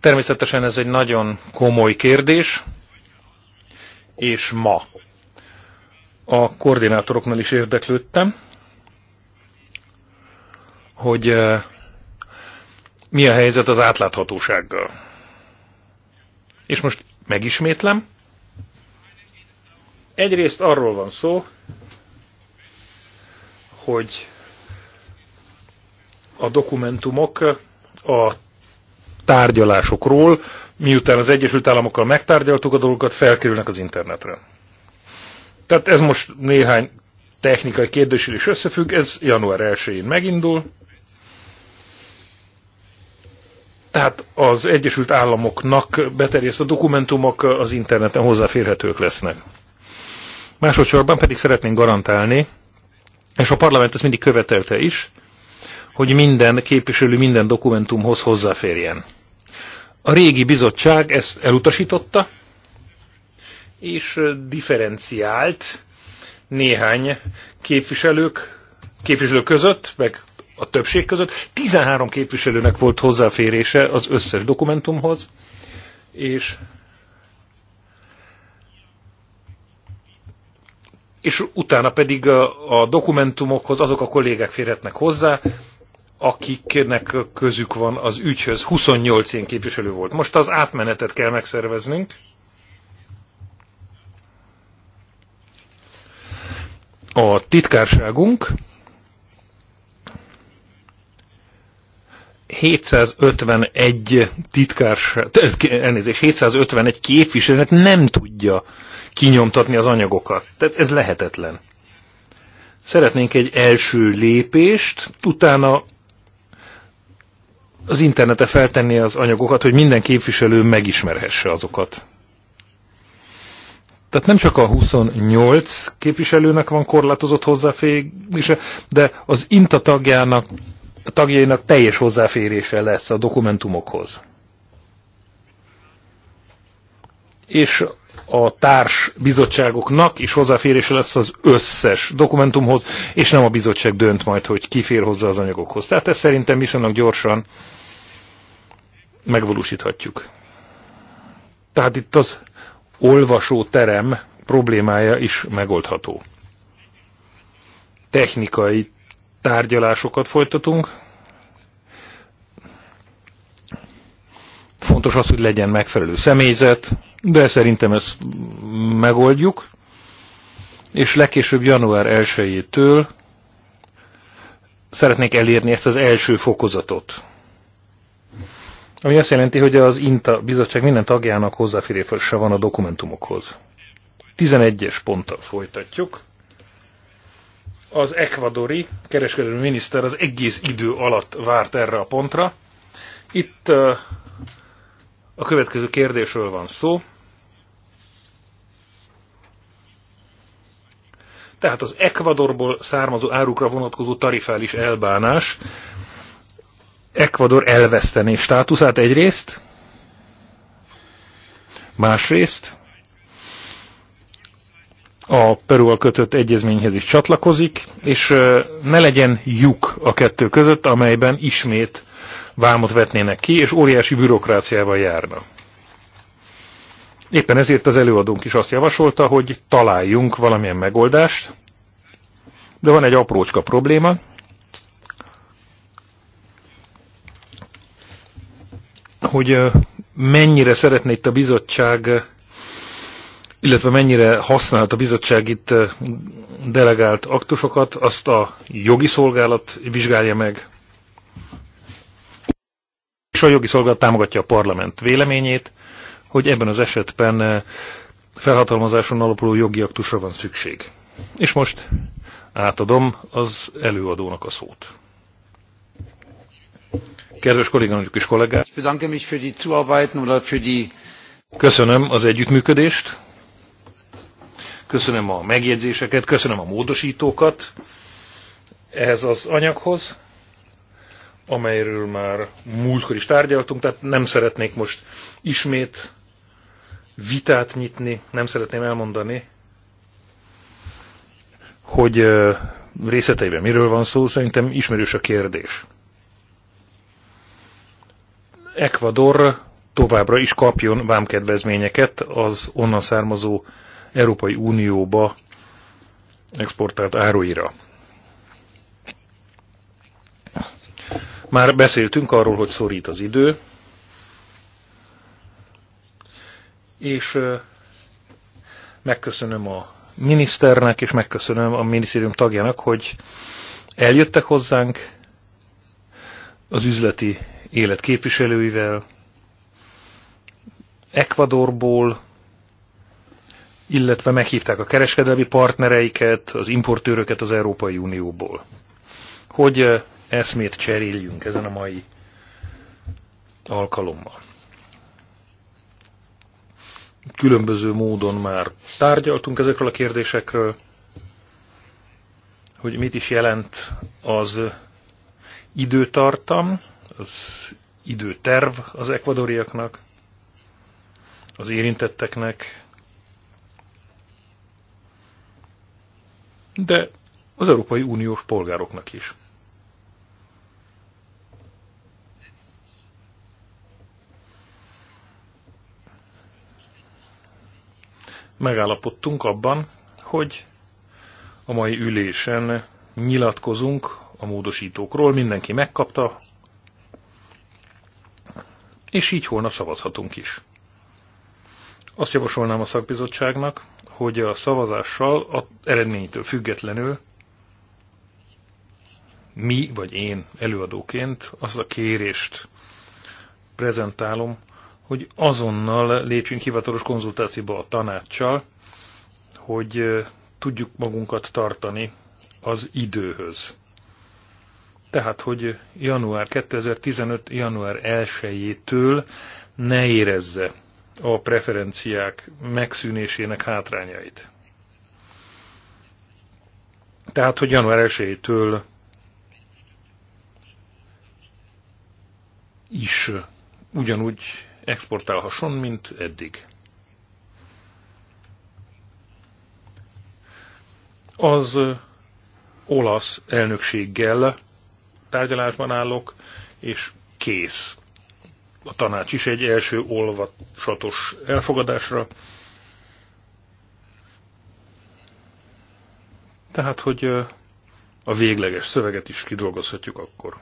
természetesen ez egy nagyon komoly kérdés, és ma a koordinátoroknál is érdeklődtem, hogy mi a helyzet az átláthatósággal. És most megismétlem. Egyrészt arról van szó, hogy a dokumentumok a tárgyalásokról, miután az Egyesült Államokkal megtárgyaltuk a dolgokat, felkerülnek az internetre. Tehát ez most néhány technikai kérdéssel is összefügg, ez január 1-én megindul, Tehát az Egyesült Államoknak beterjesztett dokumentumok az interneten hozzáférhetők lesznek. Másodszorban pedig szeretnénk garantálni, és a parlament ezt mindig követelte is, hogy minden képviselő minden dokumentumhoz hozzáférjen. A régi bizottság ezt elutasította, és differenciált néhány képviselők, képviselők között, meg a többség között. 13 képviselőnek volt hozzáférése az összes dokumentumhoz, és és utána pedig a dokumentumokhoz azok a kollégák férhetnek hozzá, akiknek közük van az ügyhöz. 28 ilyen képviselő volt. Most az átmenetet kell megszerveznünk. A titkárságunk 751 titkárs, elnézés, 751 képviselőnek nem tudja kinyomtatni az anyagokat. Tehát ez lehetetlen. Szeretnénk egy első lépést, utána az internete feltenni az anyagokat, hogy minden képviselő megismerhesse azokat. Tehát nem csak a 28 képviselőnek van korlátozott hozzáférése, de az INTA tagjának a tagjainak teljes hozzáférése lesz a dokumentumokhoz. És a társ bizottságoknak is hozzáférése lesz az összes dokumentumhoz, és nem a bizottság dönt majd, hogy ki fér hozzá az anyagokhoz. Tehát ezt szerintem viszonylag gyorsan megvalósíthatjuk. Tehát itt az olvasó terem problémája is megoldható. Technikai tárgyalásokat folytatunk. Fontos az, hogy legyen megfelelő személyzet, de szerintem ezt megoldjuk. És legkésőbb január 1-től szeretnék elérni ezt az első fokozatot. Ami azt jelenti, hogy az INTA bizottság minden tagjának hozzáférése van a dokumentumokhoz. 11-es ponttal folytatjuk az ekvadori kereskedelmi miniszter az egész idő alatt várt erre a pontra. Itt a következő kérdésről van szó. Tehát az Ekvadorból származó árukra vonatkozó tarifális elbánás. Ekvador elvesztené státuszát egyrészt, másrészt a Perúval kötött egyezményhez is csatlakozik, és ne legyen lyuk a kettő között, amelyben ismét vámot vetnének ki, és óriási bürokráciával járna. Éppen ezért az előadónk is azt javasolta, hogy találjunk valamilyen megoldást, de van egy aprócska probléma. Hogy mennyire szeretné itt a bizottság illetve mennyire használt a bizottság itt delegált aktusokat, azt a jogi szolgálat vizsgálja meg. És a jogi szolgálat támogatja a parlament véleményét, hogy ebben az esetben felhatalmazáson alapuló jogi aktusra van szükség. És most átadom az előadónak a szót. Kedves kolléganok és kollégák! Köszönöm az együttműködést, köszönöm a megjegyzéseket, köszönöm a módosítókat ehhez az anyaghoz, amelyről már múltkor is tárgyaltunk, tehát nem szeretnék most ismét vitát nyitni, nem szeretném elmondani, hogy részleteiben miről van szó, szerintem ismerős a kérdés. Ecuador továbbra is kapjon vámkedvezményeket az onnan származó Európai Unióba exportált áruira. Már beszéltünk arról, hogy szorít az idő, és megköszönöm a miniszternek, és megköszönöm a minisztérium tagjának, hogy eljöttek hozzánk az üzleti élet képviselőivel, Ekvadorból, illetve meghívták a kereskedelmi partnereiket, az importőröket az Európai Unióból, hogy eszmét cseréljünk ezen a mai alkalommal. Különböző módon már tárgyaltunk ezekről a kérdésekről, hogy mit is jelent az időtartam, az időterv az ekvadoriaknak, az érintetteknek, de az Európai Uniós polgároknak is. Megállapodtunk abban, hogy a mai ülésen nyilatkozunk a módosítókról, mindenki megkapta, és így holnap szavazhatunk is. Azt javasolnám a szakbizottságnak, hogy a szavazással a eredménytől függetlenül mi vagy én előadóként azt a kérést prezentálom, hogy azonnal lépjünk hivatalos konzultációba a tanácssal, hogy tudjuk magunkat tartani az időhöz. Tehát, hogy január 2015. január 1-től ne érezze a preferenciák megszűnésének hátrányait. Tehát, hogy január 1-től is ugyanúgy exportálhasson, mint eddig. Az olasz elnökséggel tárgyalásban állok, és kész a tanács is egy első olvasatos elfogadásra. Tehát, hogy a végleges szöveget is kidolgozhatjuk akkor.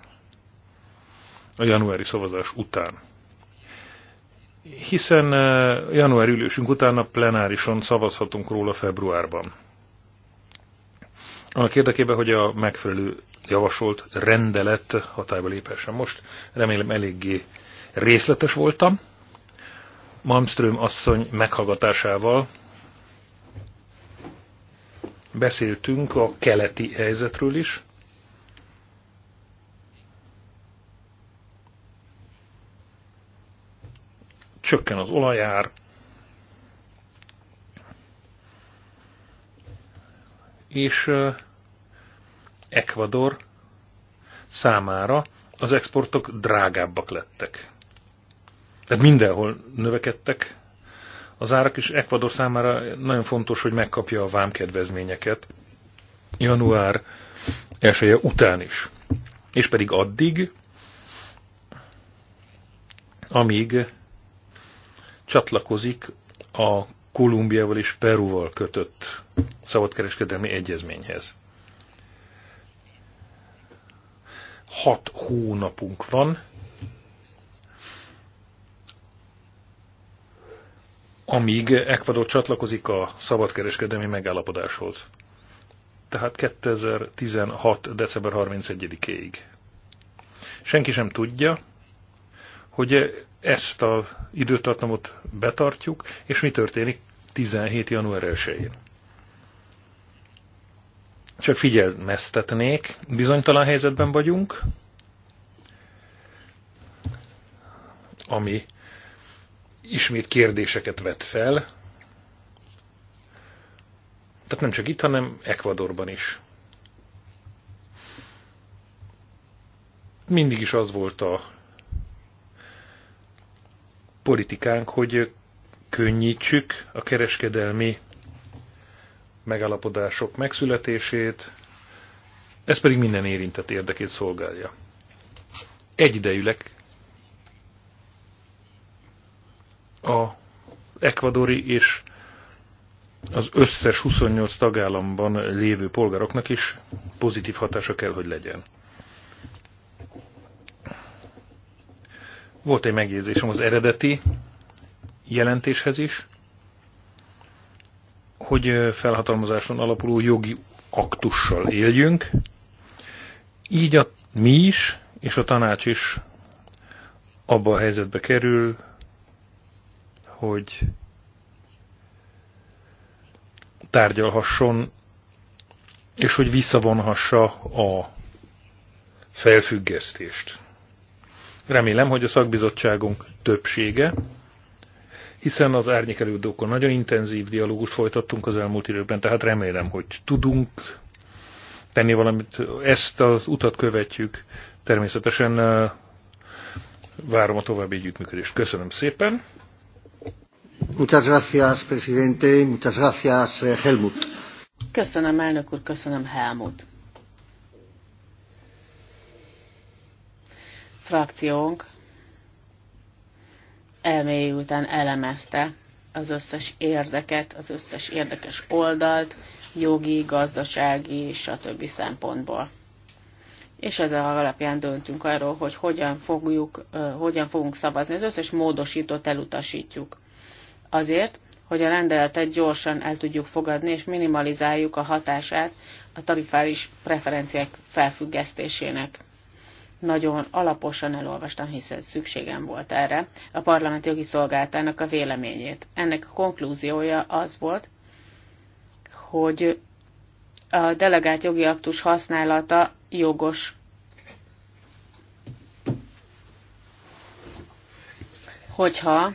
A januári szavazás után. Hiszen január ülésünk után a plenárison szavazhatunk róla februárban. Annak érdekében, hogy a megfelelő javasolt rendelet hatályba léphessen. Most remélem eléggé részletes voltam Malmström asszony meghallgatásával. Beszéltünk a keleti helyzetről is. Csökken az olajár, és Ecuador számára az exportok drágábbak lettek. Tehát mindenhol növekedtek az árak, és Ecuador számára nagyon fontos, hogy megkapja a vámkedvezményeket január 1 -e után is. És pedig addig, amíg csatlakozik a Kolumbiával és Peruval kötött szabadkereskedelmi egyezményhez. Hat hónapunk van, amíg Ecuador csatlakozik a szabadkereskedelmi megállapodáshoz. Tehát 2016. december 31-ig. Senki sem tudja, hogy ezt az időtartamot betartjuk, és mi történik 17. január 1-én. Csak figyelmeztetnék, bizonytalan helyzetben vagyunk, ami ismét kérdéseket vet fel. Tehát nem csak itt, hanem Ecuadorban is. Mindig is az volt a politikánk, hogy könnyítsük a kereskedelmi megállapodások megszületését, ez pedig minden érintett érdekét szolgálja. Egyidejűleg a ekvadori és az összes 28 tagállamban lévő polgároknak is pozitív hatása kell, hogy legyen. Volt egy megjegyzésem az eredeti jelentéshez is, hogy felhatalmazáson alapuló jogi aktussal éljünk. Így a, mi is, és a tanács is abba a helyzetbe kerül, hogy tárgyalhasson, és hogy visszavonhassa a felfüggesztést. Remélem, hogy a szakbizottságunk többsége, hiszen az árnyékelődókkal nagyon intenzív dialógust folytattunk az elmúlt időben, tehát remélem, hogy tudunk tenni valamit, ezt az utat követjük. Természetesen eh, várom a további együttműködést. Köszönöm szépen! Muchas gracias, presidente. Muchas gracias, eh, Helmut. Köszönöm, elnök úr, köszönöm, Helmut. Frakciónk elmélyű után elemezte az összes érdeket, az összes érdekes oldalt, jogi, gazdasági, stb. szempontból. És ezzel alapján döntünk arról, hogy hogyan, fogjuk, eh, hogyan fogunk szavazni. Az összes módosítót elutasítjuk. Azért, hogy a rendeletet gyorsan el tudjuk fogadni, és minimalizáljuk a hatását a tarifális preferenciák felfüggesztésének. Nagyon alaposan elolvastam, hiszen szükségem volt erre, a parlament jogi szolgáltának a véleményét. Ennek a konklúziója az volt, hogy a delegált jogi aktus használata jogos. Hogyha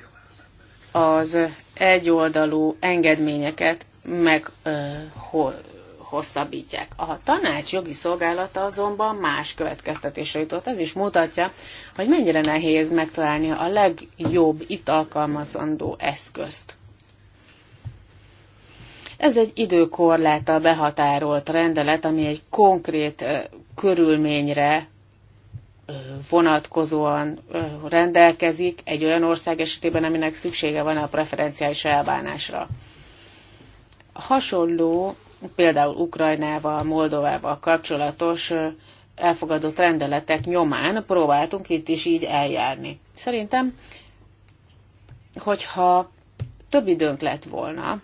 az egyoldalú engedményeket meg ö, ho, hosszabbítják. A tanács jogi szolgálata azonban más következtetésre jutott. Ez is mutatja, hogy mennyire nehéz megtalálni a legjobb itt alkalmazandó eszközt. Ez egy időkorláttal behatárolt rendelet, ami egy konkrét körülményre vonatkozóan rendelkezik egy olyan ország esetében, aminek szüksége van a preferenciális elbánásra. Hasonló például Ukrajnával, Moldovával kapcsolatos elfogadott rendeletek nyomán próbáltunk itt is így eljárni. Szerintem, hogyha több időnk lett volna,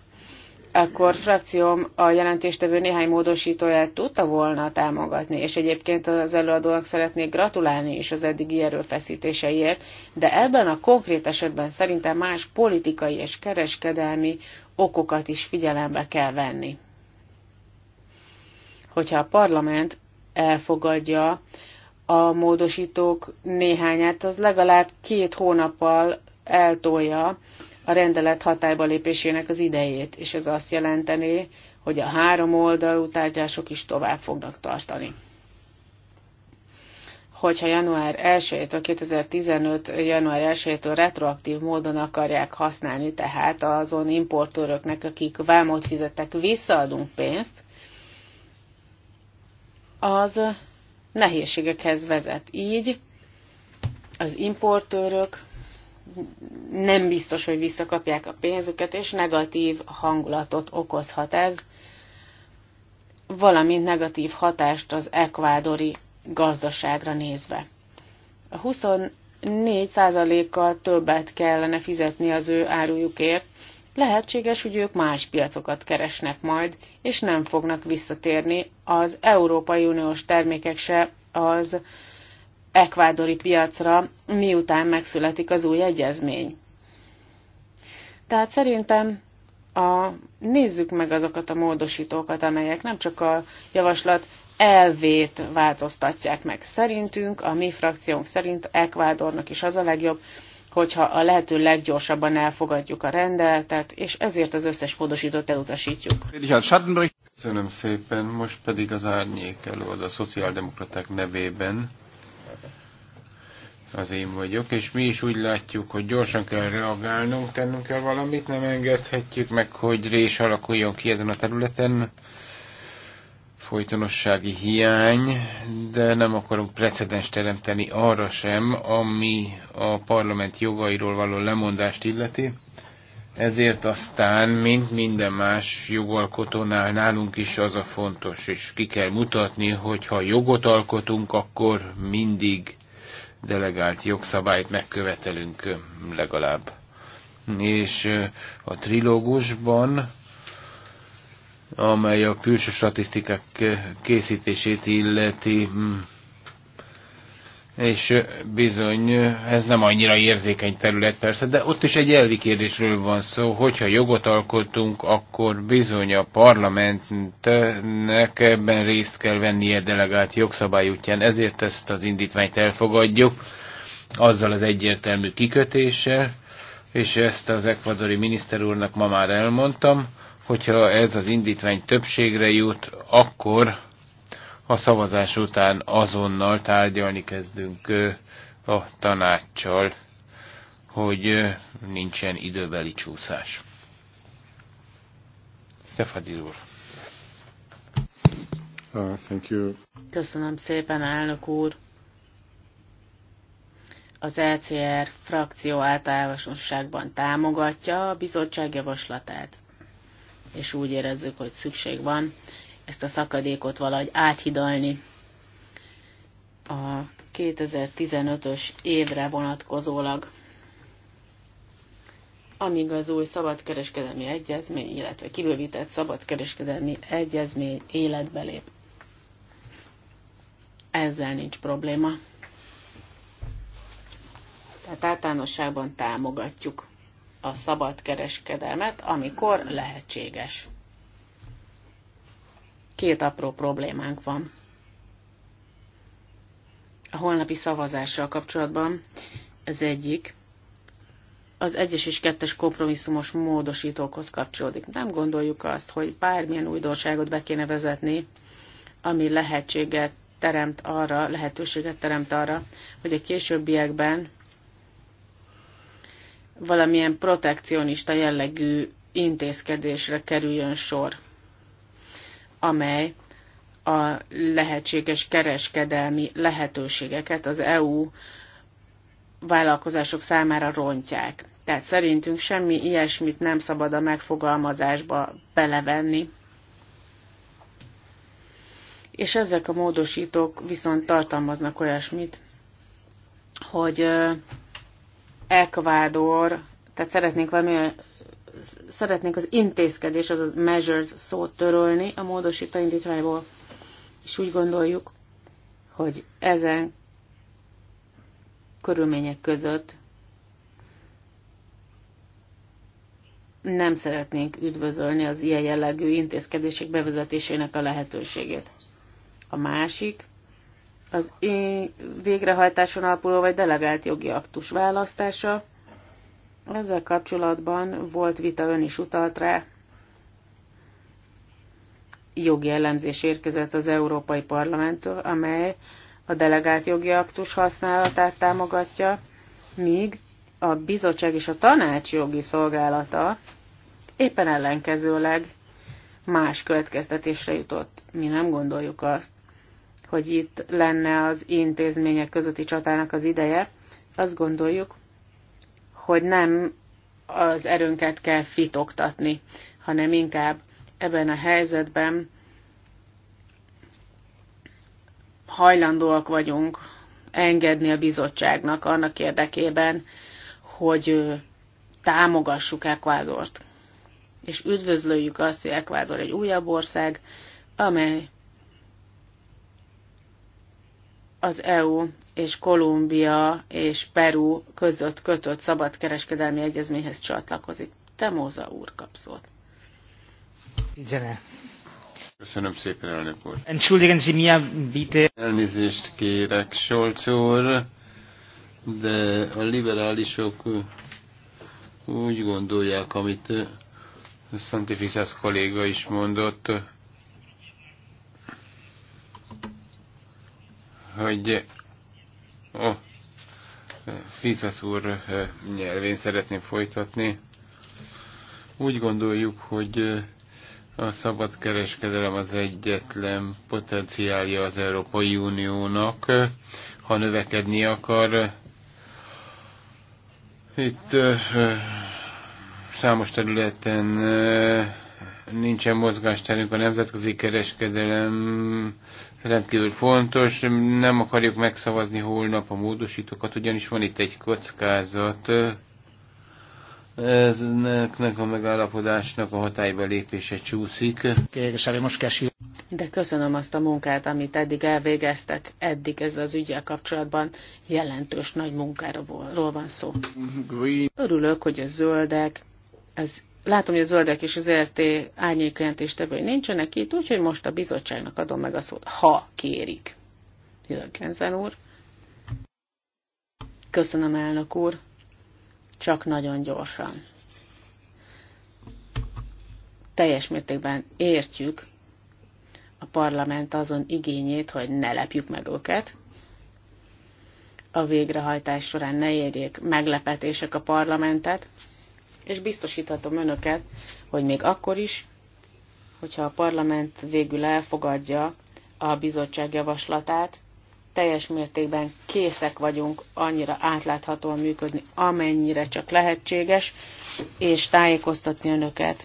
akkor frakcióm a jelentéstevő néhány módosítóját tudta volna támogatni, és egyébként az előadónak szeretnék gratulálni is az eddigi erőfeszítéseiért, de ebben a konkrét esetben szerintem más politikai és kereskedelmi okokat is figyelembe kell venni. Hogyha a parlament elfogadja a módosítók néhányát, az legalább két hónappal eltolja a rendelet hatályba lépésének az idejét, és ez azt jelenteni, hogy a három oldalú tárgyások is tovább fognak tartani. Hogyha január 1-től 2015. január 1-től retroaktív módon akarják használni, tehát azon importőröknek, akik vámot fizettek, visszaadunk pénzt, az nehézségekhez vezet. Így az importőrök nem biztos, hogy visszakapják a pénzüket, és negatív hangulatot okozhat ez, valamint negatív hatást az ekvádori gazdaságra nézve. A 24%-kal többet kellene fizetni az ő árujukért, lehetséges, hogy ők más piacokat keresnek majd, és nem fognak visszatérni az Európai Uniós termékek se az ekvádori piacra, miután megszületik az új egyezmény. Tehát szerintem a, nézzük meg azokat a módosítókat, amelyek nem csak a javaslat elvét változtatják meg. Szerintünk, a mi frakciónk szerint Ekvádornak is az a legjobb, hogyha a lehető leggyorsabban elfogadjuk a rendeletet, és ezért az összes módosítót elutasítjuk. Köszönöm szépen, most pedig az árnyék előad a szociáldemokraták nevében az én vagyok, és mi is úgy látjuk, hogy gyorsan kell reagálnunk, tennünk kell valamit, nem engedhetjük meg, hogy rés alakuljon ki ezen a területen, folytonossági hiány, de nem akarunk precedens teremteni arra sem, ami a parlament jogairól való lemondást illeti. Ezért aztán, mint minden más jogalkotónál nálunk is az a fontos, és ki kell mutatni, hogy ha jogot alkotunk, akkor mindig delegált jogszabályt megkövetelünk legalább. És a trilógusban, amely a külső statisztikák készítését illeti, hm, és bizony ez nem annyira érzékeny terület persze, de ott is egy elvi kérdésről van szó, hogyha jogot alkotunk, akkor bizony a parlamentnek ebben részt kell vennie delegált jogszabály útján, ezért ezt az indítványt elfogadjuk, azzal az egyértelmű kikötéssel, és ezt az ekvadori miniszter úrnak ma már elmondtam, hogyha ez az indítvány többségre jut, akkor a szavazás után azonnal tárgyalni kezdünk a tanácssal, hogy nincsen időbeli csúszás. Szefadir úr. Uh, thank you. Köszönöm szépen, elnök úr. Az ECR frakció általánosságban támogatja a bizottság javaslatát, és úgy érezzük, hogy szükség van ezt a szakadékot valahogy áthidalni. A 2015-ös évre vonatkozólag, amíg az új szabadkereskedelmi egyezmény, illetve kibővített szabadkereskedelmi egyezmény életbe lép. Ezzel nincs probléma. Tehát általánosságban támogatjuk a szabadkereskedelmet, amikor lehetséges. Két apró problémánk van a holnapi szavazással kapcsolatban. Ez egyik. Az egyes és kettes kompromisszumos módosítókhoz kapcsolódik. Nem gondoljuk azt, hogy bármilyen újdonságot be kéne vezetni, ami lehetséget teremt arra, lehetőséget teremt arra, hogy a későbbiekben valamilyen protekcionista jellegű intézkedésre kerüljön sor amely a lehetséges kereskedelmi lehetőségeket az EU vállalkozások számára rontják. Tehát szerintünk semmi ilyesmit nem szabad a megfogalmazásba belevenni. És ezek a módosítók viszont tartalmaznak olyasmit, hogy Ecuador, tehát szeretnénk valami szeretnénk az intézkedés, azaz measures szót törölni a módosító indítványból, és úgy gondoljuk, hogy ezen körülmények között nem szeretnénk üdvözölni az ilyen jellegű intézkedések bevezetésének a lehetőségét. A másik az végrehajtáson alapuló vagy delegált jogi aktus választása, ezzel kapcsolatban volt vita, ön is utalt rá. Jogi ellenzés érkezett az Európai Parlamenttől, amely a delegált jogi aktus használatát támogatja, míg a bizottság és a tanács jogi szolgálata éppen ellenkezőleg más következtetésre jutott. Mi nem gondoljuk azt, hogy itt lenne az intézmények közötti csatának az ideje. Azt gondoljuk, hogy nem az erőnket kell fitoktatni, hanem inkább ebben a helyzetben hajlandóak vagyunk engedni a bizottságnak annak érdekében, hogy támogassuk Ekvádort. És üdvözlőjük azt, hogy Ekvádor egy újabb ország, amely az EU és Kolumbia és Peru között kötött szabadkereskedelmi egyezményhez csatlakozik. Móza úr kapszolt. Köszönöm szépen, elnök úr. Entschuldigen Sie mir bitte. Elnézést kérek, Scholz úr, de a liberálisok úgy gondolják, amit Szantifiszász kolléga is mondott, hogy a Fizasz úr eh, nyelvén szeretném folytatni. Úgy gondoljuk, hogy eh, a szabad kereskedelem az egyetlen potenciálja az Európai Uniónak, eh, ha növekedni akar. Itt számos területen nincsen mozgásterünk a nemzetközi kereskedelem rendkívül fontos. Nem akarjuk megszavazni holnap a módosítókat, ugyanis van itt egy kockázat. Eznek a megállapodásnak a hatályba lépése csúszik. De köszönöm azt a munkát, amit eddig elvégeztek. Eddig ez az ügyel kapcsolatban jelentős nagy munkáról van szó. Örülök, hogy a zöldek, az Látom, hogy a zöldek és az e RT tevői nincsenek itt, úgyhogy most a bizottságnak adom meg a szót, ha kérik. Jörgenzen úr. Köszönöm, elnök úr. Csak nagyon gyorsan. Teljes mértékben értjük a parlament azon igényét, hogy ne lepjük meg őket, a végrehajtás során ne érjék meglepetések a parlamentet, és biztosíthatom önöket, hogy még akkor is, hogyha a parlament végül elfogadja a bizottság javaslatát, teljes mértékben készek vagyunk annyira átláthatóan működni, amennyire csak lehetséges, és tájékoztatni önöket.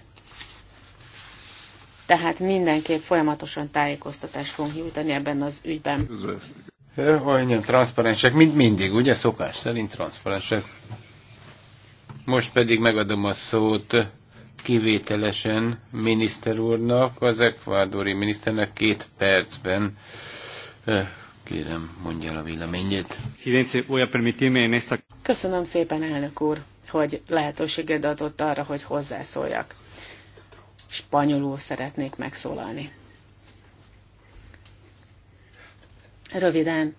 Tehát mindenképp folyamatosan tájékoztatást fogunk nyújtani ebben az ügyben. Olyan transzparensek, mint mindig, ugye szokás szerint transzparensek. Most pedig megadom a szót kivételesen miniszter úrnak, az ekvádori miniszternek két percben. Kérem, mondja el a véleményét. Köszönöm szépen, elnök úr, hogy lehetőséget adott arra, hogy hozzászóljak. Spanyolul szeretnék megszólalni. Röviden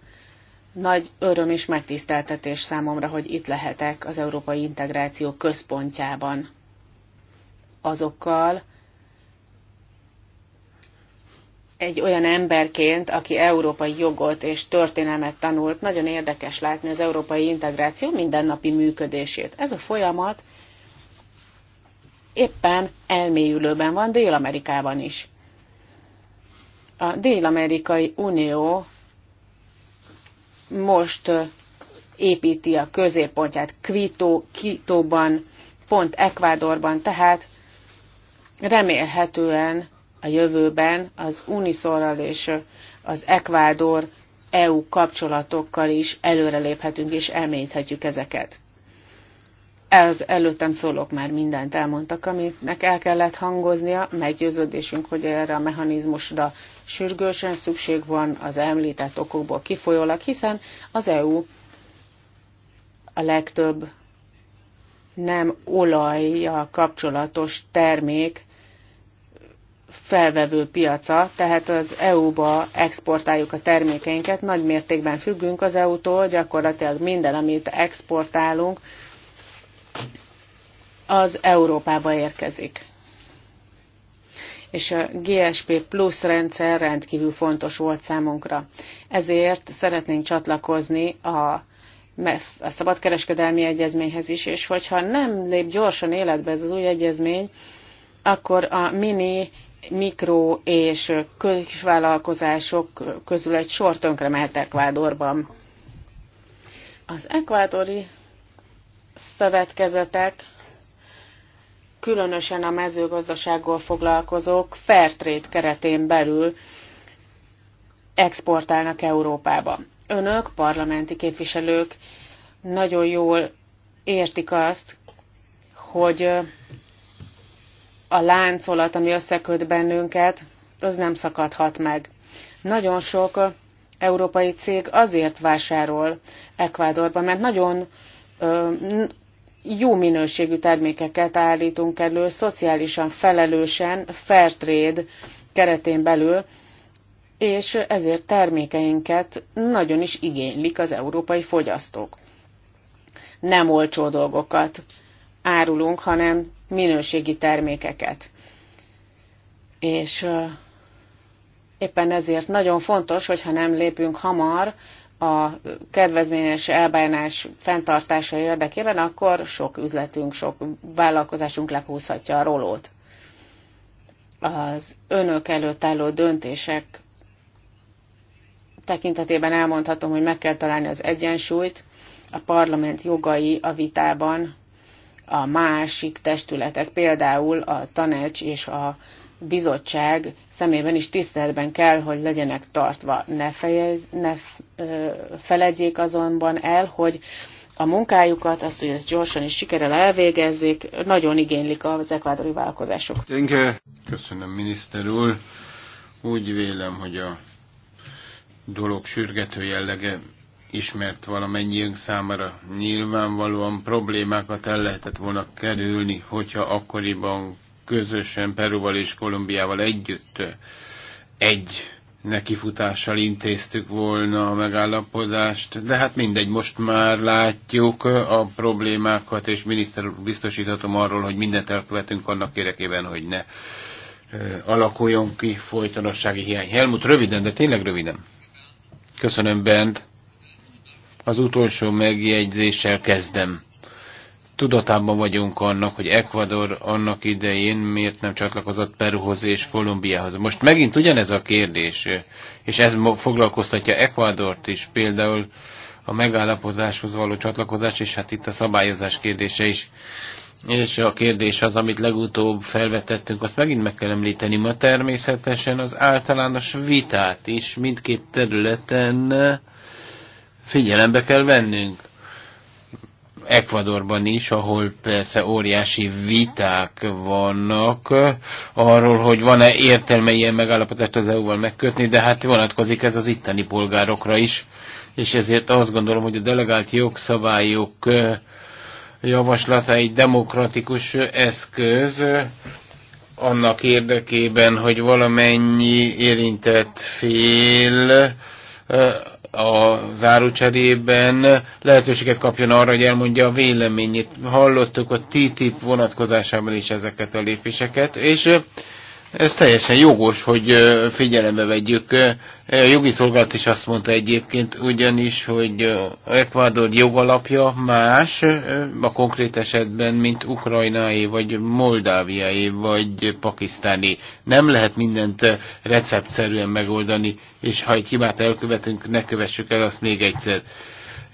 nagy öröm és megtiszteltetés számomra, hogy itt lehetek az európai integráció központjában azokkal, egy olyan emberként, aki európai jogot és történelmet tanult, nagyon érdekes látni az európai integráció mindennapi működését. Ez a folyamat éppen elmélyülőben van Dél-Amerikában is. A Dél-Amerikai Unió most építi a középpontját Quito, Kitóban, pont Ekvádorban, tehát remélhetően a jövőben az Uniszorral és az Ekvádor EU kapcsolatokkal is előreléphetünk és elményíthetjük ezeket. Ez előttem szólok már mindent elmondtak, aminek el kellett hangoznia, meggyőződésünk, hogy erre a mechanizmusra sürgősen szükség van az említett okokból kifolyólag, hiszen az EU a legtöbb nem olajjal kapcsolatos termék felvevő piaca, tehát az EU-ba exportáljuk a termékeinket, nagy mértékben függünk az EU-tól, gyakorlatilag minden, amit exportálunk, az Európába érkezik és a GSP Plus rendszer rendkívül fontos volt számunkra. Ezért szeretnénk csatlakozni a a szabadkereskedelmi egyezményhez is, és hogyha nem lép gyorsan életbe ez az új egyezmény, akkor a mini, mikro és kisvállalkozások közül egy sor tönkre mehet Ekvádorban. Az ekvádori szövetkezetek különösen a mezőgazdasággal foglalkozók Fairtrade keretén belül exportálnak Európába. Önök, parlamenti képviselők nagyon jól értik azt, hogy a láncolat, ami összeköt bennünket, az nem szakadhat meg. Nagyon sok európai cég azért vásárol Ekvádorban, mert nagyon jó minőségű termékeket állítunk elő, szociálisan felelősen, fair trade keretén belül, és ezért termékeinket nagyon is igénylik az európai fogyasztók. Nem olcsó dolgokat árulunk, hanem minőségi termékeket. És éppen ezért nagyon fontos, hogyha nem lépünk hamar, a kedvezményes elbánás fenntartása érdekében, akkor sok üzletünk, sok vállalkozásunk lehúzhatja a rolót. Az önök előtt álló döntések tekintetében elmondhatom, hogy meg kell találni az egyensúlyt, a parlament jogai a vitában a másik testületek, például a tanács és a bizottság szemében is tiszteletben kell, hogy legyenek tartva. Ne, fejez, ne feledjék azonban el, hogy a munkájukat, azt, hogy ezt gyorsan és sikerrel elvégezzék, nagyon igénylik az ekvádori vállalkozások. Köszönöm, miniszter úr. Úgy vélem, hogy a dolog sürgető jellege ismert valamennyiünk számára. Nyilvánvalóan problémákat el lehetett volna kerülni, hogyha akkoriban közösen Peruval és Kolumbiával együtt egy nekifutással intéztük volna a megállapodást, de hát mindegy, most már látjuk a problémákat, és miniszter úr biztosíthatom arról, hogy mindent elkövetünk annak érdekében, hogy ne alakuljon ki folytonossági hiány. Helmut, röviden, de tényleg röviden. Köszönöm, Bent. Az utolsó megjegyzéssel kezdem tudatában vagyunk annak, hogy Ecuador annak idején miért nem csatlakozott Peruhoz és Kolumbiához. Most megint ugyanez a kérdés, és ez foglalkoztatja Ecuadort is, például a megállapodáshoz való csatlakozás, és hát itt a szabályozás kérdése is. És a kérdés az, amit legutóbb felvetettünk, azt megint meg kell említeni ma természetesen az általános vitát is mindkét területen figyelembe kell vennünk Ecuadorban is, ahol persze óriási viták vannak arról, hogy van-e értelme ilyen megállapodást az EU-val megkötni, de hát vonatkozik ez az itteni polgárokra is, és ezért azt gondolom, hogy a delegált jogszabályok javaslata egy demokratikus eszköz, annak érdekében, hogy valamennyi érintett fél a zárócserében lehetőséget kapjon arra, hogy elmondja a véleményét. Hallottuk a TTIP vonatkozásában is ezeket a lépéseket, és ez teljesen jogos, hogy figyelembe vegyük. A jogi szolgálat is azt mondta egyébként, ugyanis, hogy Ekvádor jogalapja más a konkrét esetben, mint ukrajnai, vagy moldáviai, vagy pakisztáni. Nem lehet mindent receptszerűen megoldani, és ha egy hibát elkövetünk, ne kövessük el azt még egyszer.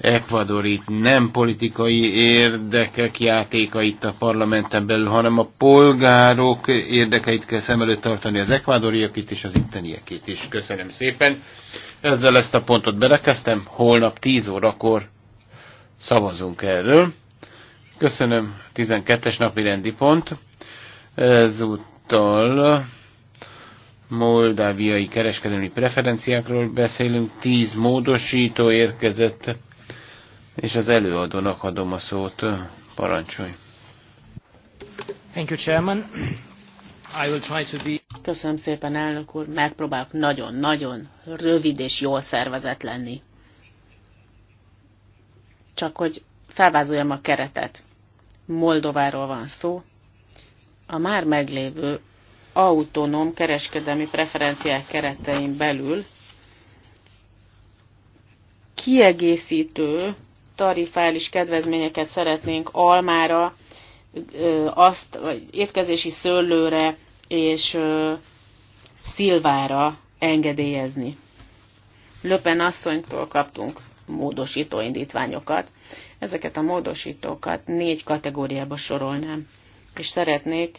Ecuador itt nem politikai érdekek játéka itt a parlamenten belül, hanem a polgárok érdekeit kell szem előtt tartani, az ekvádoriak itt és az itteniekét is. Köszönöm szépen. Ezzel ezt a pontot belekezdtem. Holnap 10 órakor szavazunk erről. Köszönöm. 12-es napi rendi pont. Ezúttal moldáviai kereskedelmi preferenciákról beszélünk, tíz módosító érkezett és az előadónak adom a szót. Parancsolj! Thank you, Chairman. I will try to be... Köszönöm szépen, elnök úr. Megpróbálok nagyon-nagyon rövid és jól szervezett lenni. Csak hogy felvázoljam a keretet. Moldováról van szó. A már meglévő autonóm kereskedelmi preferenciák keretein belül kiegészítő tarifális kedvezményeket szeretnénk almára, azt, vagy étkezési szőlőre és szilvára engedélyezni. Löpen asszonytól kaptunk módosító indítványokat. Ezeket a módosítókat négy kategóriába sorolnám, és szeretnék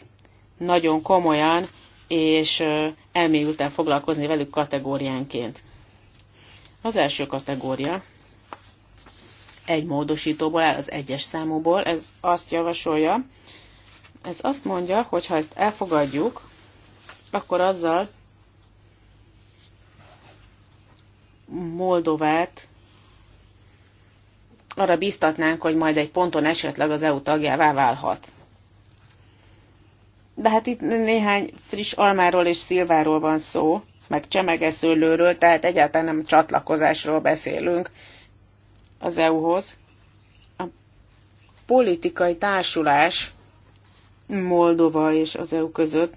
nagyon komolyan és elmélyülten foglalkozni velük kategóriánként. Az első kategória egy módosítóból áll, az egyes számúból. Ez azt javasolja, ez azt mondja, hogy ha ezt elfogadjuk, akkor azzal Moldovát arra biztatnánk, hogy majd egy ponton esetleg az EU tagjává válhat. De hát itt néhány friss almáról és szilváról van szó, meg csemegeszőlőről, tehát egyáltalán nem csatlakozásról beszélünk, az EU-hoz. A politikai társulás Moldova és az EU között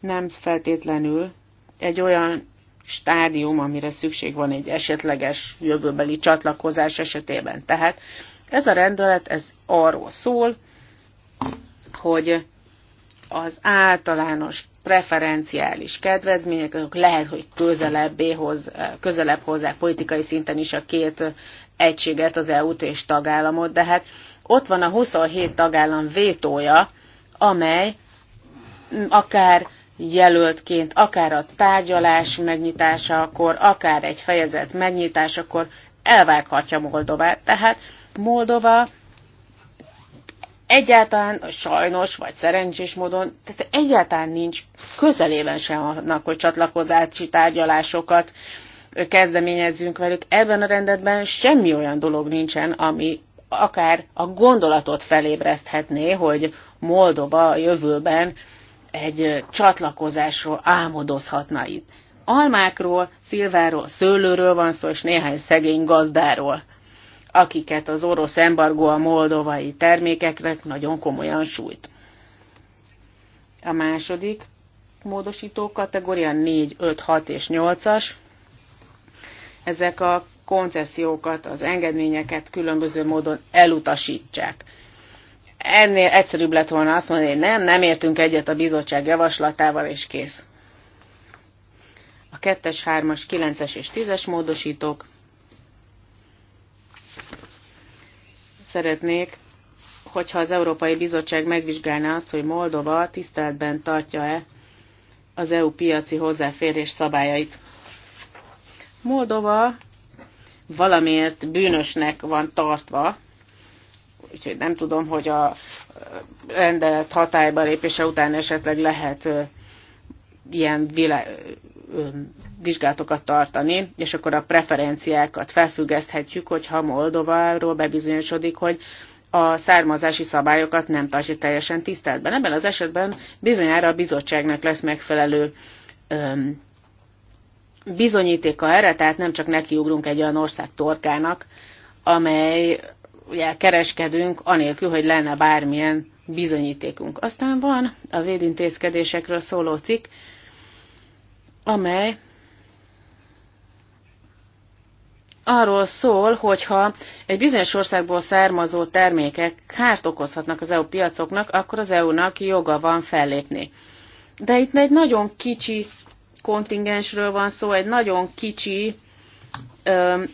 nem feltétlenül egy olyan stádium, amire szükség van egy esetleges jövőbeli csatlakozás esetében. Tehát ez a rendelet ez arról szól, hogy az általános preferenciális kedvezmények, azok lehet, hogy közelebbé hoz, közelebb hozzák politikai szinten is a két egységet, az EU-t és tagállamot, de hát ott van a 27 tagállam vétója, amely akár jelöltként, akár a tárgyalás megnyitása akkor, akár egy fejezet megnyitása akkor elvághatja Moldovát. Tehát Moldova egyáltalán sajnos, vagy szerencsés módon, tehát egyáltalán nincs közelében sem annak, hogy csatlakozási tárgyalásokat kezdeményezzünk velük. Ebben a rendetben semmi olyan dolog nincsen, ami akár a gondolatot felébreszthetné, hogy Moldova a jövőben egy csatlakozásról álmodozhatna itt. Almákról, szilváról, szőlőről van szó, és néhány szegény gazdáról, akiket az orosz embargó a moldovai termékeknek nagyon komolyan sújt. A második módosító kategória 4, 5, 6 és 8-as, ezek a koncesziókat, az engedményeket különböző módon elutasítsák. Ennél egyszerűbb lett volna azt mondani, hogy nem, nem értünk egyet a bizottság javaslatával, és kész. A 2-es, 3-as, 9-es és 10-es módosítók. Szeretnék, hogyha az Európai Bizottság megvizsgálná azt, hogy Moldova tiszteletben tartja-e az EU piaci hozzáférés szabályait. Moldova valamiért bűnösnek van tartva, úgyhogy nem tudom, hogy a rendelet hatályba lépése után esetleg lehet ilyen vilá... vizsgálatokat tartani, és akkor a preferenciákat felfüggeszthetjük, hogyha Moldováról bebizonyosodik, hogy a származási szabályokat nem tartja teljesen tiszteletben. Ebben az esetben bizonyára a bizottságnak lesz megfelelő öm, bizonyítéka erre, tehát nem csak nekiugrunk egy olyan ország torkának, amely ugye, kereskedünk, anélkül, hogy lenne bármilyen bizonyítékunk. Aztán van a védintézkedésekről szóló cikk, amely arról szól, hogyha egy bizonyos országból származó termékek kárt okozhatnak az EU piacoknak, akkor az EU-nak joga van fellépni. De itt egy nagyon kicsi kontingensről van szó, egy nagyon kicsi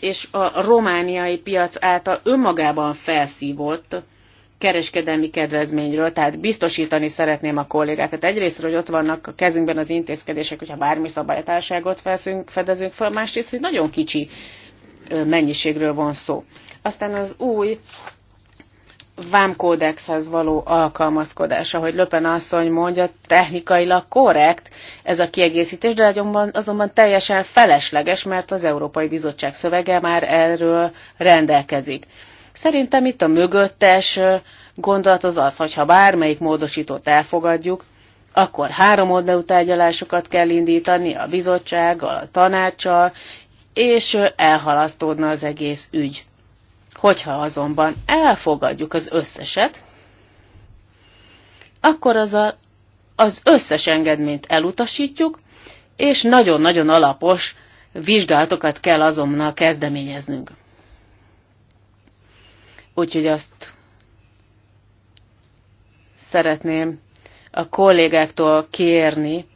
és a romániai piac által önmagában felszívott kereskedelmi kedvezményről, tehát biztosítani szeretném a kollégákat. Egyrészt, hogy ott vannak a kezünkben az intézkedések, hogyha bármi szabálytárságot feszünk, fedezünk fel, másrészt, hogy nagyon kicsi mennyiségről van szó. Aztán az új vámkódexhez való alkalmazkodása, hogy Löpen asszony mondja, technikailag korrekt ez a kiegészítés, de azonban, azonban teljesen felesleges, mert az Európai Bizottság szövege már erről rendelkezik. Szerintem itt a mögöttes gondolat az az, hogy ha bármelyik módosítót elfogadjuk, akkor három oldalú tárgyalásokat kell indítani a bizottsággal, a tanácssal, és elhalasztódna az egész ügy. Hogyha azonban elfogadjuk az összeset, akkor az, a, az összes engedményt elutasítjuk, és nagyon-nagyon alapos vizsgálatokat kell azonnal kezdeményeznünk. Úgyhogy azt szeretném a kollégáktól kérni,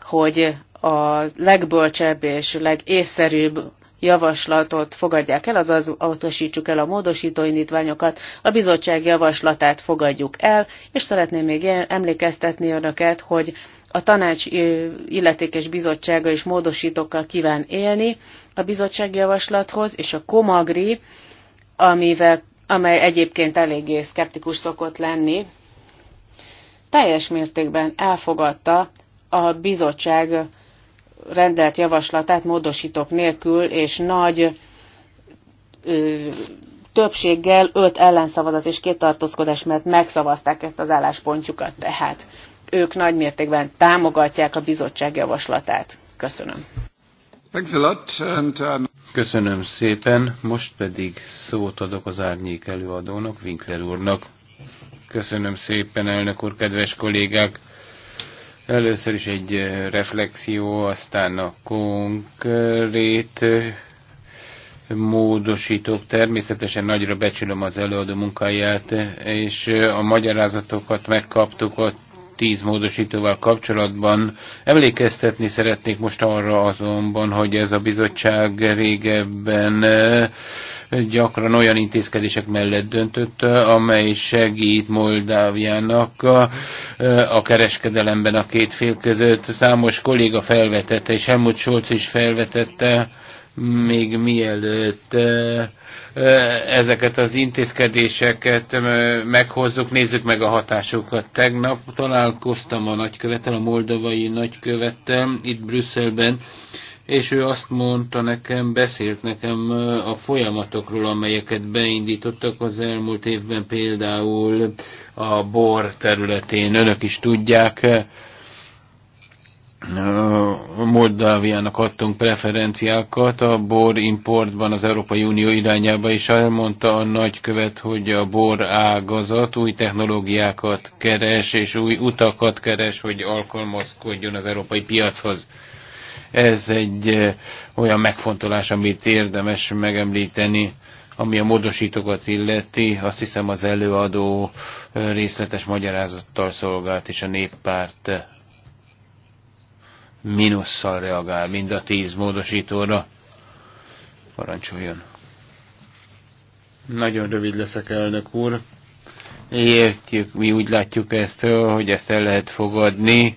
hogy a legbölcsebb és legészszerűbb javaslatot fogadják el, azaz autasítsuk el a módosító indítványokat, a bizottság javaslatát fogadjuk el, és szeretném még emlékeztetni önöket, hogy a tanács illetékes bizottsága is módosítókkal kíván élni a bizottság javaslathoz, és a komagri, amivel, amely egyébként eléggé szkeptikus szokott lenni, teljes mértékben elfogadta a bizottság rendelt javaslatát módosítok nélkül és nagy ö, többséggel öt ellenszavazat és két tartózkodás mert megszavazták ezt az álláspontjukat, tehát ők nagy mértékben támogatják a bizottság javaslatát. Köszönöm. Um, Köszönöm szépen, most pedig szót adok az árnyék előadónak, Winkler úrnak. Köszönöm szépen, elnök úr, kedves kollégák! Először is egy eh, reflexió, aztán a konkrét eh, módosítók. Természetesen nagyra becsülöm az előadó munkáját, és eh, a magyarázatokat megkaptuk a tíz módosítóval kapcsolatban. Emlékeztetni szeretnék most arra azonban, hogy ez a bizottság régebben gyakran olyan intézkedések mellett döntött, amely segít Moldáviának a kereskedelemben a két fél között. Számos kolléga felvetette, és Helmut Scholz is felvetette, még mielőtt ezeket az intézkedéseket meghozzuk, nézzük meg a hatásokat. Tegnap találkoztam a nagykövettel, a moldovai nagykövettel itt Brüsszelben, és ő azt mondta nekem, beszélt nekem a folyamatokról, amelyeket beindítottak az elmúlt évben, például a bor területén. Önök is tudják, Moldáviának adtunk preferenciákat a bor importban az Európai Unió irányába, és elmondta a nagykövet, hogy a bor ágazat új technológiákat keres, és új utakat keres, hogy alkalmazkodjon az európai piachoz. Ez egy eh, olyan megfontolás, amit érdemes megemlíteni, ami a módosítókat illeti. Azt hiszem az előadó eh, részletes magyarázattal szolgált, és a néppárt eh, minusszal reagál mind a tíz módosítóra. Parancsoljon! Nagyon rövid leszek, elnök úr. Értjük, mi úgy látjuk ezt, hogy ezt el lehet fogadni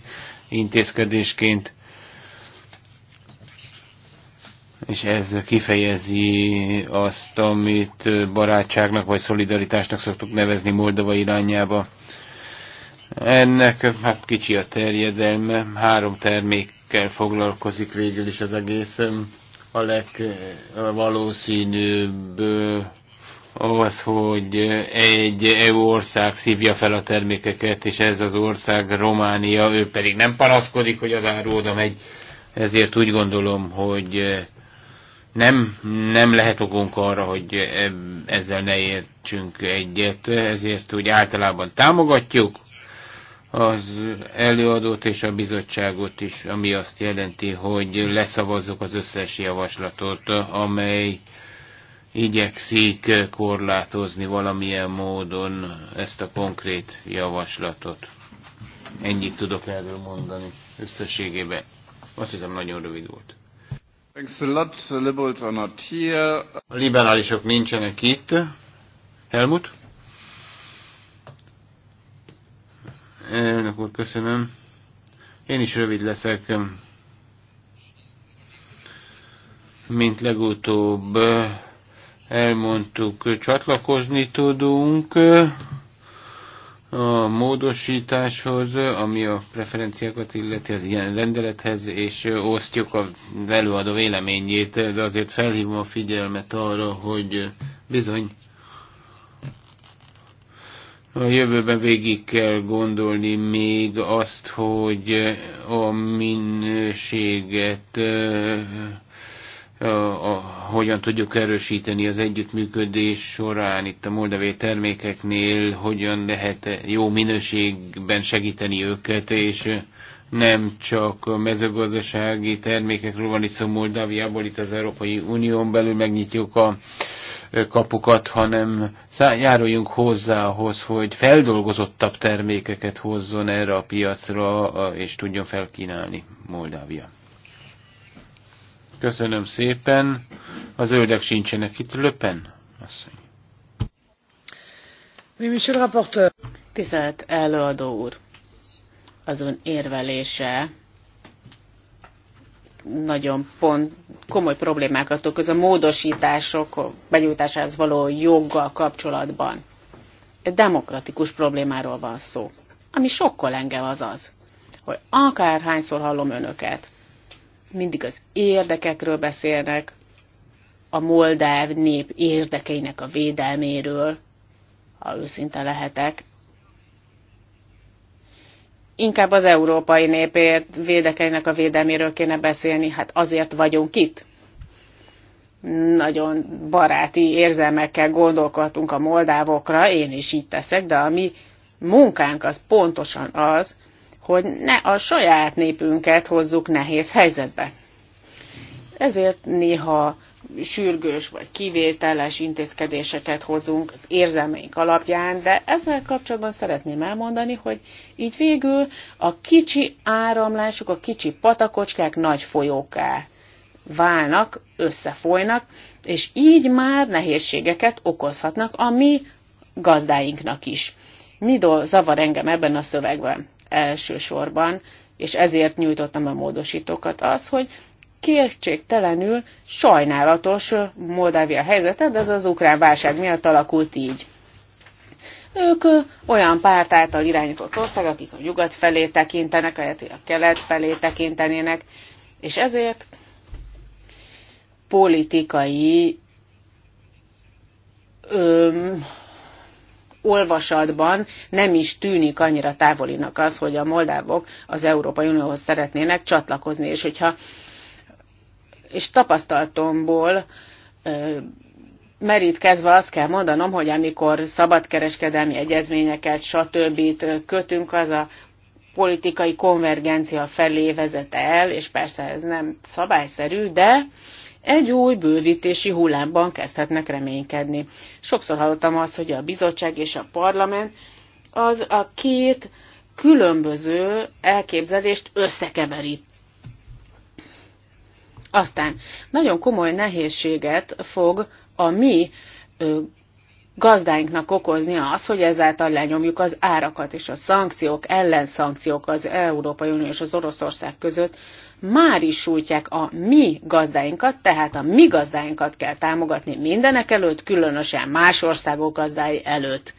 intézkedésként és ez kifejezi azt, amit barátságnak vagy szolidaritásnak szoktuk nevezni Moldova irányába. Ennek hát kicsi a terjedelme, három termékkel foglalkozik végül is az egész. A legvalószínűbb az, hogy egy EU ország szívja fel a termékeket, és ez az ország Románia, ő pedig nem panaszkodik, hogy az áru oda megy. Ezért úgy gondolom, hogy nem, nem lehet okunk arra, hogy ezzel ne értsünk egyet, ezért úgy általában támogatjuk az előadót és a bizottságot is, ami azt jelenti, hogy leszavazzuk az összes javaslatot, amely igyekszik korlátozni valamilyen módon ezt a konkrét javaslatot. Ennyit tudok erről mondani összességében. Azt hiszem nagyon rövid volt. A liberálisok nincsenek itt. Helmut? Elnök úr, köszönöm. Én is rövid leszek. Mint legutóbb eh, elmondtuk, csatlakozni tudunk a módosításhoz, ami a preferenciákat illeti az ilyen rendelethez, és osztjuk a előadó véleményét, de azért felhívom a figyelmet arra, hogy bizony a jövőben végig kell gondolni még azt, hogy a minőséget a, a, hogyan tudjuk erősíteni az együttműködés során itt a moldavé termékeknél, hogyan lehet jó minőségben segíteni őket, és nem csak a mezőgazdasági termékekről van itt szó Moldáviából, itt az Európai Unión belül megnyitjuk a kapukat, hanem járuljunk hozzá ahhoz, hogy feldolgozottabb termékeket hozzon erre a piacra, és tudjon felkínálni Moldávia. Köszönöm szépen. Az ördög sincsenek itt. Löpen, asszony. Oui, monsieur rapporteur. Tisztelt előadó úr, azon érvelése nagyon pont komoly problémákat okoz a módosítások benyújtásához való joggal kapcsolatban. Demokratikus problémáról van szó. Ami sokkal engem az az, hogy akárhányszor hallom önöket, mindig az érdekekről beszélnek, a moldáv nép érdekeinek a védelméről, ha őszinte lehetek. Inkább az európai népért védekeinek a védelméről kéne beszélni, hát azért vagyunk itt. Nagyon baráti érzelmekkel gondolkodtunk a moldávokra, én is így teszek, de a mi munkánk az pontosan az, hogy ne a saját népünket hozzuk nehéz helyzetbe. Ezért néha sürgős vagy kivételes intézkedéseket hozunk az érzelmeink alapján, de ezzel kapcsolatban szeretném elmondani, hogy így végül a kicsi áramlások, a kicsi patakocskák nagy folyóká válnak, összefolynak, és így már nehézségeket okozhatnak a mi gazdáinknak is. Mi zavar engem ebben a szövegben? elsősorban, és ezért nyújtottam a módosítókat, az, hogy kértségtelenül sajnálatos Moldávia helyzete, de ez az ukrán válság miatt alakult így. Ők olyan párt által irányított ország, akik a nyugat felé tekintenek, ahelyett, hogy a kelet felé tekintenének, és ezért politikai öm, olvasatban nem is tűnik annyira távolinak az, hogy a moldávok az Európai Unióhoz szeretnének csatlakozni, és hogyha és tapasztalatomból merítkezve azt kell mondanom, hogy amikor szabadkereskedelmi egyezményeket, stb. kötünk, az a politikai konvergencia felé vezet el, és persze ez nem szabályszerű, de egy új bővítési hullámban kezdhetnek reménykedni. Sokszor hallottam azt, hogy a bizottság és a parlament az a két különböző elképzelést összekeveri. Aztán nagyon komoly nehézséget fog a mi ö, gazdáinknak okozni az, hogy ezáltal lenyomjuk az árakat és a szankciók, ellenszankciók az Európai Unió és az Oroszország között már is sújtják a mi gazdáinkat, tehát a mi gazdáinkat kell támogatni mindenek előtt, különösen más országok gazdái előtt.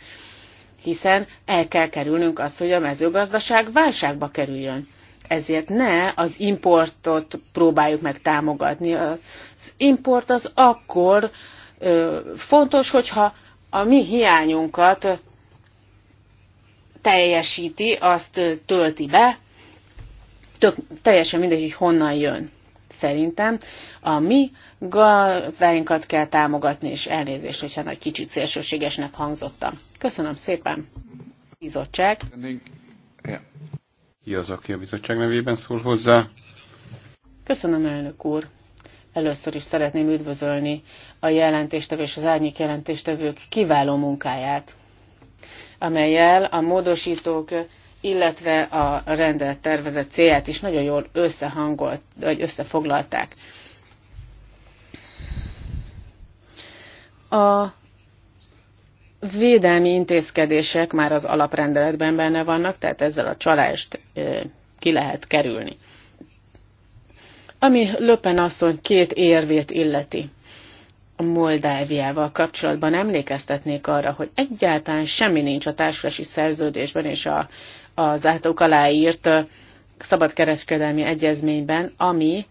Hiszen el kell kerülnünk azt, hogy a mezőgazdaság válságba kerüljön. Ezért ne az importot próbáljuk meg támogatni. Az import az akkor ö, fontos, hogyha a mi hiányunkat teljesíti, azt tölti be, tök, teljesen mindegy, hogy honnan jön. Szerintem a mi gazdáinkat kell támogatni, és elnézést, hogyha nagy kicsit szélsőségesnek hangzottam. Köszönöm szépen, bizottság. Ki az, aki a bizottság nevében szól hozzá? Köszönöm, elnök úr. Először is szeretném üdvözölni a jelentéstevő és az árnyék jelentéstevők kiváló munkáját, amelyel a módosítók illetve a rendelet tervezett célját is nagyon jól összehangolt, vagy összefoglalták. A védelmi intézkedések már az alaprendeletben benne vannak, tehát ezzel a csalást ki lehet kerülni. Ami Löpen asszony két érvét illeti. A Moldáviával kapcsolatban emlékeztetnék arra, hogy egyáltalán semmi nincs a társulási szerződésben és a az általuk aláírt szabadkereskedelmi egyezményben, ami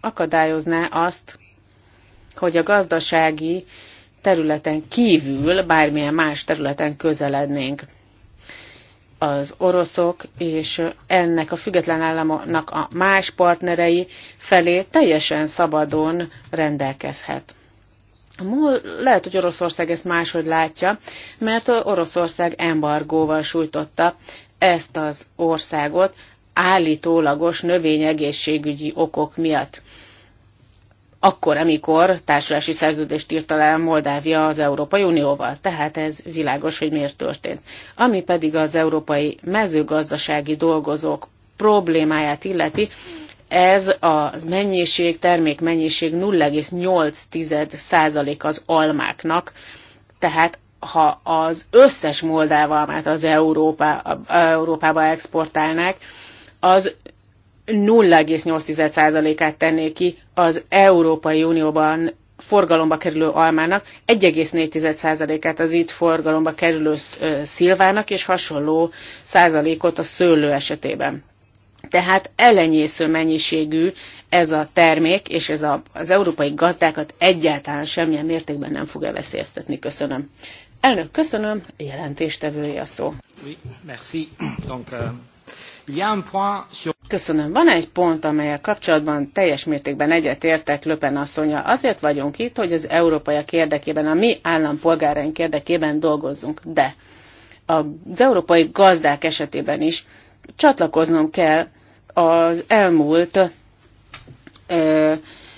akadályozná azt, hogy a gazdasági területen kívül bármilyen más területen közelednénk. Az oroszok és ennek a független államoknak a más partnerei felé teljesen szabadon rendelkezhet. A MOL lehet, hogy Oroszország ezt máshogy látja, mert Oroszország embargóval sújtotta ezt az országot állítólagos növényegészségügyi okok miatt. Akkor, amikor társulási szerződést írt alá Moldávia az Európai Unióval. Tehát ez világos, hogy miért történt. Ami pedig az európai mezőgazdasági dolgozók problémáját illeti, ez a mennyiség, termék mennyiség 0,8% az almáknak, tehát ha az összes moldáv almát az Európa Európába exportálnák, az 0,8%-át tenné ki az Európai Unióban forgalomba kerülő almának, 1,4%-át az itt forgalomba kerülő szilvának, és hasonló százalékot a szőlő esetében. Tehát elenyésző mennyiségű ez a termék, és ez a, az európai gazdákat egyáltalán semmilyen mértékben nem fogja veszélyeztetni. Köszönöm. Elnök, köszönöm. Jelentéstevője a szó. Euh, köszönöm. Van egy pont, amelyel kapcsolatban teljes mértékben egyetértek Löpen asszonya. Azért vagyunk itt, hogy az európaiak érdekében, a mi állampolgáraink érdekében dolgozzunk. De az európai gazdák esetében is csatlakoznom kell az elmúlt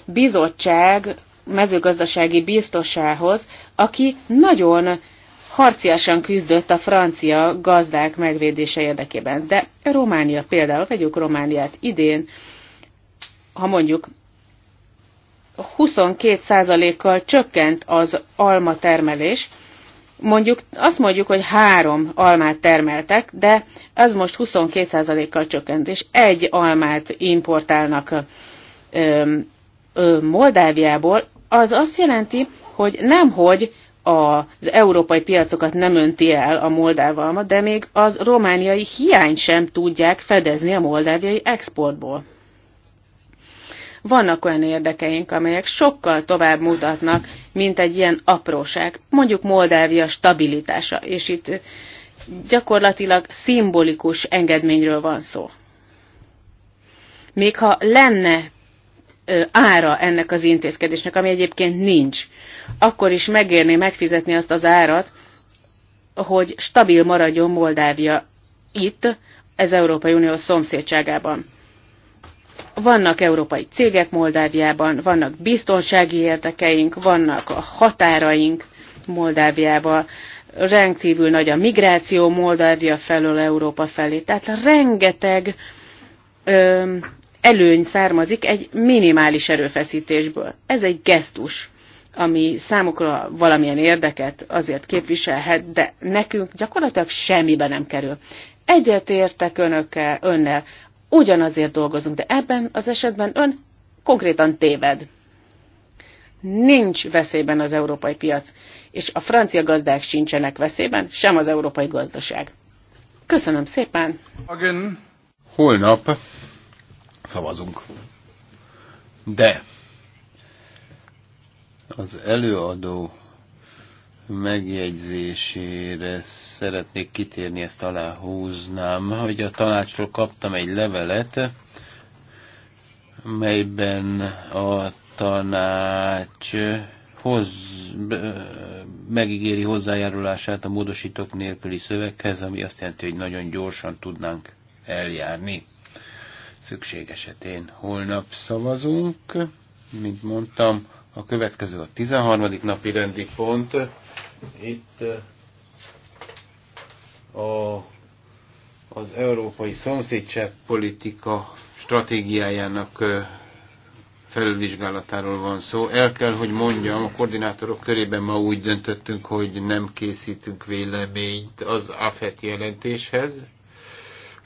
bizottság mezőgazdasági biztosához, aki nagyon harciasan küzdött a francia gazdák megvédése érdekében. De Románia például, vegyük Romániát idén, ha mondjuk 22%-kal csökkent az alma termelés, mondjuk azt mondjuk, hogy három almát termeltek, de az most 22%-kal csökkent, és egy almát importálnak ö, ö, Moldáviából, az azt jelenti, hogy nemhogy az európai piacokat nem önti el a moldáv alma, de még az romániai hiányt sem tudják fedezni a moldáviai exportból vannak olyan érdekeink, amelyek sokkal tovább mutatnak, mint egy ilyen apróság, mondjuk Moldávia stabilitása, és itt gyakorlatilag szimbolikus engedményről van szó. Még ha lenne ára ennek az intézkedésnek, ami egyébként nincs, akkor is megérné megfizetni azt az árat, hogy stabil maradjon Moldávia itt, ez Európai Unió szomszédságában. Vannak európai cégek Moldáviában, vannak biztonsági érdekeink, vannak a határaink Moldáviával, rendkívül nagy a migráció Moldávia felől Európa felé. Tehát rengeteg ö, előny származik egy minimális erőfeszítésből. Ez egy gesztus, ami számukra valamilyen érdeket azért képviselhet, de nekünk gyakorlatilag semmibe nem kerül. Egyetértek önökkel, önnel ugyanazért dolgozunk, de ebben az esetben ön konkrétan téved. Nincs veszélyben az európai piac, és a francia gazdák sincsenek veszélyben, sem az európai gazdaság. Köszönöm szépen! Again, Holnap szavazunk. De az előadó megjegyzésére szeretnék kitérni, ezt aláhúznám, hogy a tanácsról kaptam egy levelet, melyben a tanács hoz, megígéri hozzájárulását a módosítók nélküli szöveghez, ami azt jelenti, hogy nagyon gyorsan tudnánk eljárni. Szükség esetén holnap szavazunk, mint mondtam, a következő a 13. napi rendi pont. Itt a, az európai szomszédság politika stratégiájának felülvizsgálatáról van szó. El kell, hogy mondjam, a koordinátorok körében ma úgy döntöttünk, hogy nem készítünk véleményt az AFET jelentéshez,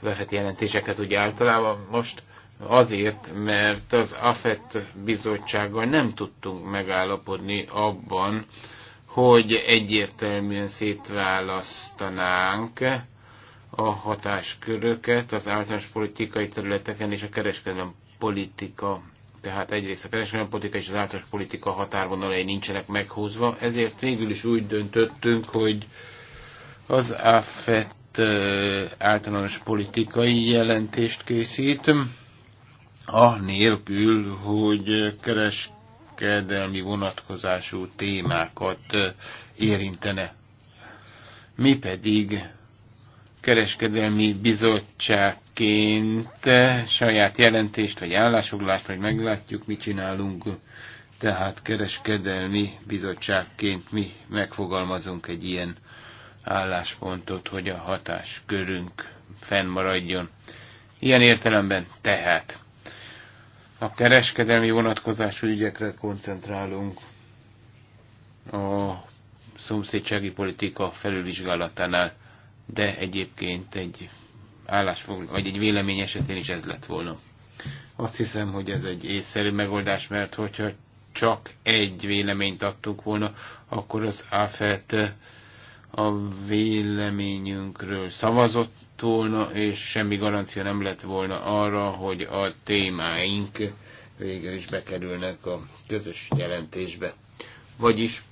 az AFET jelentéseket ugye általában most Azért, mert az AFET bizottsággal nem tudtunk megállapodni abban, hogy egyértelműen szétválasztanánk a hatásköröket az általános politikai területeken és a kereskedelmi politika tehát egyrészt a kereskedelmi politika és az általános politika határvonalai nincsenek meghúzva, ezért végül is úgy döntöttünk, hogy az AFET általános politikai jelentést készítünk a nélkül, hogy kereskedelmi vonatkozású témákat érintene. Mi pedig kereskedelmi bizottságként saját jelentést vagy állásfoglalást, vagy meglátjuk, mit csinálunk. Tehát kereskedelmi bizottságként mi megfogalmazunk egy ilyen álláspontot, hogy a hatáskörünk fennmaradjon. Ilyen értelemben tehát a kereskedelmi vonatkozású ügyekre koncentrálunk a szomszédsági politika felülvizsgálatánál, de egyébként egy állásfoglalás, vagy egy vélemény esetén is ez lett volna. Azt hiszem, hogy ez egy észszerű megoldás, mert hogyha csak egy véleményt adtunk volna, akkor az AFET a véleményünkről szavazott lett volna, és semmi garancia nem lett volna arra, hogy a témáink végül is bekerülnek a közös jelentésbe. Vagyis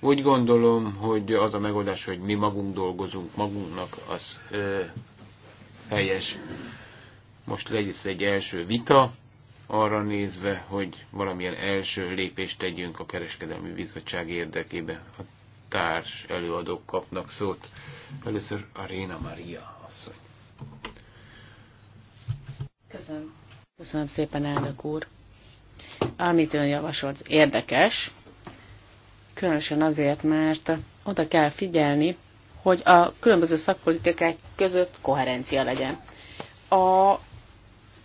úgy gondolom, hogy az a megoldás, hogy mi magunk dolgozunk magunknak, az ö, helyes. Most legyen egy első vita, arra nézve, hogy valamilyen első lépést tegyünk a kereskedelmi bizottság érdekében. A társ előadók kapnak szót. Először Aréna Maria asszony. Köszönöm. Köszönöm szépen, elnök úr. Amit ön javasolt, érdekes, különösen azért, mert oda kell figyelni, hogy a különböző szakpolitikák között koherencia legyen. A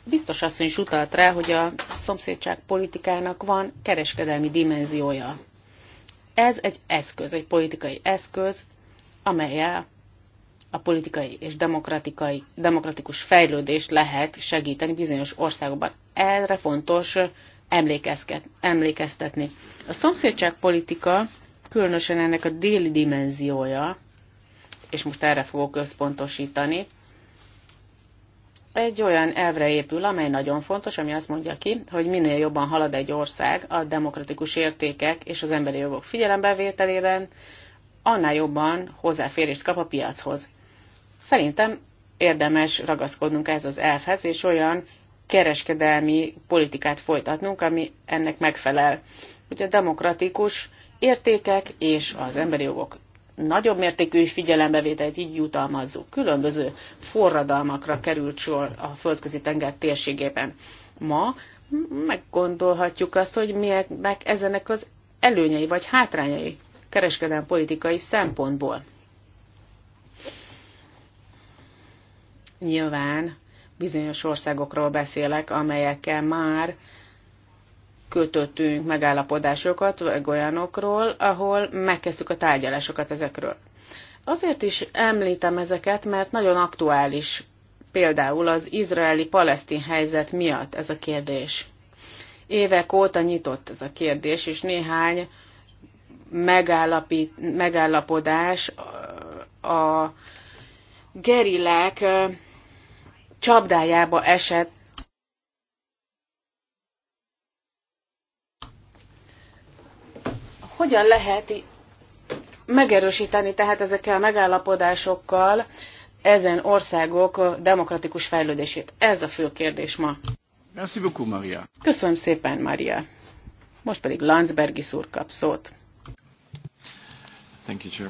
biztos asszony is utalt rá, hogy a szomszédság politikának van kereskedelmi dimenziója. Ez egy eszköz, egy politikai eszköz, amelyel a politikai és demokratikai, demokratikus fejlődés lehet segíteni bizonyos országokban. Erre fontos emlékeztetni. A szomszédságpolitika, különösen ennek a déli dimenziója, és most erre fogok összpontosítani, egy olyan elvre épül, amely nagyon fontos, ami azt mondja ki, hogy minél jobban halad egy ország a demokratikus értékek és az emberi jogok figyelembevételében, annál jobban hozzáférést kap a piachoz. Szerintem érdemes ragaszkodnunk ez az elfhez, és olyan kereskedelmi politikát folytatnunk, ami ennek megfelel. Ugye demokratikus értékek és az emberi jogok nagyobb mértékű figyelembevételt így jutalmazzuk. Különböző forradalmakra került sor a földközi tenger térségében. Ma meggondolhatjuk azt, hogy milyeknek ezenek az előnyei vagy hátrányai kereskedelmi politikai szempontból. Nyilván bizonyos országokról beszélek, amelyekkel már kötöttünk megállapodásokat, vagy olyanokról, ahol megkezdtük a tárgyalásokat ezekről. Azért is említem ezeket, mert nagyon aktuális például az izraeli-palesztin helyzet miatt ez a kérdés. Évek óta nyitott ez a kérdés, és néhány megállapodás a gerillák csapdájába esett hogyan lehet megerősíteni tehát ezekkel a megállapodásokkal ezen országok demokratikus fejlődését? Ez a fő kérdés ma. Merci beaucoup, Maria. Köszönöm szépen, Maria. Most pedig Landsbergi úr kap szót. Thank you, Chair.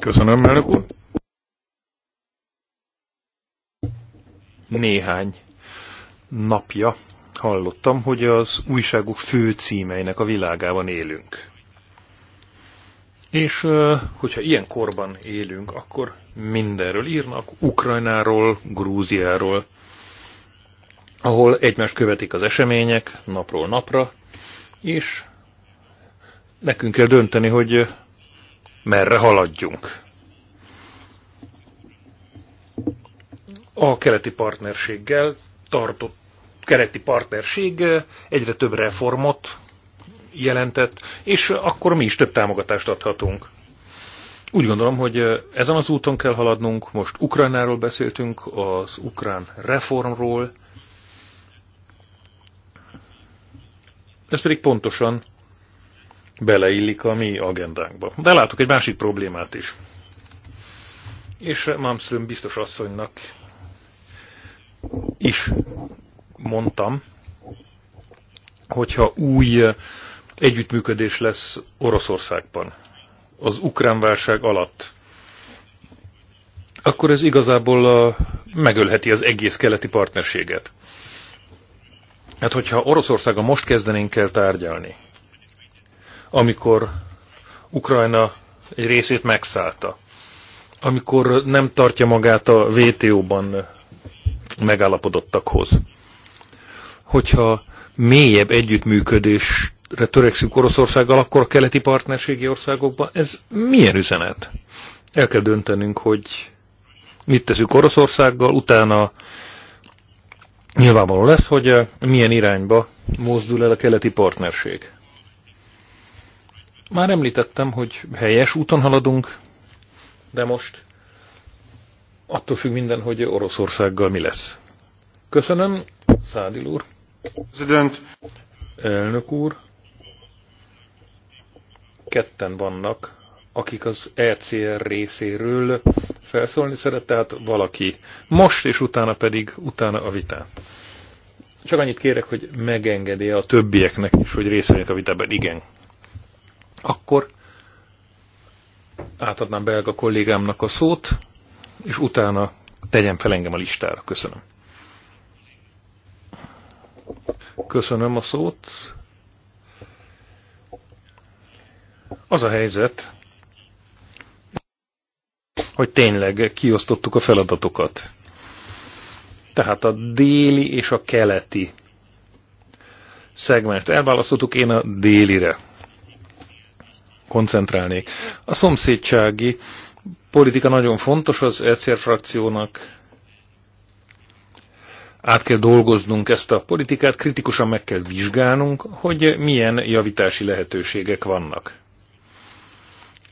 Köszönöm, elnök úr. néhány napja hallottam, hogy az újságok fő címeinek a világában élünk. És hogyha ilyen korban élünk, akkor mindenről írnak, Ukrajnáról, Grúziáról, ahol egymást követik az események napról napra, és nekünk kell dönteni, hogy merre haladjunk. a keleti partnerséggel tartott keleti partnerség eh, egyre több reformot jelentett, és akkor mi is több támogatást adhatunk. Úgy gondolom, hogy eh, ezen az úton kell haladnunk, most Ukrajnáról beszéltünk, az ukrán reformról, ez pedig pontosan beleillik a mi agendánkba. De látok egy másik problémát is. És Malmström biztos asszonynak is mondtam, hogyha új eh, együttműködés lesz Oroszországban, az ukrán válság alatt, akkor ez igazából eh, megölheti az egész keleti partnerséget. Hát hogyha Oroszországa most kezdenénk el tárgyalni, amikor Ukrajna egy részét megszállta, amikor nem tartja magát a WTO-ban megállapodottakhoz. Hogyha mélyebb együttműködésre törekszünk Oroszországgal, akkor a keleti partnerségi országokban ez milyen üzenet? El kell döntenünk, hogy mit teszünk Oroszországgal, utána nyilvánvaló lesz, hogy eh, milyen irányba mozdul el a keleti partnerség. Már említettem, hogy helyes úton haladunk, de most attól függ minden, hogy Oroszországgal mi lesz. Köszönöm, Szádil úr. President. Elnök úr. Ketten vannak, akik az ECR részéről felszólni szeret, tehát valaki most, és utána pedig utána a vitán. Csak annyit kérek, hogy megengedi a többieknek is, hogy részt a vitában. Igen. Akkor átadnám belga kollégámnak a szót, és utána tegyen fel engem a listára. Köszönöm. Köszönöm a szót. Az a helyzet, hogy tényleg kiosztottuk a feladatokat. Tehát a déli és a keleti szegmest elválasztottuk, én a délire koncentrálnék. A szomszédsági politika nagyon fontos az ECR frakciónak. Át kell dolgoznunk ezt a politikát, kritikusan meg kell vizsgálnunk, hogy milyen javítási lehetőségek vannak.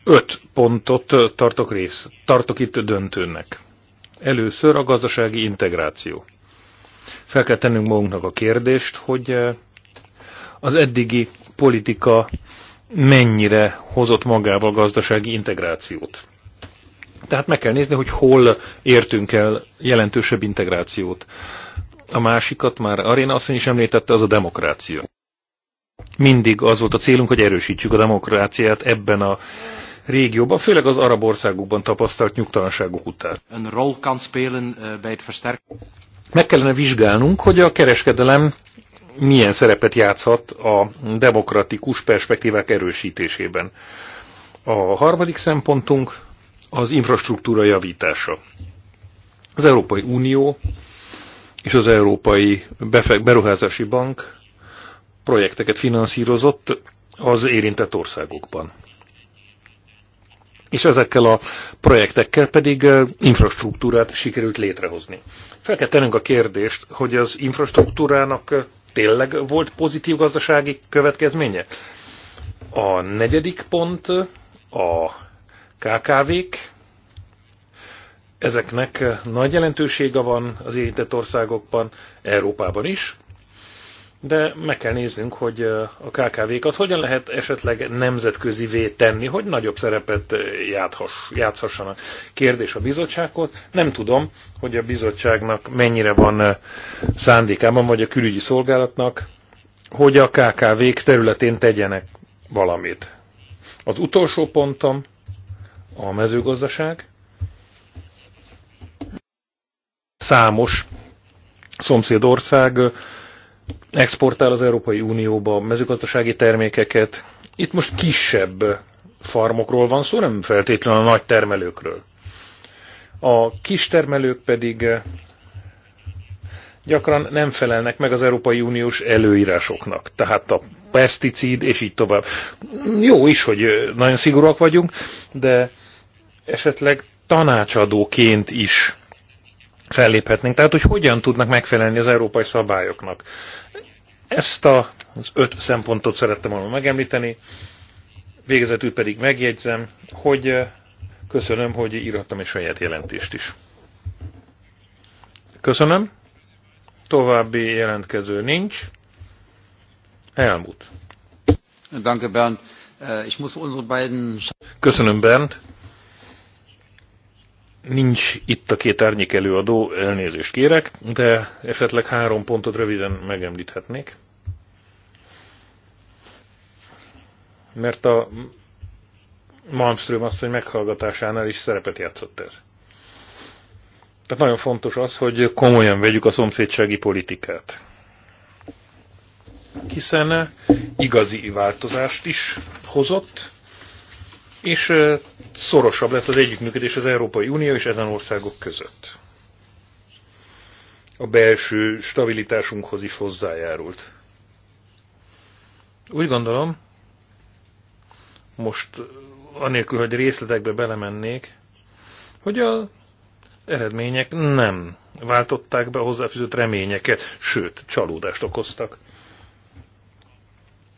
Öt pontot tartok, rész, tartok itt döntőnek. Először a gazdasági integráció. Fel kell tennünk magunknak a kérdést, hogy eh, az eddigi politika mennyire hozott magával gazdasági integrációt. Tehát meg kell nézni, hogy hol értünk el jelentősebb integrációt. A másikat már Aréna asszony is említette, az a demokrácia. Mindig az volt a célunk, hogy erősítsük a demokráciát ebben a régióban, főleg az arab országokban tapasztalt nyugtalanságok után. Eh, meg kellene vizsgálnunk, hogy a kereskedelem milyen szerepet játszhat a demokratikus perspektívák erősítésében. A harmadik szempontunk az infrastruktúra javítása. Az Európai Unió és az Európai Beruházási Bank projekteket finanszírozott az érintett országokban. És ezekkel a projektekkel pedig eh, infrastruktúrát sikerült létrehozni. Fel kell tennünk a kérdést, hogy az infrastruktúrának eh, tényleg volt pozitív gazdasági következménye? A negyedik pont eh, a KKV-k, ezeknek eh, nagy jelentősége van az érintett országokban, Európában is, de meg kell néznünk, hogy eh, a KKV-kat hogyan lehet esetleg nemzetközivé tenni, hogy nagyobb szerepet eh, játszhassanak. Kérdés a bizottsághoz. Nem tudom, hogy a bizottságnak mennyire van szándékában, vagy a külügyi szolgálatnak, hogy a KKV-k területén tegyenek valamit. Az utolsó pontom a mezőgazdaság számos szomszédország exportál az Európai Unióba mezőgazdasági termékeket. Itt most kisebb farmokról van szó, nem feltétlenül a nagy termelőkről. A kis termelők pedig gyakran nem felelnek meg az Európai Uniós előírásoknak, tehát a pesticid és így tovább. Jó is, hogy nagyon szigorúak vagyunk, de esetleg tanácsadóként is felléphetnénk. Tehát, hogy hogyan tudnak megfelelni az európai szabályoknak. Ezt a, az öt szempontot szerettem volna megemlíteni. Végezetül pedig megjegyzem, hogy eh, köszönöm, hogy írhattam egy saját jelentést is. Köszönöm. További jelentkező nincs. Elmúlt. Danke, Bernd. Äh, ich muss unsere beiden... Köszönöm, Bernd. Nincs itt a két árnyék előadó, elnézést kérek, de esetleg három pontot röviden megemlíthetnék. Mert a Malmström asszony meghallgatásánál is szerepet játszott ez. Tehát nagyon fontos az, hogy komolyan vegyük a szomszédsági politikát. Hiszen igazi változást is hozott, és szorosabb lett az együttműködés az Európai Unió és ezen országok között. A belső stabilitásunkhoz is hozzájárult. Úgy gondolom, most anélkül, hogy részletekbe belemennék, hogy a eredmények nem váltották be a hozzáfűzött reményeket, sőt, csalódást okoztak.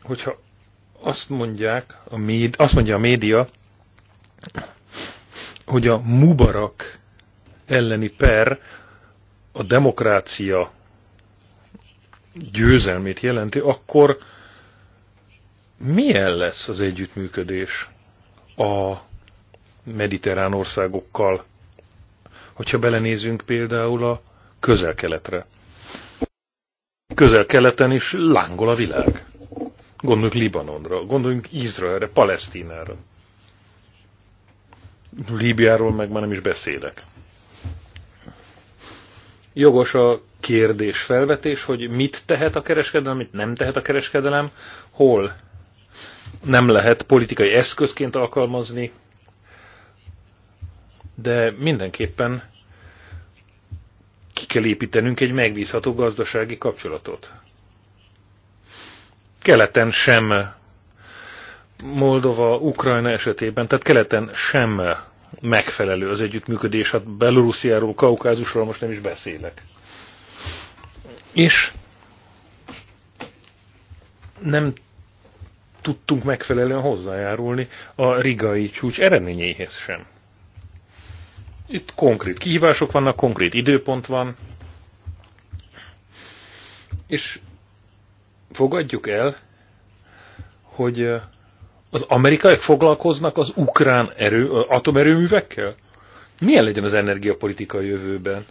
Hogyha azt mondják, a méd, azt mondja a média, hogy a Mubarak elleni per a demokrácia győzelmét jelenti, akkor milyen lesz az együttműködés a mediterrán országokkal, hogyha belenézünk például a közel-keletre? Közel-keleten is lángol a világ. Gondoljunk Libanonra, gondoljunk Izraelre, Palesztinára. Líbiáról meg már nem is beszélek. Jogos a kérdés felvetés, hogy mit tehet a kereskedelem, mit nem tehet a kereskedelem, hol nem lehet politikai eszközként alkalmazni, de mindenképpen ki kell építenünk egy megbízható gazdasági kapcsolatot. Keleten sem Moldova, Ukrajna esetében, tehát keleten sem megfelelő az együttműködés, hát Belorussziáról, Kaukázusról most nem is beszélek. És nem tudtunk megfelelően hozzájárulni a rigai csúcs eredményeihez sem. Itt konkrét kihívások vannak, konkrét időpont van, és fogadjuk el, hogy az amerikaiak foglalkoznak az ukrán erő, atomerőművekkel? Milyen legyen az energiapolitika jövőben?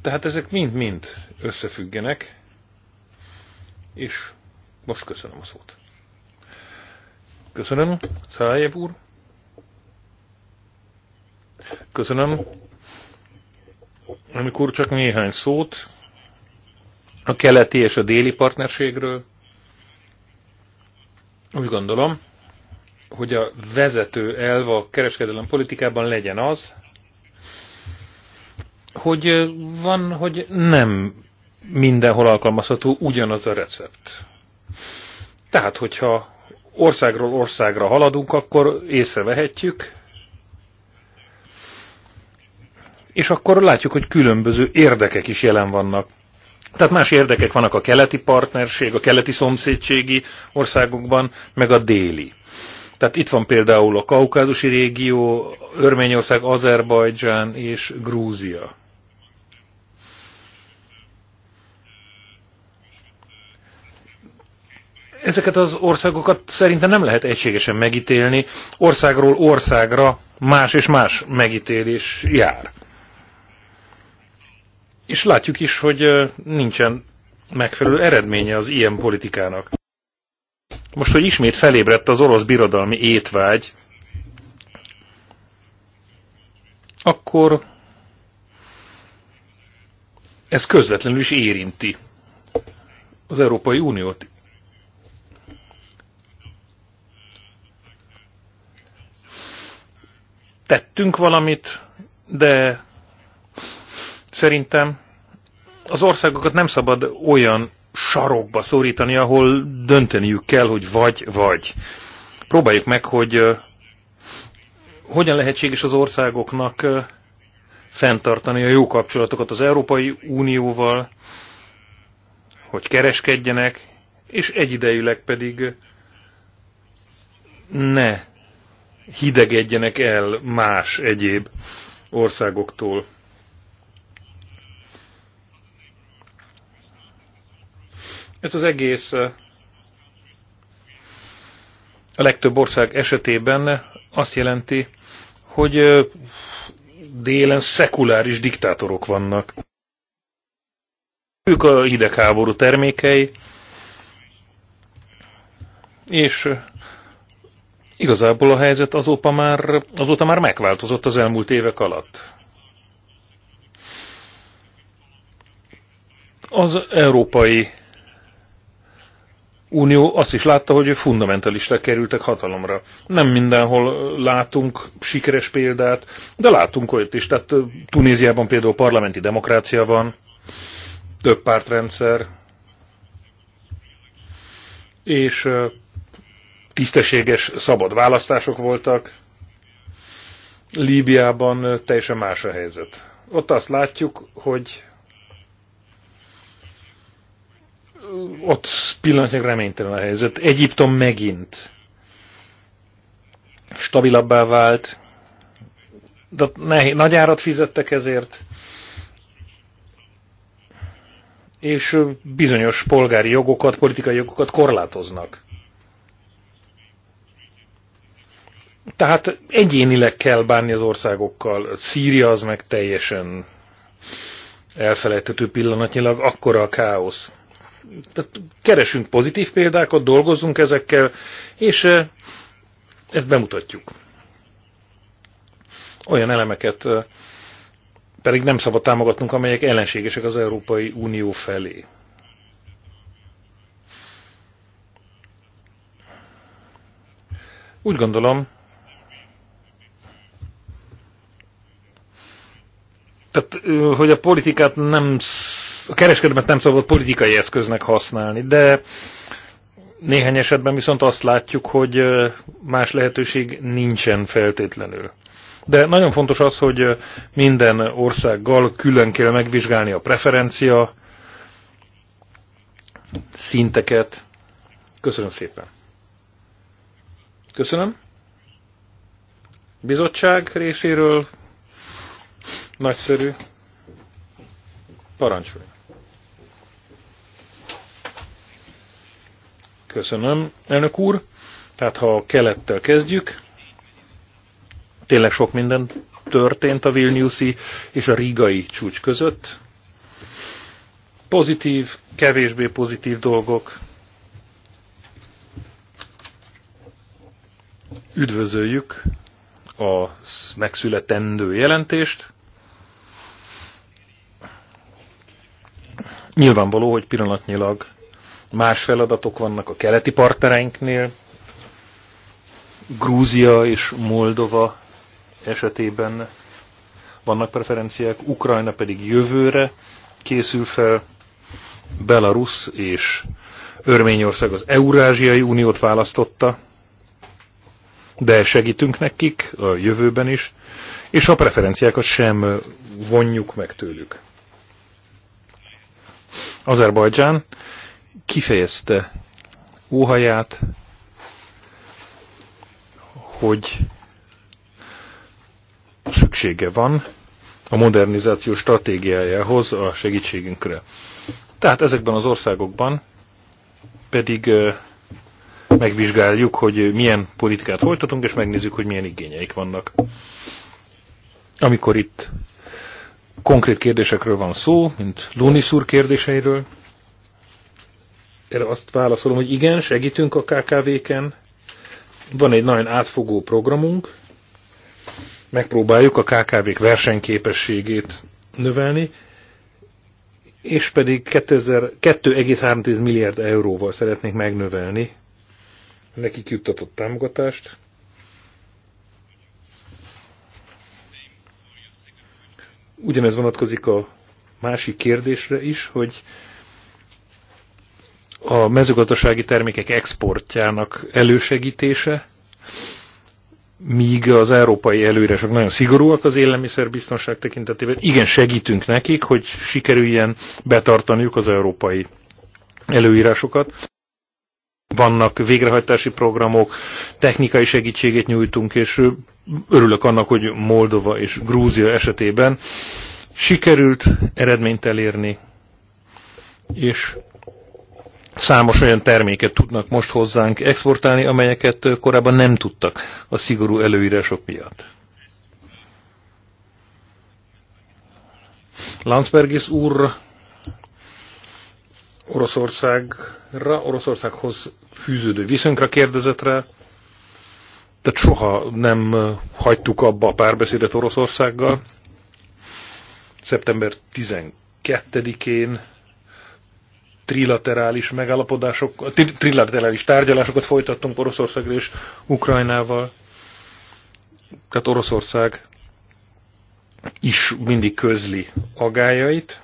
Tehát ezek mind-mind összefüggenek, és most köszönöm a szót. Köszönöm, Szájeb úr. Köszönöm. Amikor csak néhány szót a keleti és a déli partnerségről, úgy gondolom, hogy a vezető elv a kereskedelem politikában legyen az, hogy van, hogy nem mindenhol alkalmazható ugyanaz a recept. Tehát, hogyha országról országra haladunk, akkor észrevehetjük, és akkor látjuk, hogy különböző érdekek is jelen vannak. Tehát más érdekek vannak a keleti partnerség, a keleti szomszédségi országokban, meg a déli. Tehát itt van például a kaukázusi régió, Örményország, Azerbajdzsán és Grúzia. Ezeket az országokat szerintem nem lehet egységesen megítélni, országról országra más és más megítélés jár. És látjuk is, hogy nincsen megfelelő eredménye az ilyen politikának. Most, hogy ismét felébredt az orosz birodalmi étvágy, akkor ez közvetlenül is érinti az Európai Uniót. Tettünk valamit, de Szerintem az országokat nem szabad olyan sarokba szorítani, ahol dönteniük kell, hogy vagy-vagy. Próbáljuk meg, hogy hogyan lehetséges az országoknak fenntartani a jó kapcsolatokat az Európai Unióval, hogy kereskedjenek, és egyidejűleg pedig ne hidegedjenek el más egyéb országoktól. Ez az egész a legtöbb ország esetében azt jelenti, hogy délen szekuláris diktátorok vannak. Ők a hidegháború termékei, és igazából a helyzet azóta már, azóta már megváltozott az elmúlt évek alatt. Az európai Unió azt is látta, hogy fundamentalisták kerültek hatalomra. Nem mindenhol látunk sikeres példát, de látunk olyat is. Tehát Tunéziában például parlamenti demokrácia van, több pártrendszer, és tisztességes, szabad választások voltak. Líbiában teljesen más a helyzet. Ott azt látjuk, hogy ott pillanatnyilag reménytelen a helyzet. Egyiptom megint stabilabbá vált, de nehéz, nagy árat fizettek ezért, és bizonyos polgári jogokat, politikai jogokat korlátoznak. Tehát egyénileg kell bánni az országokkal. Szíria az meg teljesen elfelejthető pillanatnyilag, akkora a káosz tehát keresünk pozitív példákat, dolgozunk ezekkel, és eh, ezt bemutatjuk. Olyan elemeket eh, pedig nem szabad támogatnunk, amelyek ellenségesek az Európai Unió felé. Úgy gondolom, tehát, eh, hogy a politikát nem a kereskedelmet nem szabad politikai eszköznek használni, de néhány esetben viszont azt látjuk, hogy más lehetőség nincsen feltétlenül. De nagyon fontos az, hogy minden országgal külön kell megvizsgálni a preferencia szinteket. Köszönöm szépen. Köszönöm. Bizottság részéről nagyszerű. Parancsoljon. Köszönöm, elnök úr. Tehát ha a kelettel kezdjük, tényleg sok minden történt a Vilniuszi és a Rigai csúcs között. Pozitív, kevésbé pozitív dolgok. Üdvözöljük a megszületendő jelentést. Nyilvánvaló, hogy pillanatnyilag más feladatok vannak a keleti partnereinknél, Grúzia és Moldova esetében vannak preferenciák, Ukrajna pedig jövőre készül fel, Belarus és Örményország az Eurázsiai Uniót választotta, de segítünk nekik a jövőben is, és a preferenciákat sem vonjuk meg tőlük. Azerbajdzsán kifejezte óhaját, hogy szüksége van a modernizáció stratégiájához a segítségünkre. Tehát ezekben az országokban pedig megvizsgáljuk, hogy milyen politikát folytatunk, és megnézzük, hogy milyen igényeik vannak. Amikor itt konkrét kérdésekről van szó, mint Lóni szúr kérdéseiről, erre azt válaszolom, hogy igen, segítünk a KKV-ken. Van egy nagyon átfogó programunk. Megpróbáljuk a KKV-k versenyképességét növelni, és pedig 2,3 milliárd euróval szeretnék megnövelni nekik juttatott támogatást. Ugyanez vonatkozik a másik kérdésre is, hogy a mezőgazdasági termékek exportjának elősegítése, míg az európai előírások nagyon szigorúak az élelmiszerbiztonság tekintetében, igen, segítünk nekik, hogy sikerüljen betartaniuk az európai előírásokat. Vannak végrehajtási programok, technikai segítséget nyújtunk, és örülök annak, hogy Moldova és Grúzia esetében sikerült eredményt elérni, és Számos olyan terméket tudnak most hozzánk exportálni, amelyeket korábban nem tudtak a szigorú előírások miatt. Landsbergis úr Oroszországra, Oroszországhoz fűződő viszonyra kérdezett rá, tehát soha nem hagytuk abba a párbeszédet Oroszországgal. Szeptember 12-én trilaterális megállapodások, trilaterális tárgyalásokat folytattunk oroszország és Ukrajnával. Tehát Oroszország is mindig közli agájait.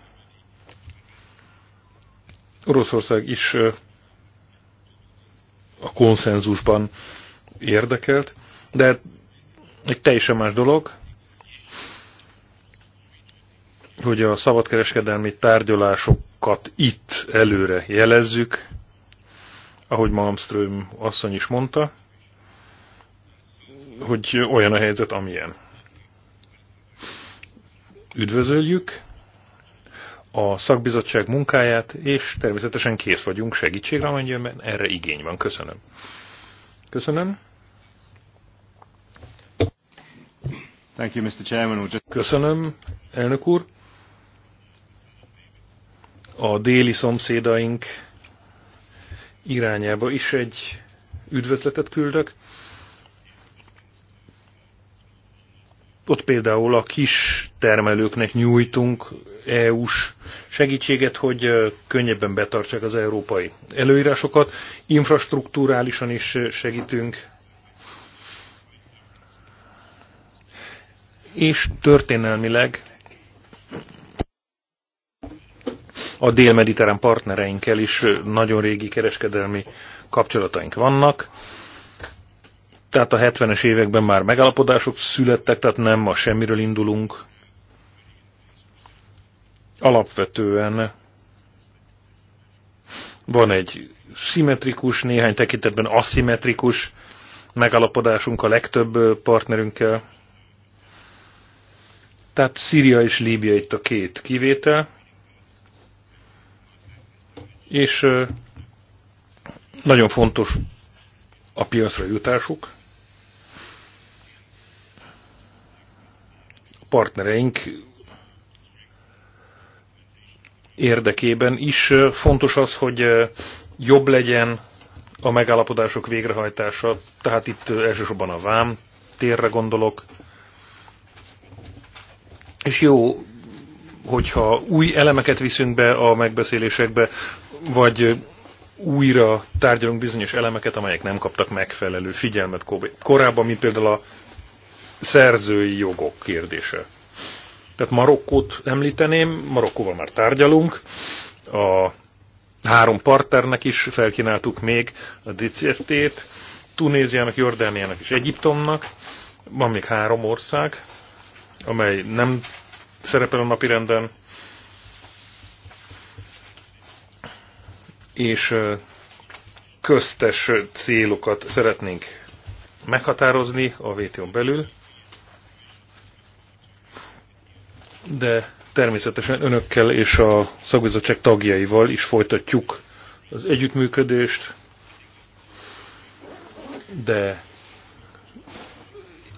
Oroszország is a konszenzusban érdekelt, de egy teljesen más dolog, hogy a szabadkereskedelmi tárgyalásokat itt előre jelezzük, ahogy Malmström asszony is mondta, hogy olyan a helyzet, amilyen. Üdvözöljük a szakbizottság munkáját, és természetesen kész vagyunk segítségre, amennyiben erre igény van. Köszönöm. Köszönöm. Thank you, Mr. Chairman. Köszönöm, elnök úr a déli szomszédaink irányába is egy üdvözletet küldök. Ott például a kis termelőknek nyújtunk EU-s segítséget, hogy könnyebben betartsák az európai előírásokat, infrastruktúrálisan is segítünk, és történelmileg a dél-mediterrán partnereinkkel is nagyon régi kereskedelmi kapcsolataink vannak. Tehát a 70-es években már megalapodások születtek, tehát nem a semmiről indulunk. Alapvetően van egy szimmetrikus, néhány tekintetben aszimmetrikus megalapodásunk a legtöbb partnerünkkel. Tehát Szíria és Líbia itt a két kivétel és nagyon fontos a piacra jutásuk. A partnereink érdekében is fontos az, hogy jobb legyen a megállapodások végrehajtása, tehát itt elsősorban a vám térre gondolok. És jó, hogyha új elemeket viszünk be a megbeszélésekbe, vagy újra tárgyalunk bizonyos elemeket, amelyek nem kaptak megfelelő figyelmet korábban, mint például a szerzői jogok kérdése. Tehát Marokkót említeném, Marokkóval már tárgyalunk, a három partnernek is felkínáltuk még a DCFT-t, Tunéziának, Jordániának és Egyiptomnak, van még három ország, amely nem szerepel a napirenden, és köztes célokat szeretnénk meghatározni a WTO-n belül, de természetesen önökkel és a szakbizottság tagjaival is folytatjuk az együttműködést, de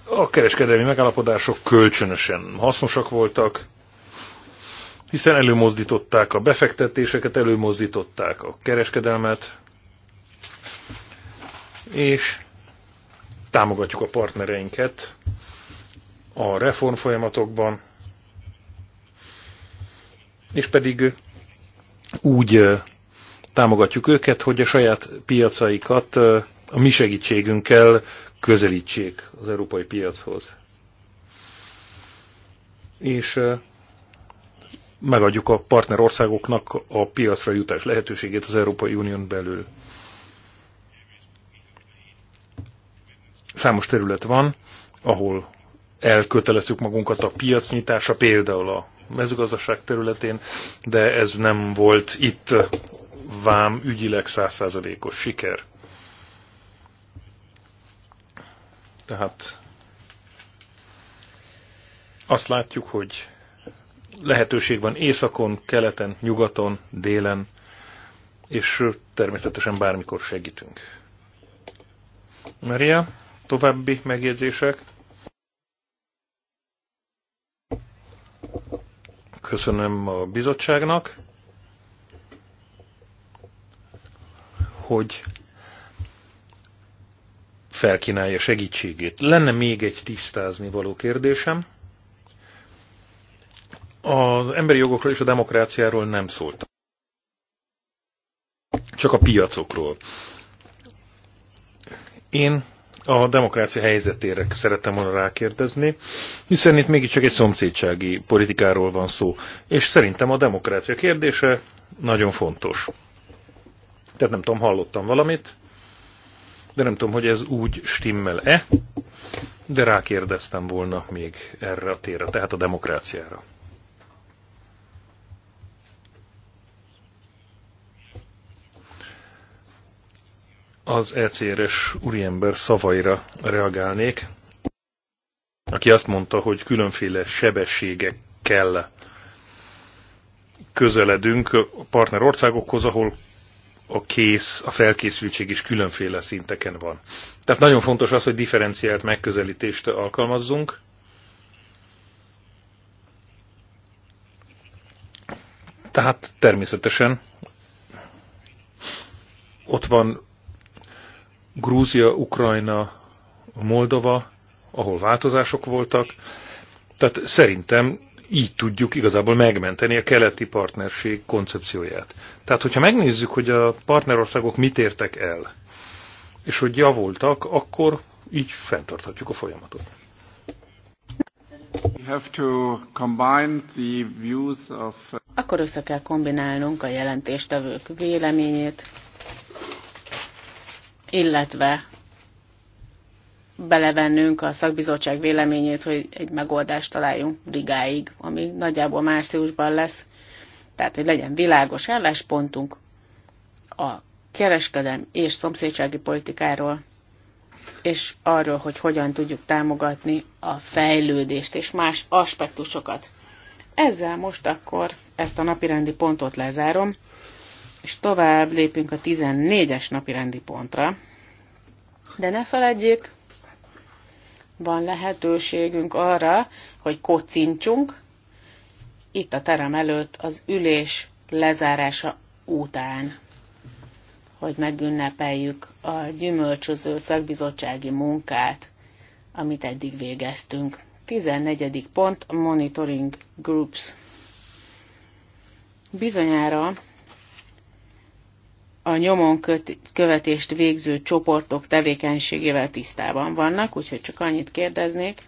a kereskedelmi megállapodások kölcsönösen hasznosak voltak, hiszen előmozdították a befektetéseket, előmozdították a kereskedelmet, és támogatjuk a partnereinket a reform folyamatokban, és pedig úgy támogatjuk őket, hogy a saját piacaikat a mi segítségünkkel közelítsék az európai piachoz. És megadjuk a partnerországoknak a piacra jutás lehetőségét az Európai Unión belül. Számos terület van, ahol elkötelezzük magunkat a piacnyitása, például a mezőgazdaság területén, de ez nem volt itt vám ügyileg százszázalékos siker. Tehát azt látjuk, hogy lehetőség van északon, keleten, nyugaton, délen, és természetesen bármikor segítünk. Maria, további megjegyzések? Köszönöm a bizottságnak, hogy felkínálja segítségét. Lenne még egy tisztázni való kérdésem az emberi jogokról és a demokráciáról nem szóltam. Csak a piacokról. Én a demokrácia helyzetére szerettem volna rákérdezni, hiszen itt mégiscsak egy szomszédsági politikáról van szó, és szerintem a demokrácia kérdése nagyon fontos. Tehát nem tudom, hallottam valamit, de nem tudom, hogy ez úgy stimmel-e, de rákérdeztem volna még erre a térre, tehát a demokráciára. az ECR-es úriember szavaira reagálnék, aki azt mondta, hogy különféle sebességekkel közeledünk a partner országokhoz, ahol a kész, a felkészültség is különféle szinteken van. Tehát nagyon fontos az, hogy differenciált megközelítést alkalmazzunk. Tehát természetesen ott van Grúzia, Ukrajna, Moldova, ahol változások voltak. Tehát szerintem így tudjuk igazából megmenteni a keleti partnerség koncepcióját. Tehát, hogyha megnézzük, hogy a partnerországok mit értek el, és hogy javultak, akkor így fenntarthatjuk a folyamatot. Akkor össze kell kombinálnunk a jelentéstevők véleményét, illetve belevennünk a szakbizottság véleményét, hogy egy megoldást találjunk Rigáig, ami nagyjából márciusban lesz. Tehát, hogy legyen világos álláspontunk a kereskedem és szomszédsági politikáról, és arról, hogy hogyan tudjuk támogatni a fejlődést és más aspektusokat. Ezzel most akkor ezt a napirendi pontot lezárom, és tovább lépünk a 14-es napi rendi pontra. De ne feledjék, van lehetőségünk arra, hogy kocincsunk itt a terem előtt az ülés lezárása után, hogy megünnepeljük a gyümölcsöző szakbizottsági munkát, amit eddig végeztünk. 14. pont Monitoring Groups. Bizonyára a nyomon követést végző csoportok tevékenységével tisztában vannak, úgyhogy csak annyit kérdeznék,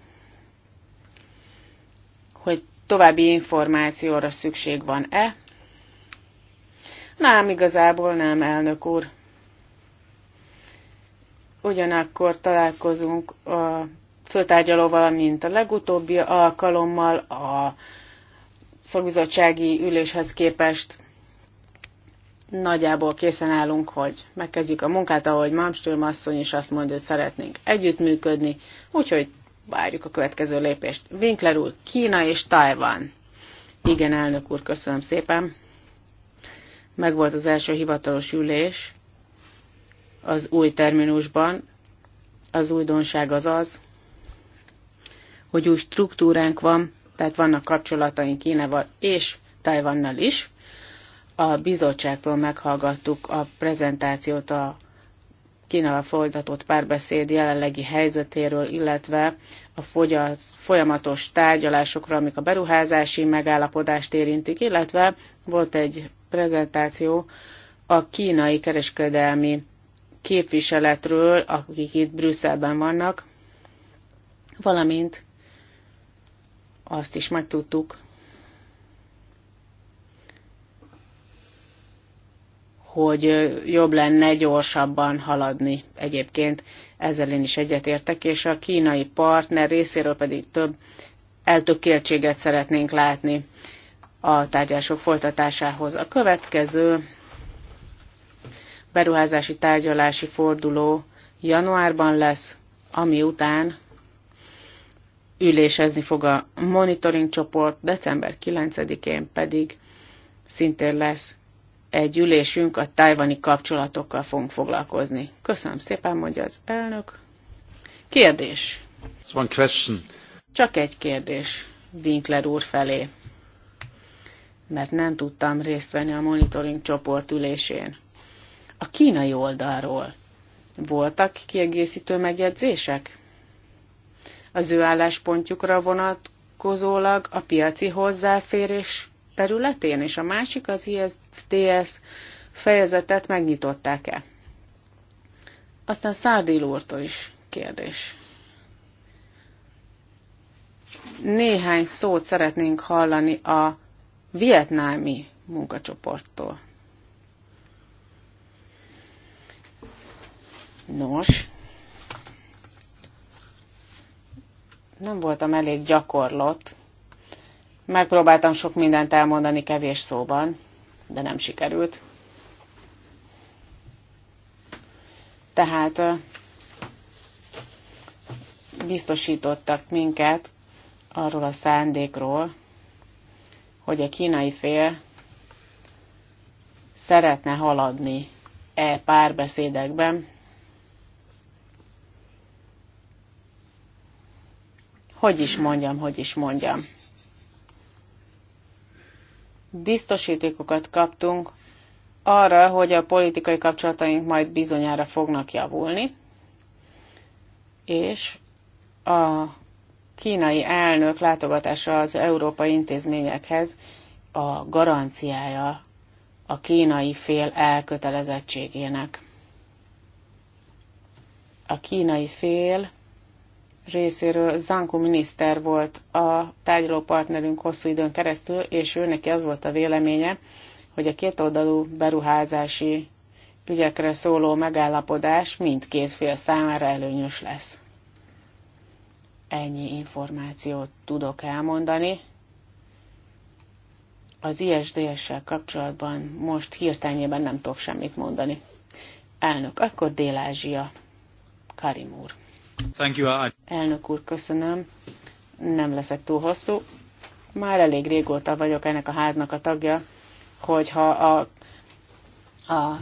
hogy további információra szükség van-e? Nem, igazából nem, elnök úr. Ugyanakkor találkozunk a főtárgyalóval, mint a legutóbbi alkalommal a szakbizottsági üléshez képest nagyjából készen állunk, hogy megkezdjük a munkát, ahogy Malmström asszony is azt mondja, hogy szeretnénk együttműködni, úgyhogy várjuk a következő lépést. Winkler úr, Kína és Tajvan. Igen, elnök úr, köszönöm szépen. Megvolt az első hivatalos ülés az új terminusban. Az újdonság az az, hogy új struktúránk van, tehát vannak kapcsolataink Kínával és Tajvannal is, a bizottságtól meghallgattuk a prezentációt a Kínával folytatott párbeszéd jelenlegi helyzetéről, illetve a folyamatos tárgyalásokra, amik a beruházási megállapodást érintik, illetve volt egy prezentáció a kínai kereskedelmi képviseletről, akik itt Brüsszelben vannak, valamint azt is megtudtuk, hogy jobb lenne gyorsabban haladni egyébként. Ezzel én is egyetértek, és a kínai partner részéről pedig több eltökéltséget szeretnénk látni a tárgyások folytatásához. A következő beruházási tárgyalási forduló januárban lesz, ami után ülésezni fog a monitoring csoport, december 9-én pedig szintén lesz egy ülésünk a tájvani kapcsolatokkal fogunk foglalkozni. Köszönöm szépen, mondja az elnök. Kérdés. One question. Csak egy kérdés Winkler úr felé, mert nem tudtam részt venni a monitoring csoport ülésén. A kínai oldalról voltak kiegészítő megjegyzések? Az ő álláspontjukra vonatkozólag a piaci hozzáférés területén, és a másik az ISDS fejezetet megnyitották-e. Aztán Szárdil úrtól is kérdés. Néhány szót szeretnénk hallani a vietnámi munkacsoporttól. Nos, nem voltam elég gyakorlott Megpróbáltam sok mindent elmondani kevés szóban, de nem sikerült. Tehát biztosítottak minket arról a szándékról, hogy a kínai fél szeretne haladni e párbeszédekben, hogy is mondjam, hogy is mondjam biztosítékokat kaptunk arra, hogy a politikai kapcsolataink majd bizonyára fognak javulni, és a kínai elnök látogatása az európai intézményekhez a garanciája a kínai fél elkötelezettségének. A kínai fél részéről Zanku miniszter volt a tárgyaló partnerünk hosszú időn keresztül, és ő neki az volt a véleménye, hogy a kétoldalú beruházási ügyekre szóló megállapodás mindkét fél számára előnyös lesz. Ennyi információt tudok elmondani. Az ISDS-sel kapcsolatban most hirtelenjében nem tudok semmit mondani. Elnök, akkor Dél-Ázsia. Karim úr. Thank you. I... Elnök úr, köszönöm. Nem leszek túl hosszú. Már elég régóta vagyok ennek a háznak a tagja, hogyha a, a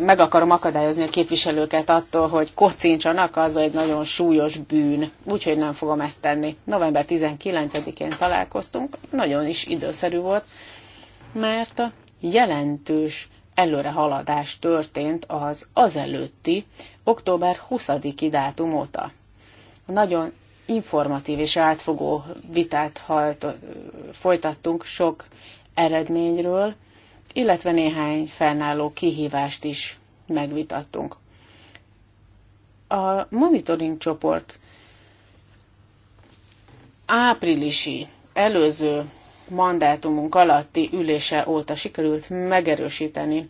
meg akarom akadályozni a képviselőket attól, hogy kocincsanak, az egy nagyon súlyos bűn. Úgyhogy nem fogom ezt tenni. November 19-én találkoztunk, nagyon is időszerű volt, mert jelentős előre haladás történt az azelőtti, október 20-i dátum óta. Nagyon informatív és átfogó vitát hajt, folytattunk sok eredményről, illetve néhány fennálló kihívást is megvitattunk. A monitoring csoport áprilisi előző mandátumunk alatti ülése óta sikerült megerősíteni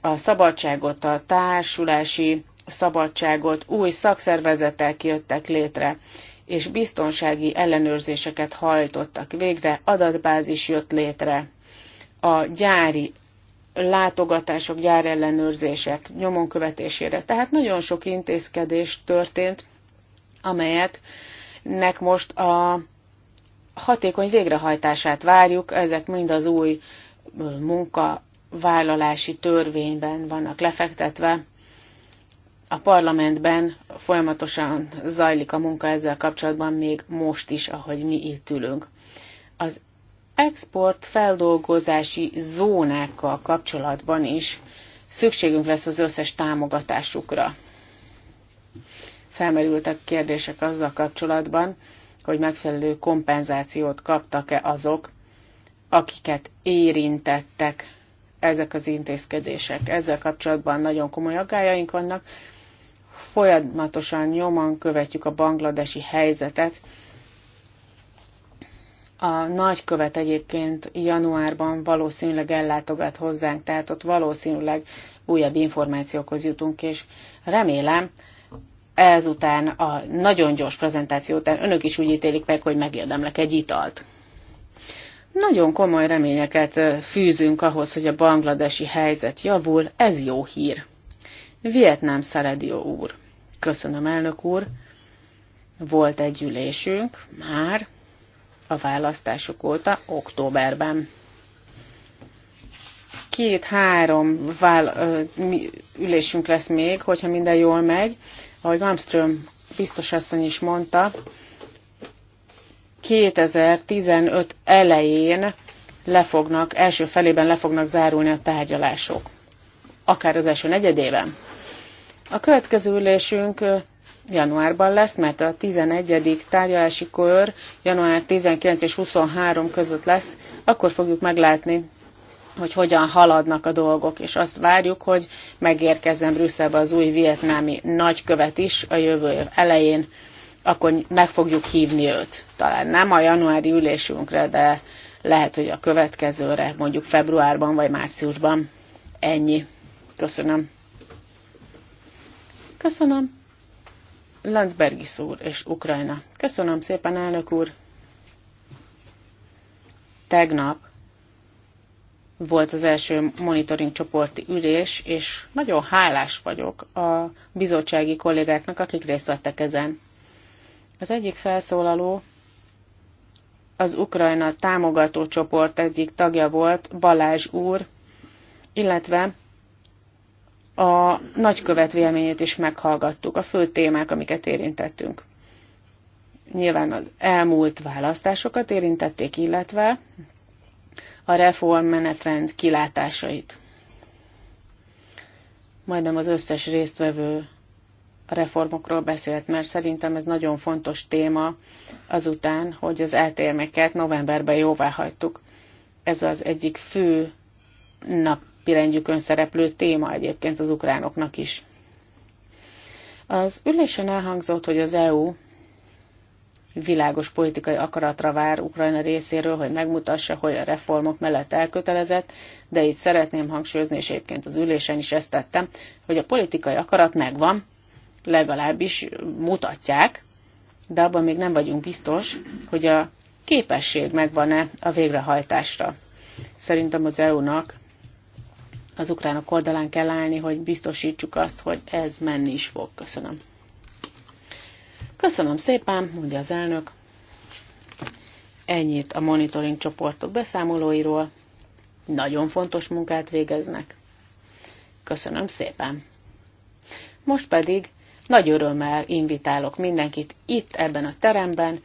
a szabadságot, a társulási szabadságot, új szakszervezetek jöttek létre, és biztonsági ellenőrzéseket hajtottak végre, adatbázis jött létre, a gyári látogatások, ellenőrzések nyomon követésére. Tehát nagyon sok intézkedés történt, amelyeknek most a hatékony végrehajtását várjuk, ezek mind az új munkavállalási törvényben vannak lefektetve. A parlamentben folyamatosan zajlik a munka ezzel kapcsolatban, még most is, ahogy mi itt ülünk. Az export feldolgozási zónákkal kapcsolatban is szükségünk lesz az összes támogatásukra. Felmerültek kérdések azzal kapcsolatban, hogy megfelelő kompenzációt kaptak-e azok, akiket érintettek ezek az intézkedések. Ezzel kapcsolatban nagyon komoly aggájaink vannak. Folyamatosan nyoman követjük a bangladesi helyzetet. A nagykövet egyébként januárban valószínűleg ellátogat hozzánk, tehát ott valószínűleg újabb információkhoz jutunk, és remélem, ezután a nagyon gyors prezentáció után önök is úgy ítélik meg, hogy megérdemlek egy italt. Nagyon komoly reményeket fűzünk ahhoz, hogy a bangladesi helyzet javul, ez jó hír. Vietnám Szeredió úr. Köszönöm, elnök úr. Volt egy ülésünk már a választások óta, októberben. Két-három ülésünk lesz még, hogyha minden jól megy, ahogy Malmström biztos asszony is mondta, 2015 elején le fognak, első felében le fognak zárulni a tárgyalások. Akár az első negyedében. A következő ülésünk januárban lesz, mert a 11. tárgyalási kör január 19 és 23 között lesz, akkor fogjuk meglátni, hogy hogyan haladnak a dolgok, és azt várjuk, hogy megérkezzen Brüsszelbe az új vietnámi nagykövet is a jövő év elején, akkor meg fogjuk hívni őt. Talán nem a januári ülésünkre, de lehet, hogy a következőre, mondjuk februárban vagy márciusban. Ennyi. Köszönöm. Köszönöm. Landsbergis úr és Ukrajna. Köszönöm szépen, elnök úr. Tegnap volt az első monitoring csoporti ülés, és nagyon hálás vagyok a bizottsági kollégáknak, akik részt vettek ezen. Az egyik felszólaló az Ukrajna támogató csoport egyik tagja volt, Balázs úr, illetve a nagykövet véleményét is meghallgattuk, a fő témák, amiket érintettünk. Nyilván az elmúlt választásokat érintették, illetve a reform menetrend kilátásait. Majdnem az összes résztvevő a reformokról beszélt, mert szerintem ez nagyon fontos téma azután, hogy az eltérmeket novemberben jóvá hagytuk. Ez az egyik fő napirendjükön szereplő téma egyébként az ukránoknak is. Az ülésen elhangzott, hogy az EU világos politikai akaratra vár Ukrajna részéről, hogy megmutassa, hogy a reformok mellett elkötelezett, de itt szeretném hangsúlyozni, és egyébként az ülésen is ezt tettem, hogy a politikai akarat megvan, legalábbis mutatják, de abban még nem vagyunk biztos, hogy a képesség megvan-e a végrehajtásra. Szerintem az EU-nak az ukránok oldalán kell állni, hogy biztosítsuk azt, hogy ez menni is fog. Köszönöm. Köszönöm szépen, mondja az elnök. Ennyit a monitoring csoportok beszámolóiról. Nagyon fontos munkát végeznek. Köszönöm szépen. Most pedig nagy örömmel invitálok mindenkit itt ebben a teremben,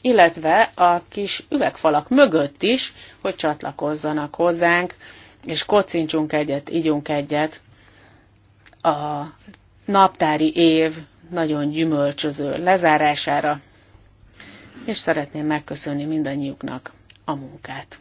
illetve a kis üvegfalak mögött is, hogy csatlakozzanak hozzánk, és kocincsunk egyet, igyunk egyet a naptári év nagyon gyümölcsöző lezárására, és szeretném megköszönni mindannyiuknak a munkát.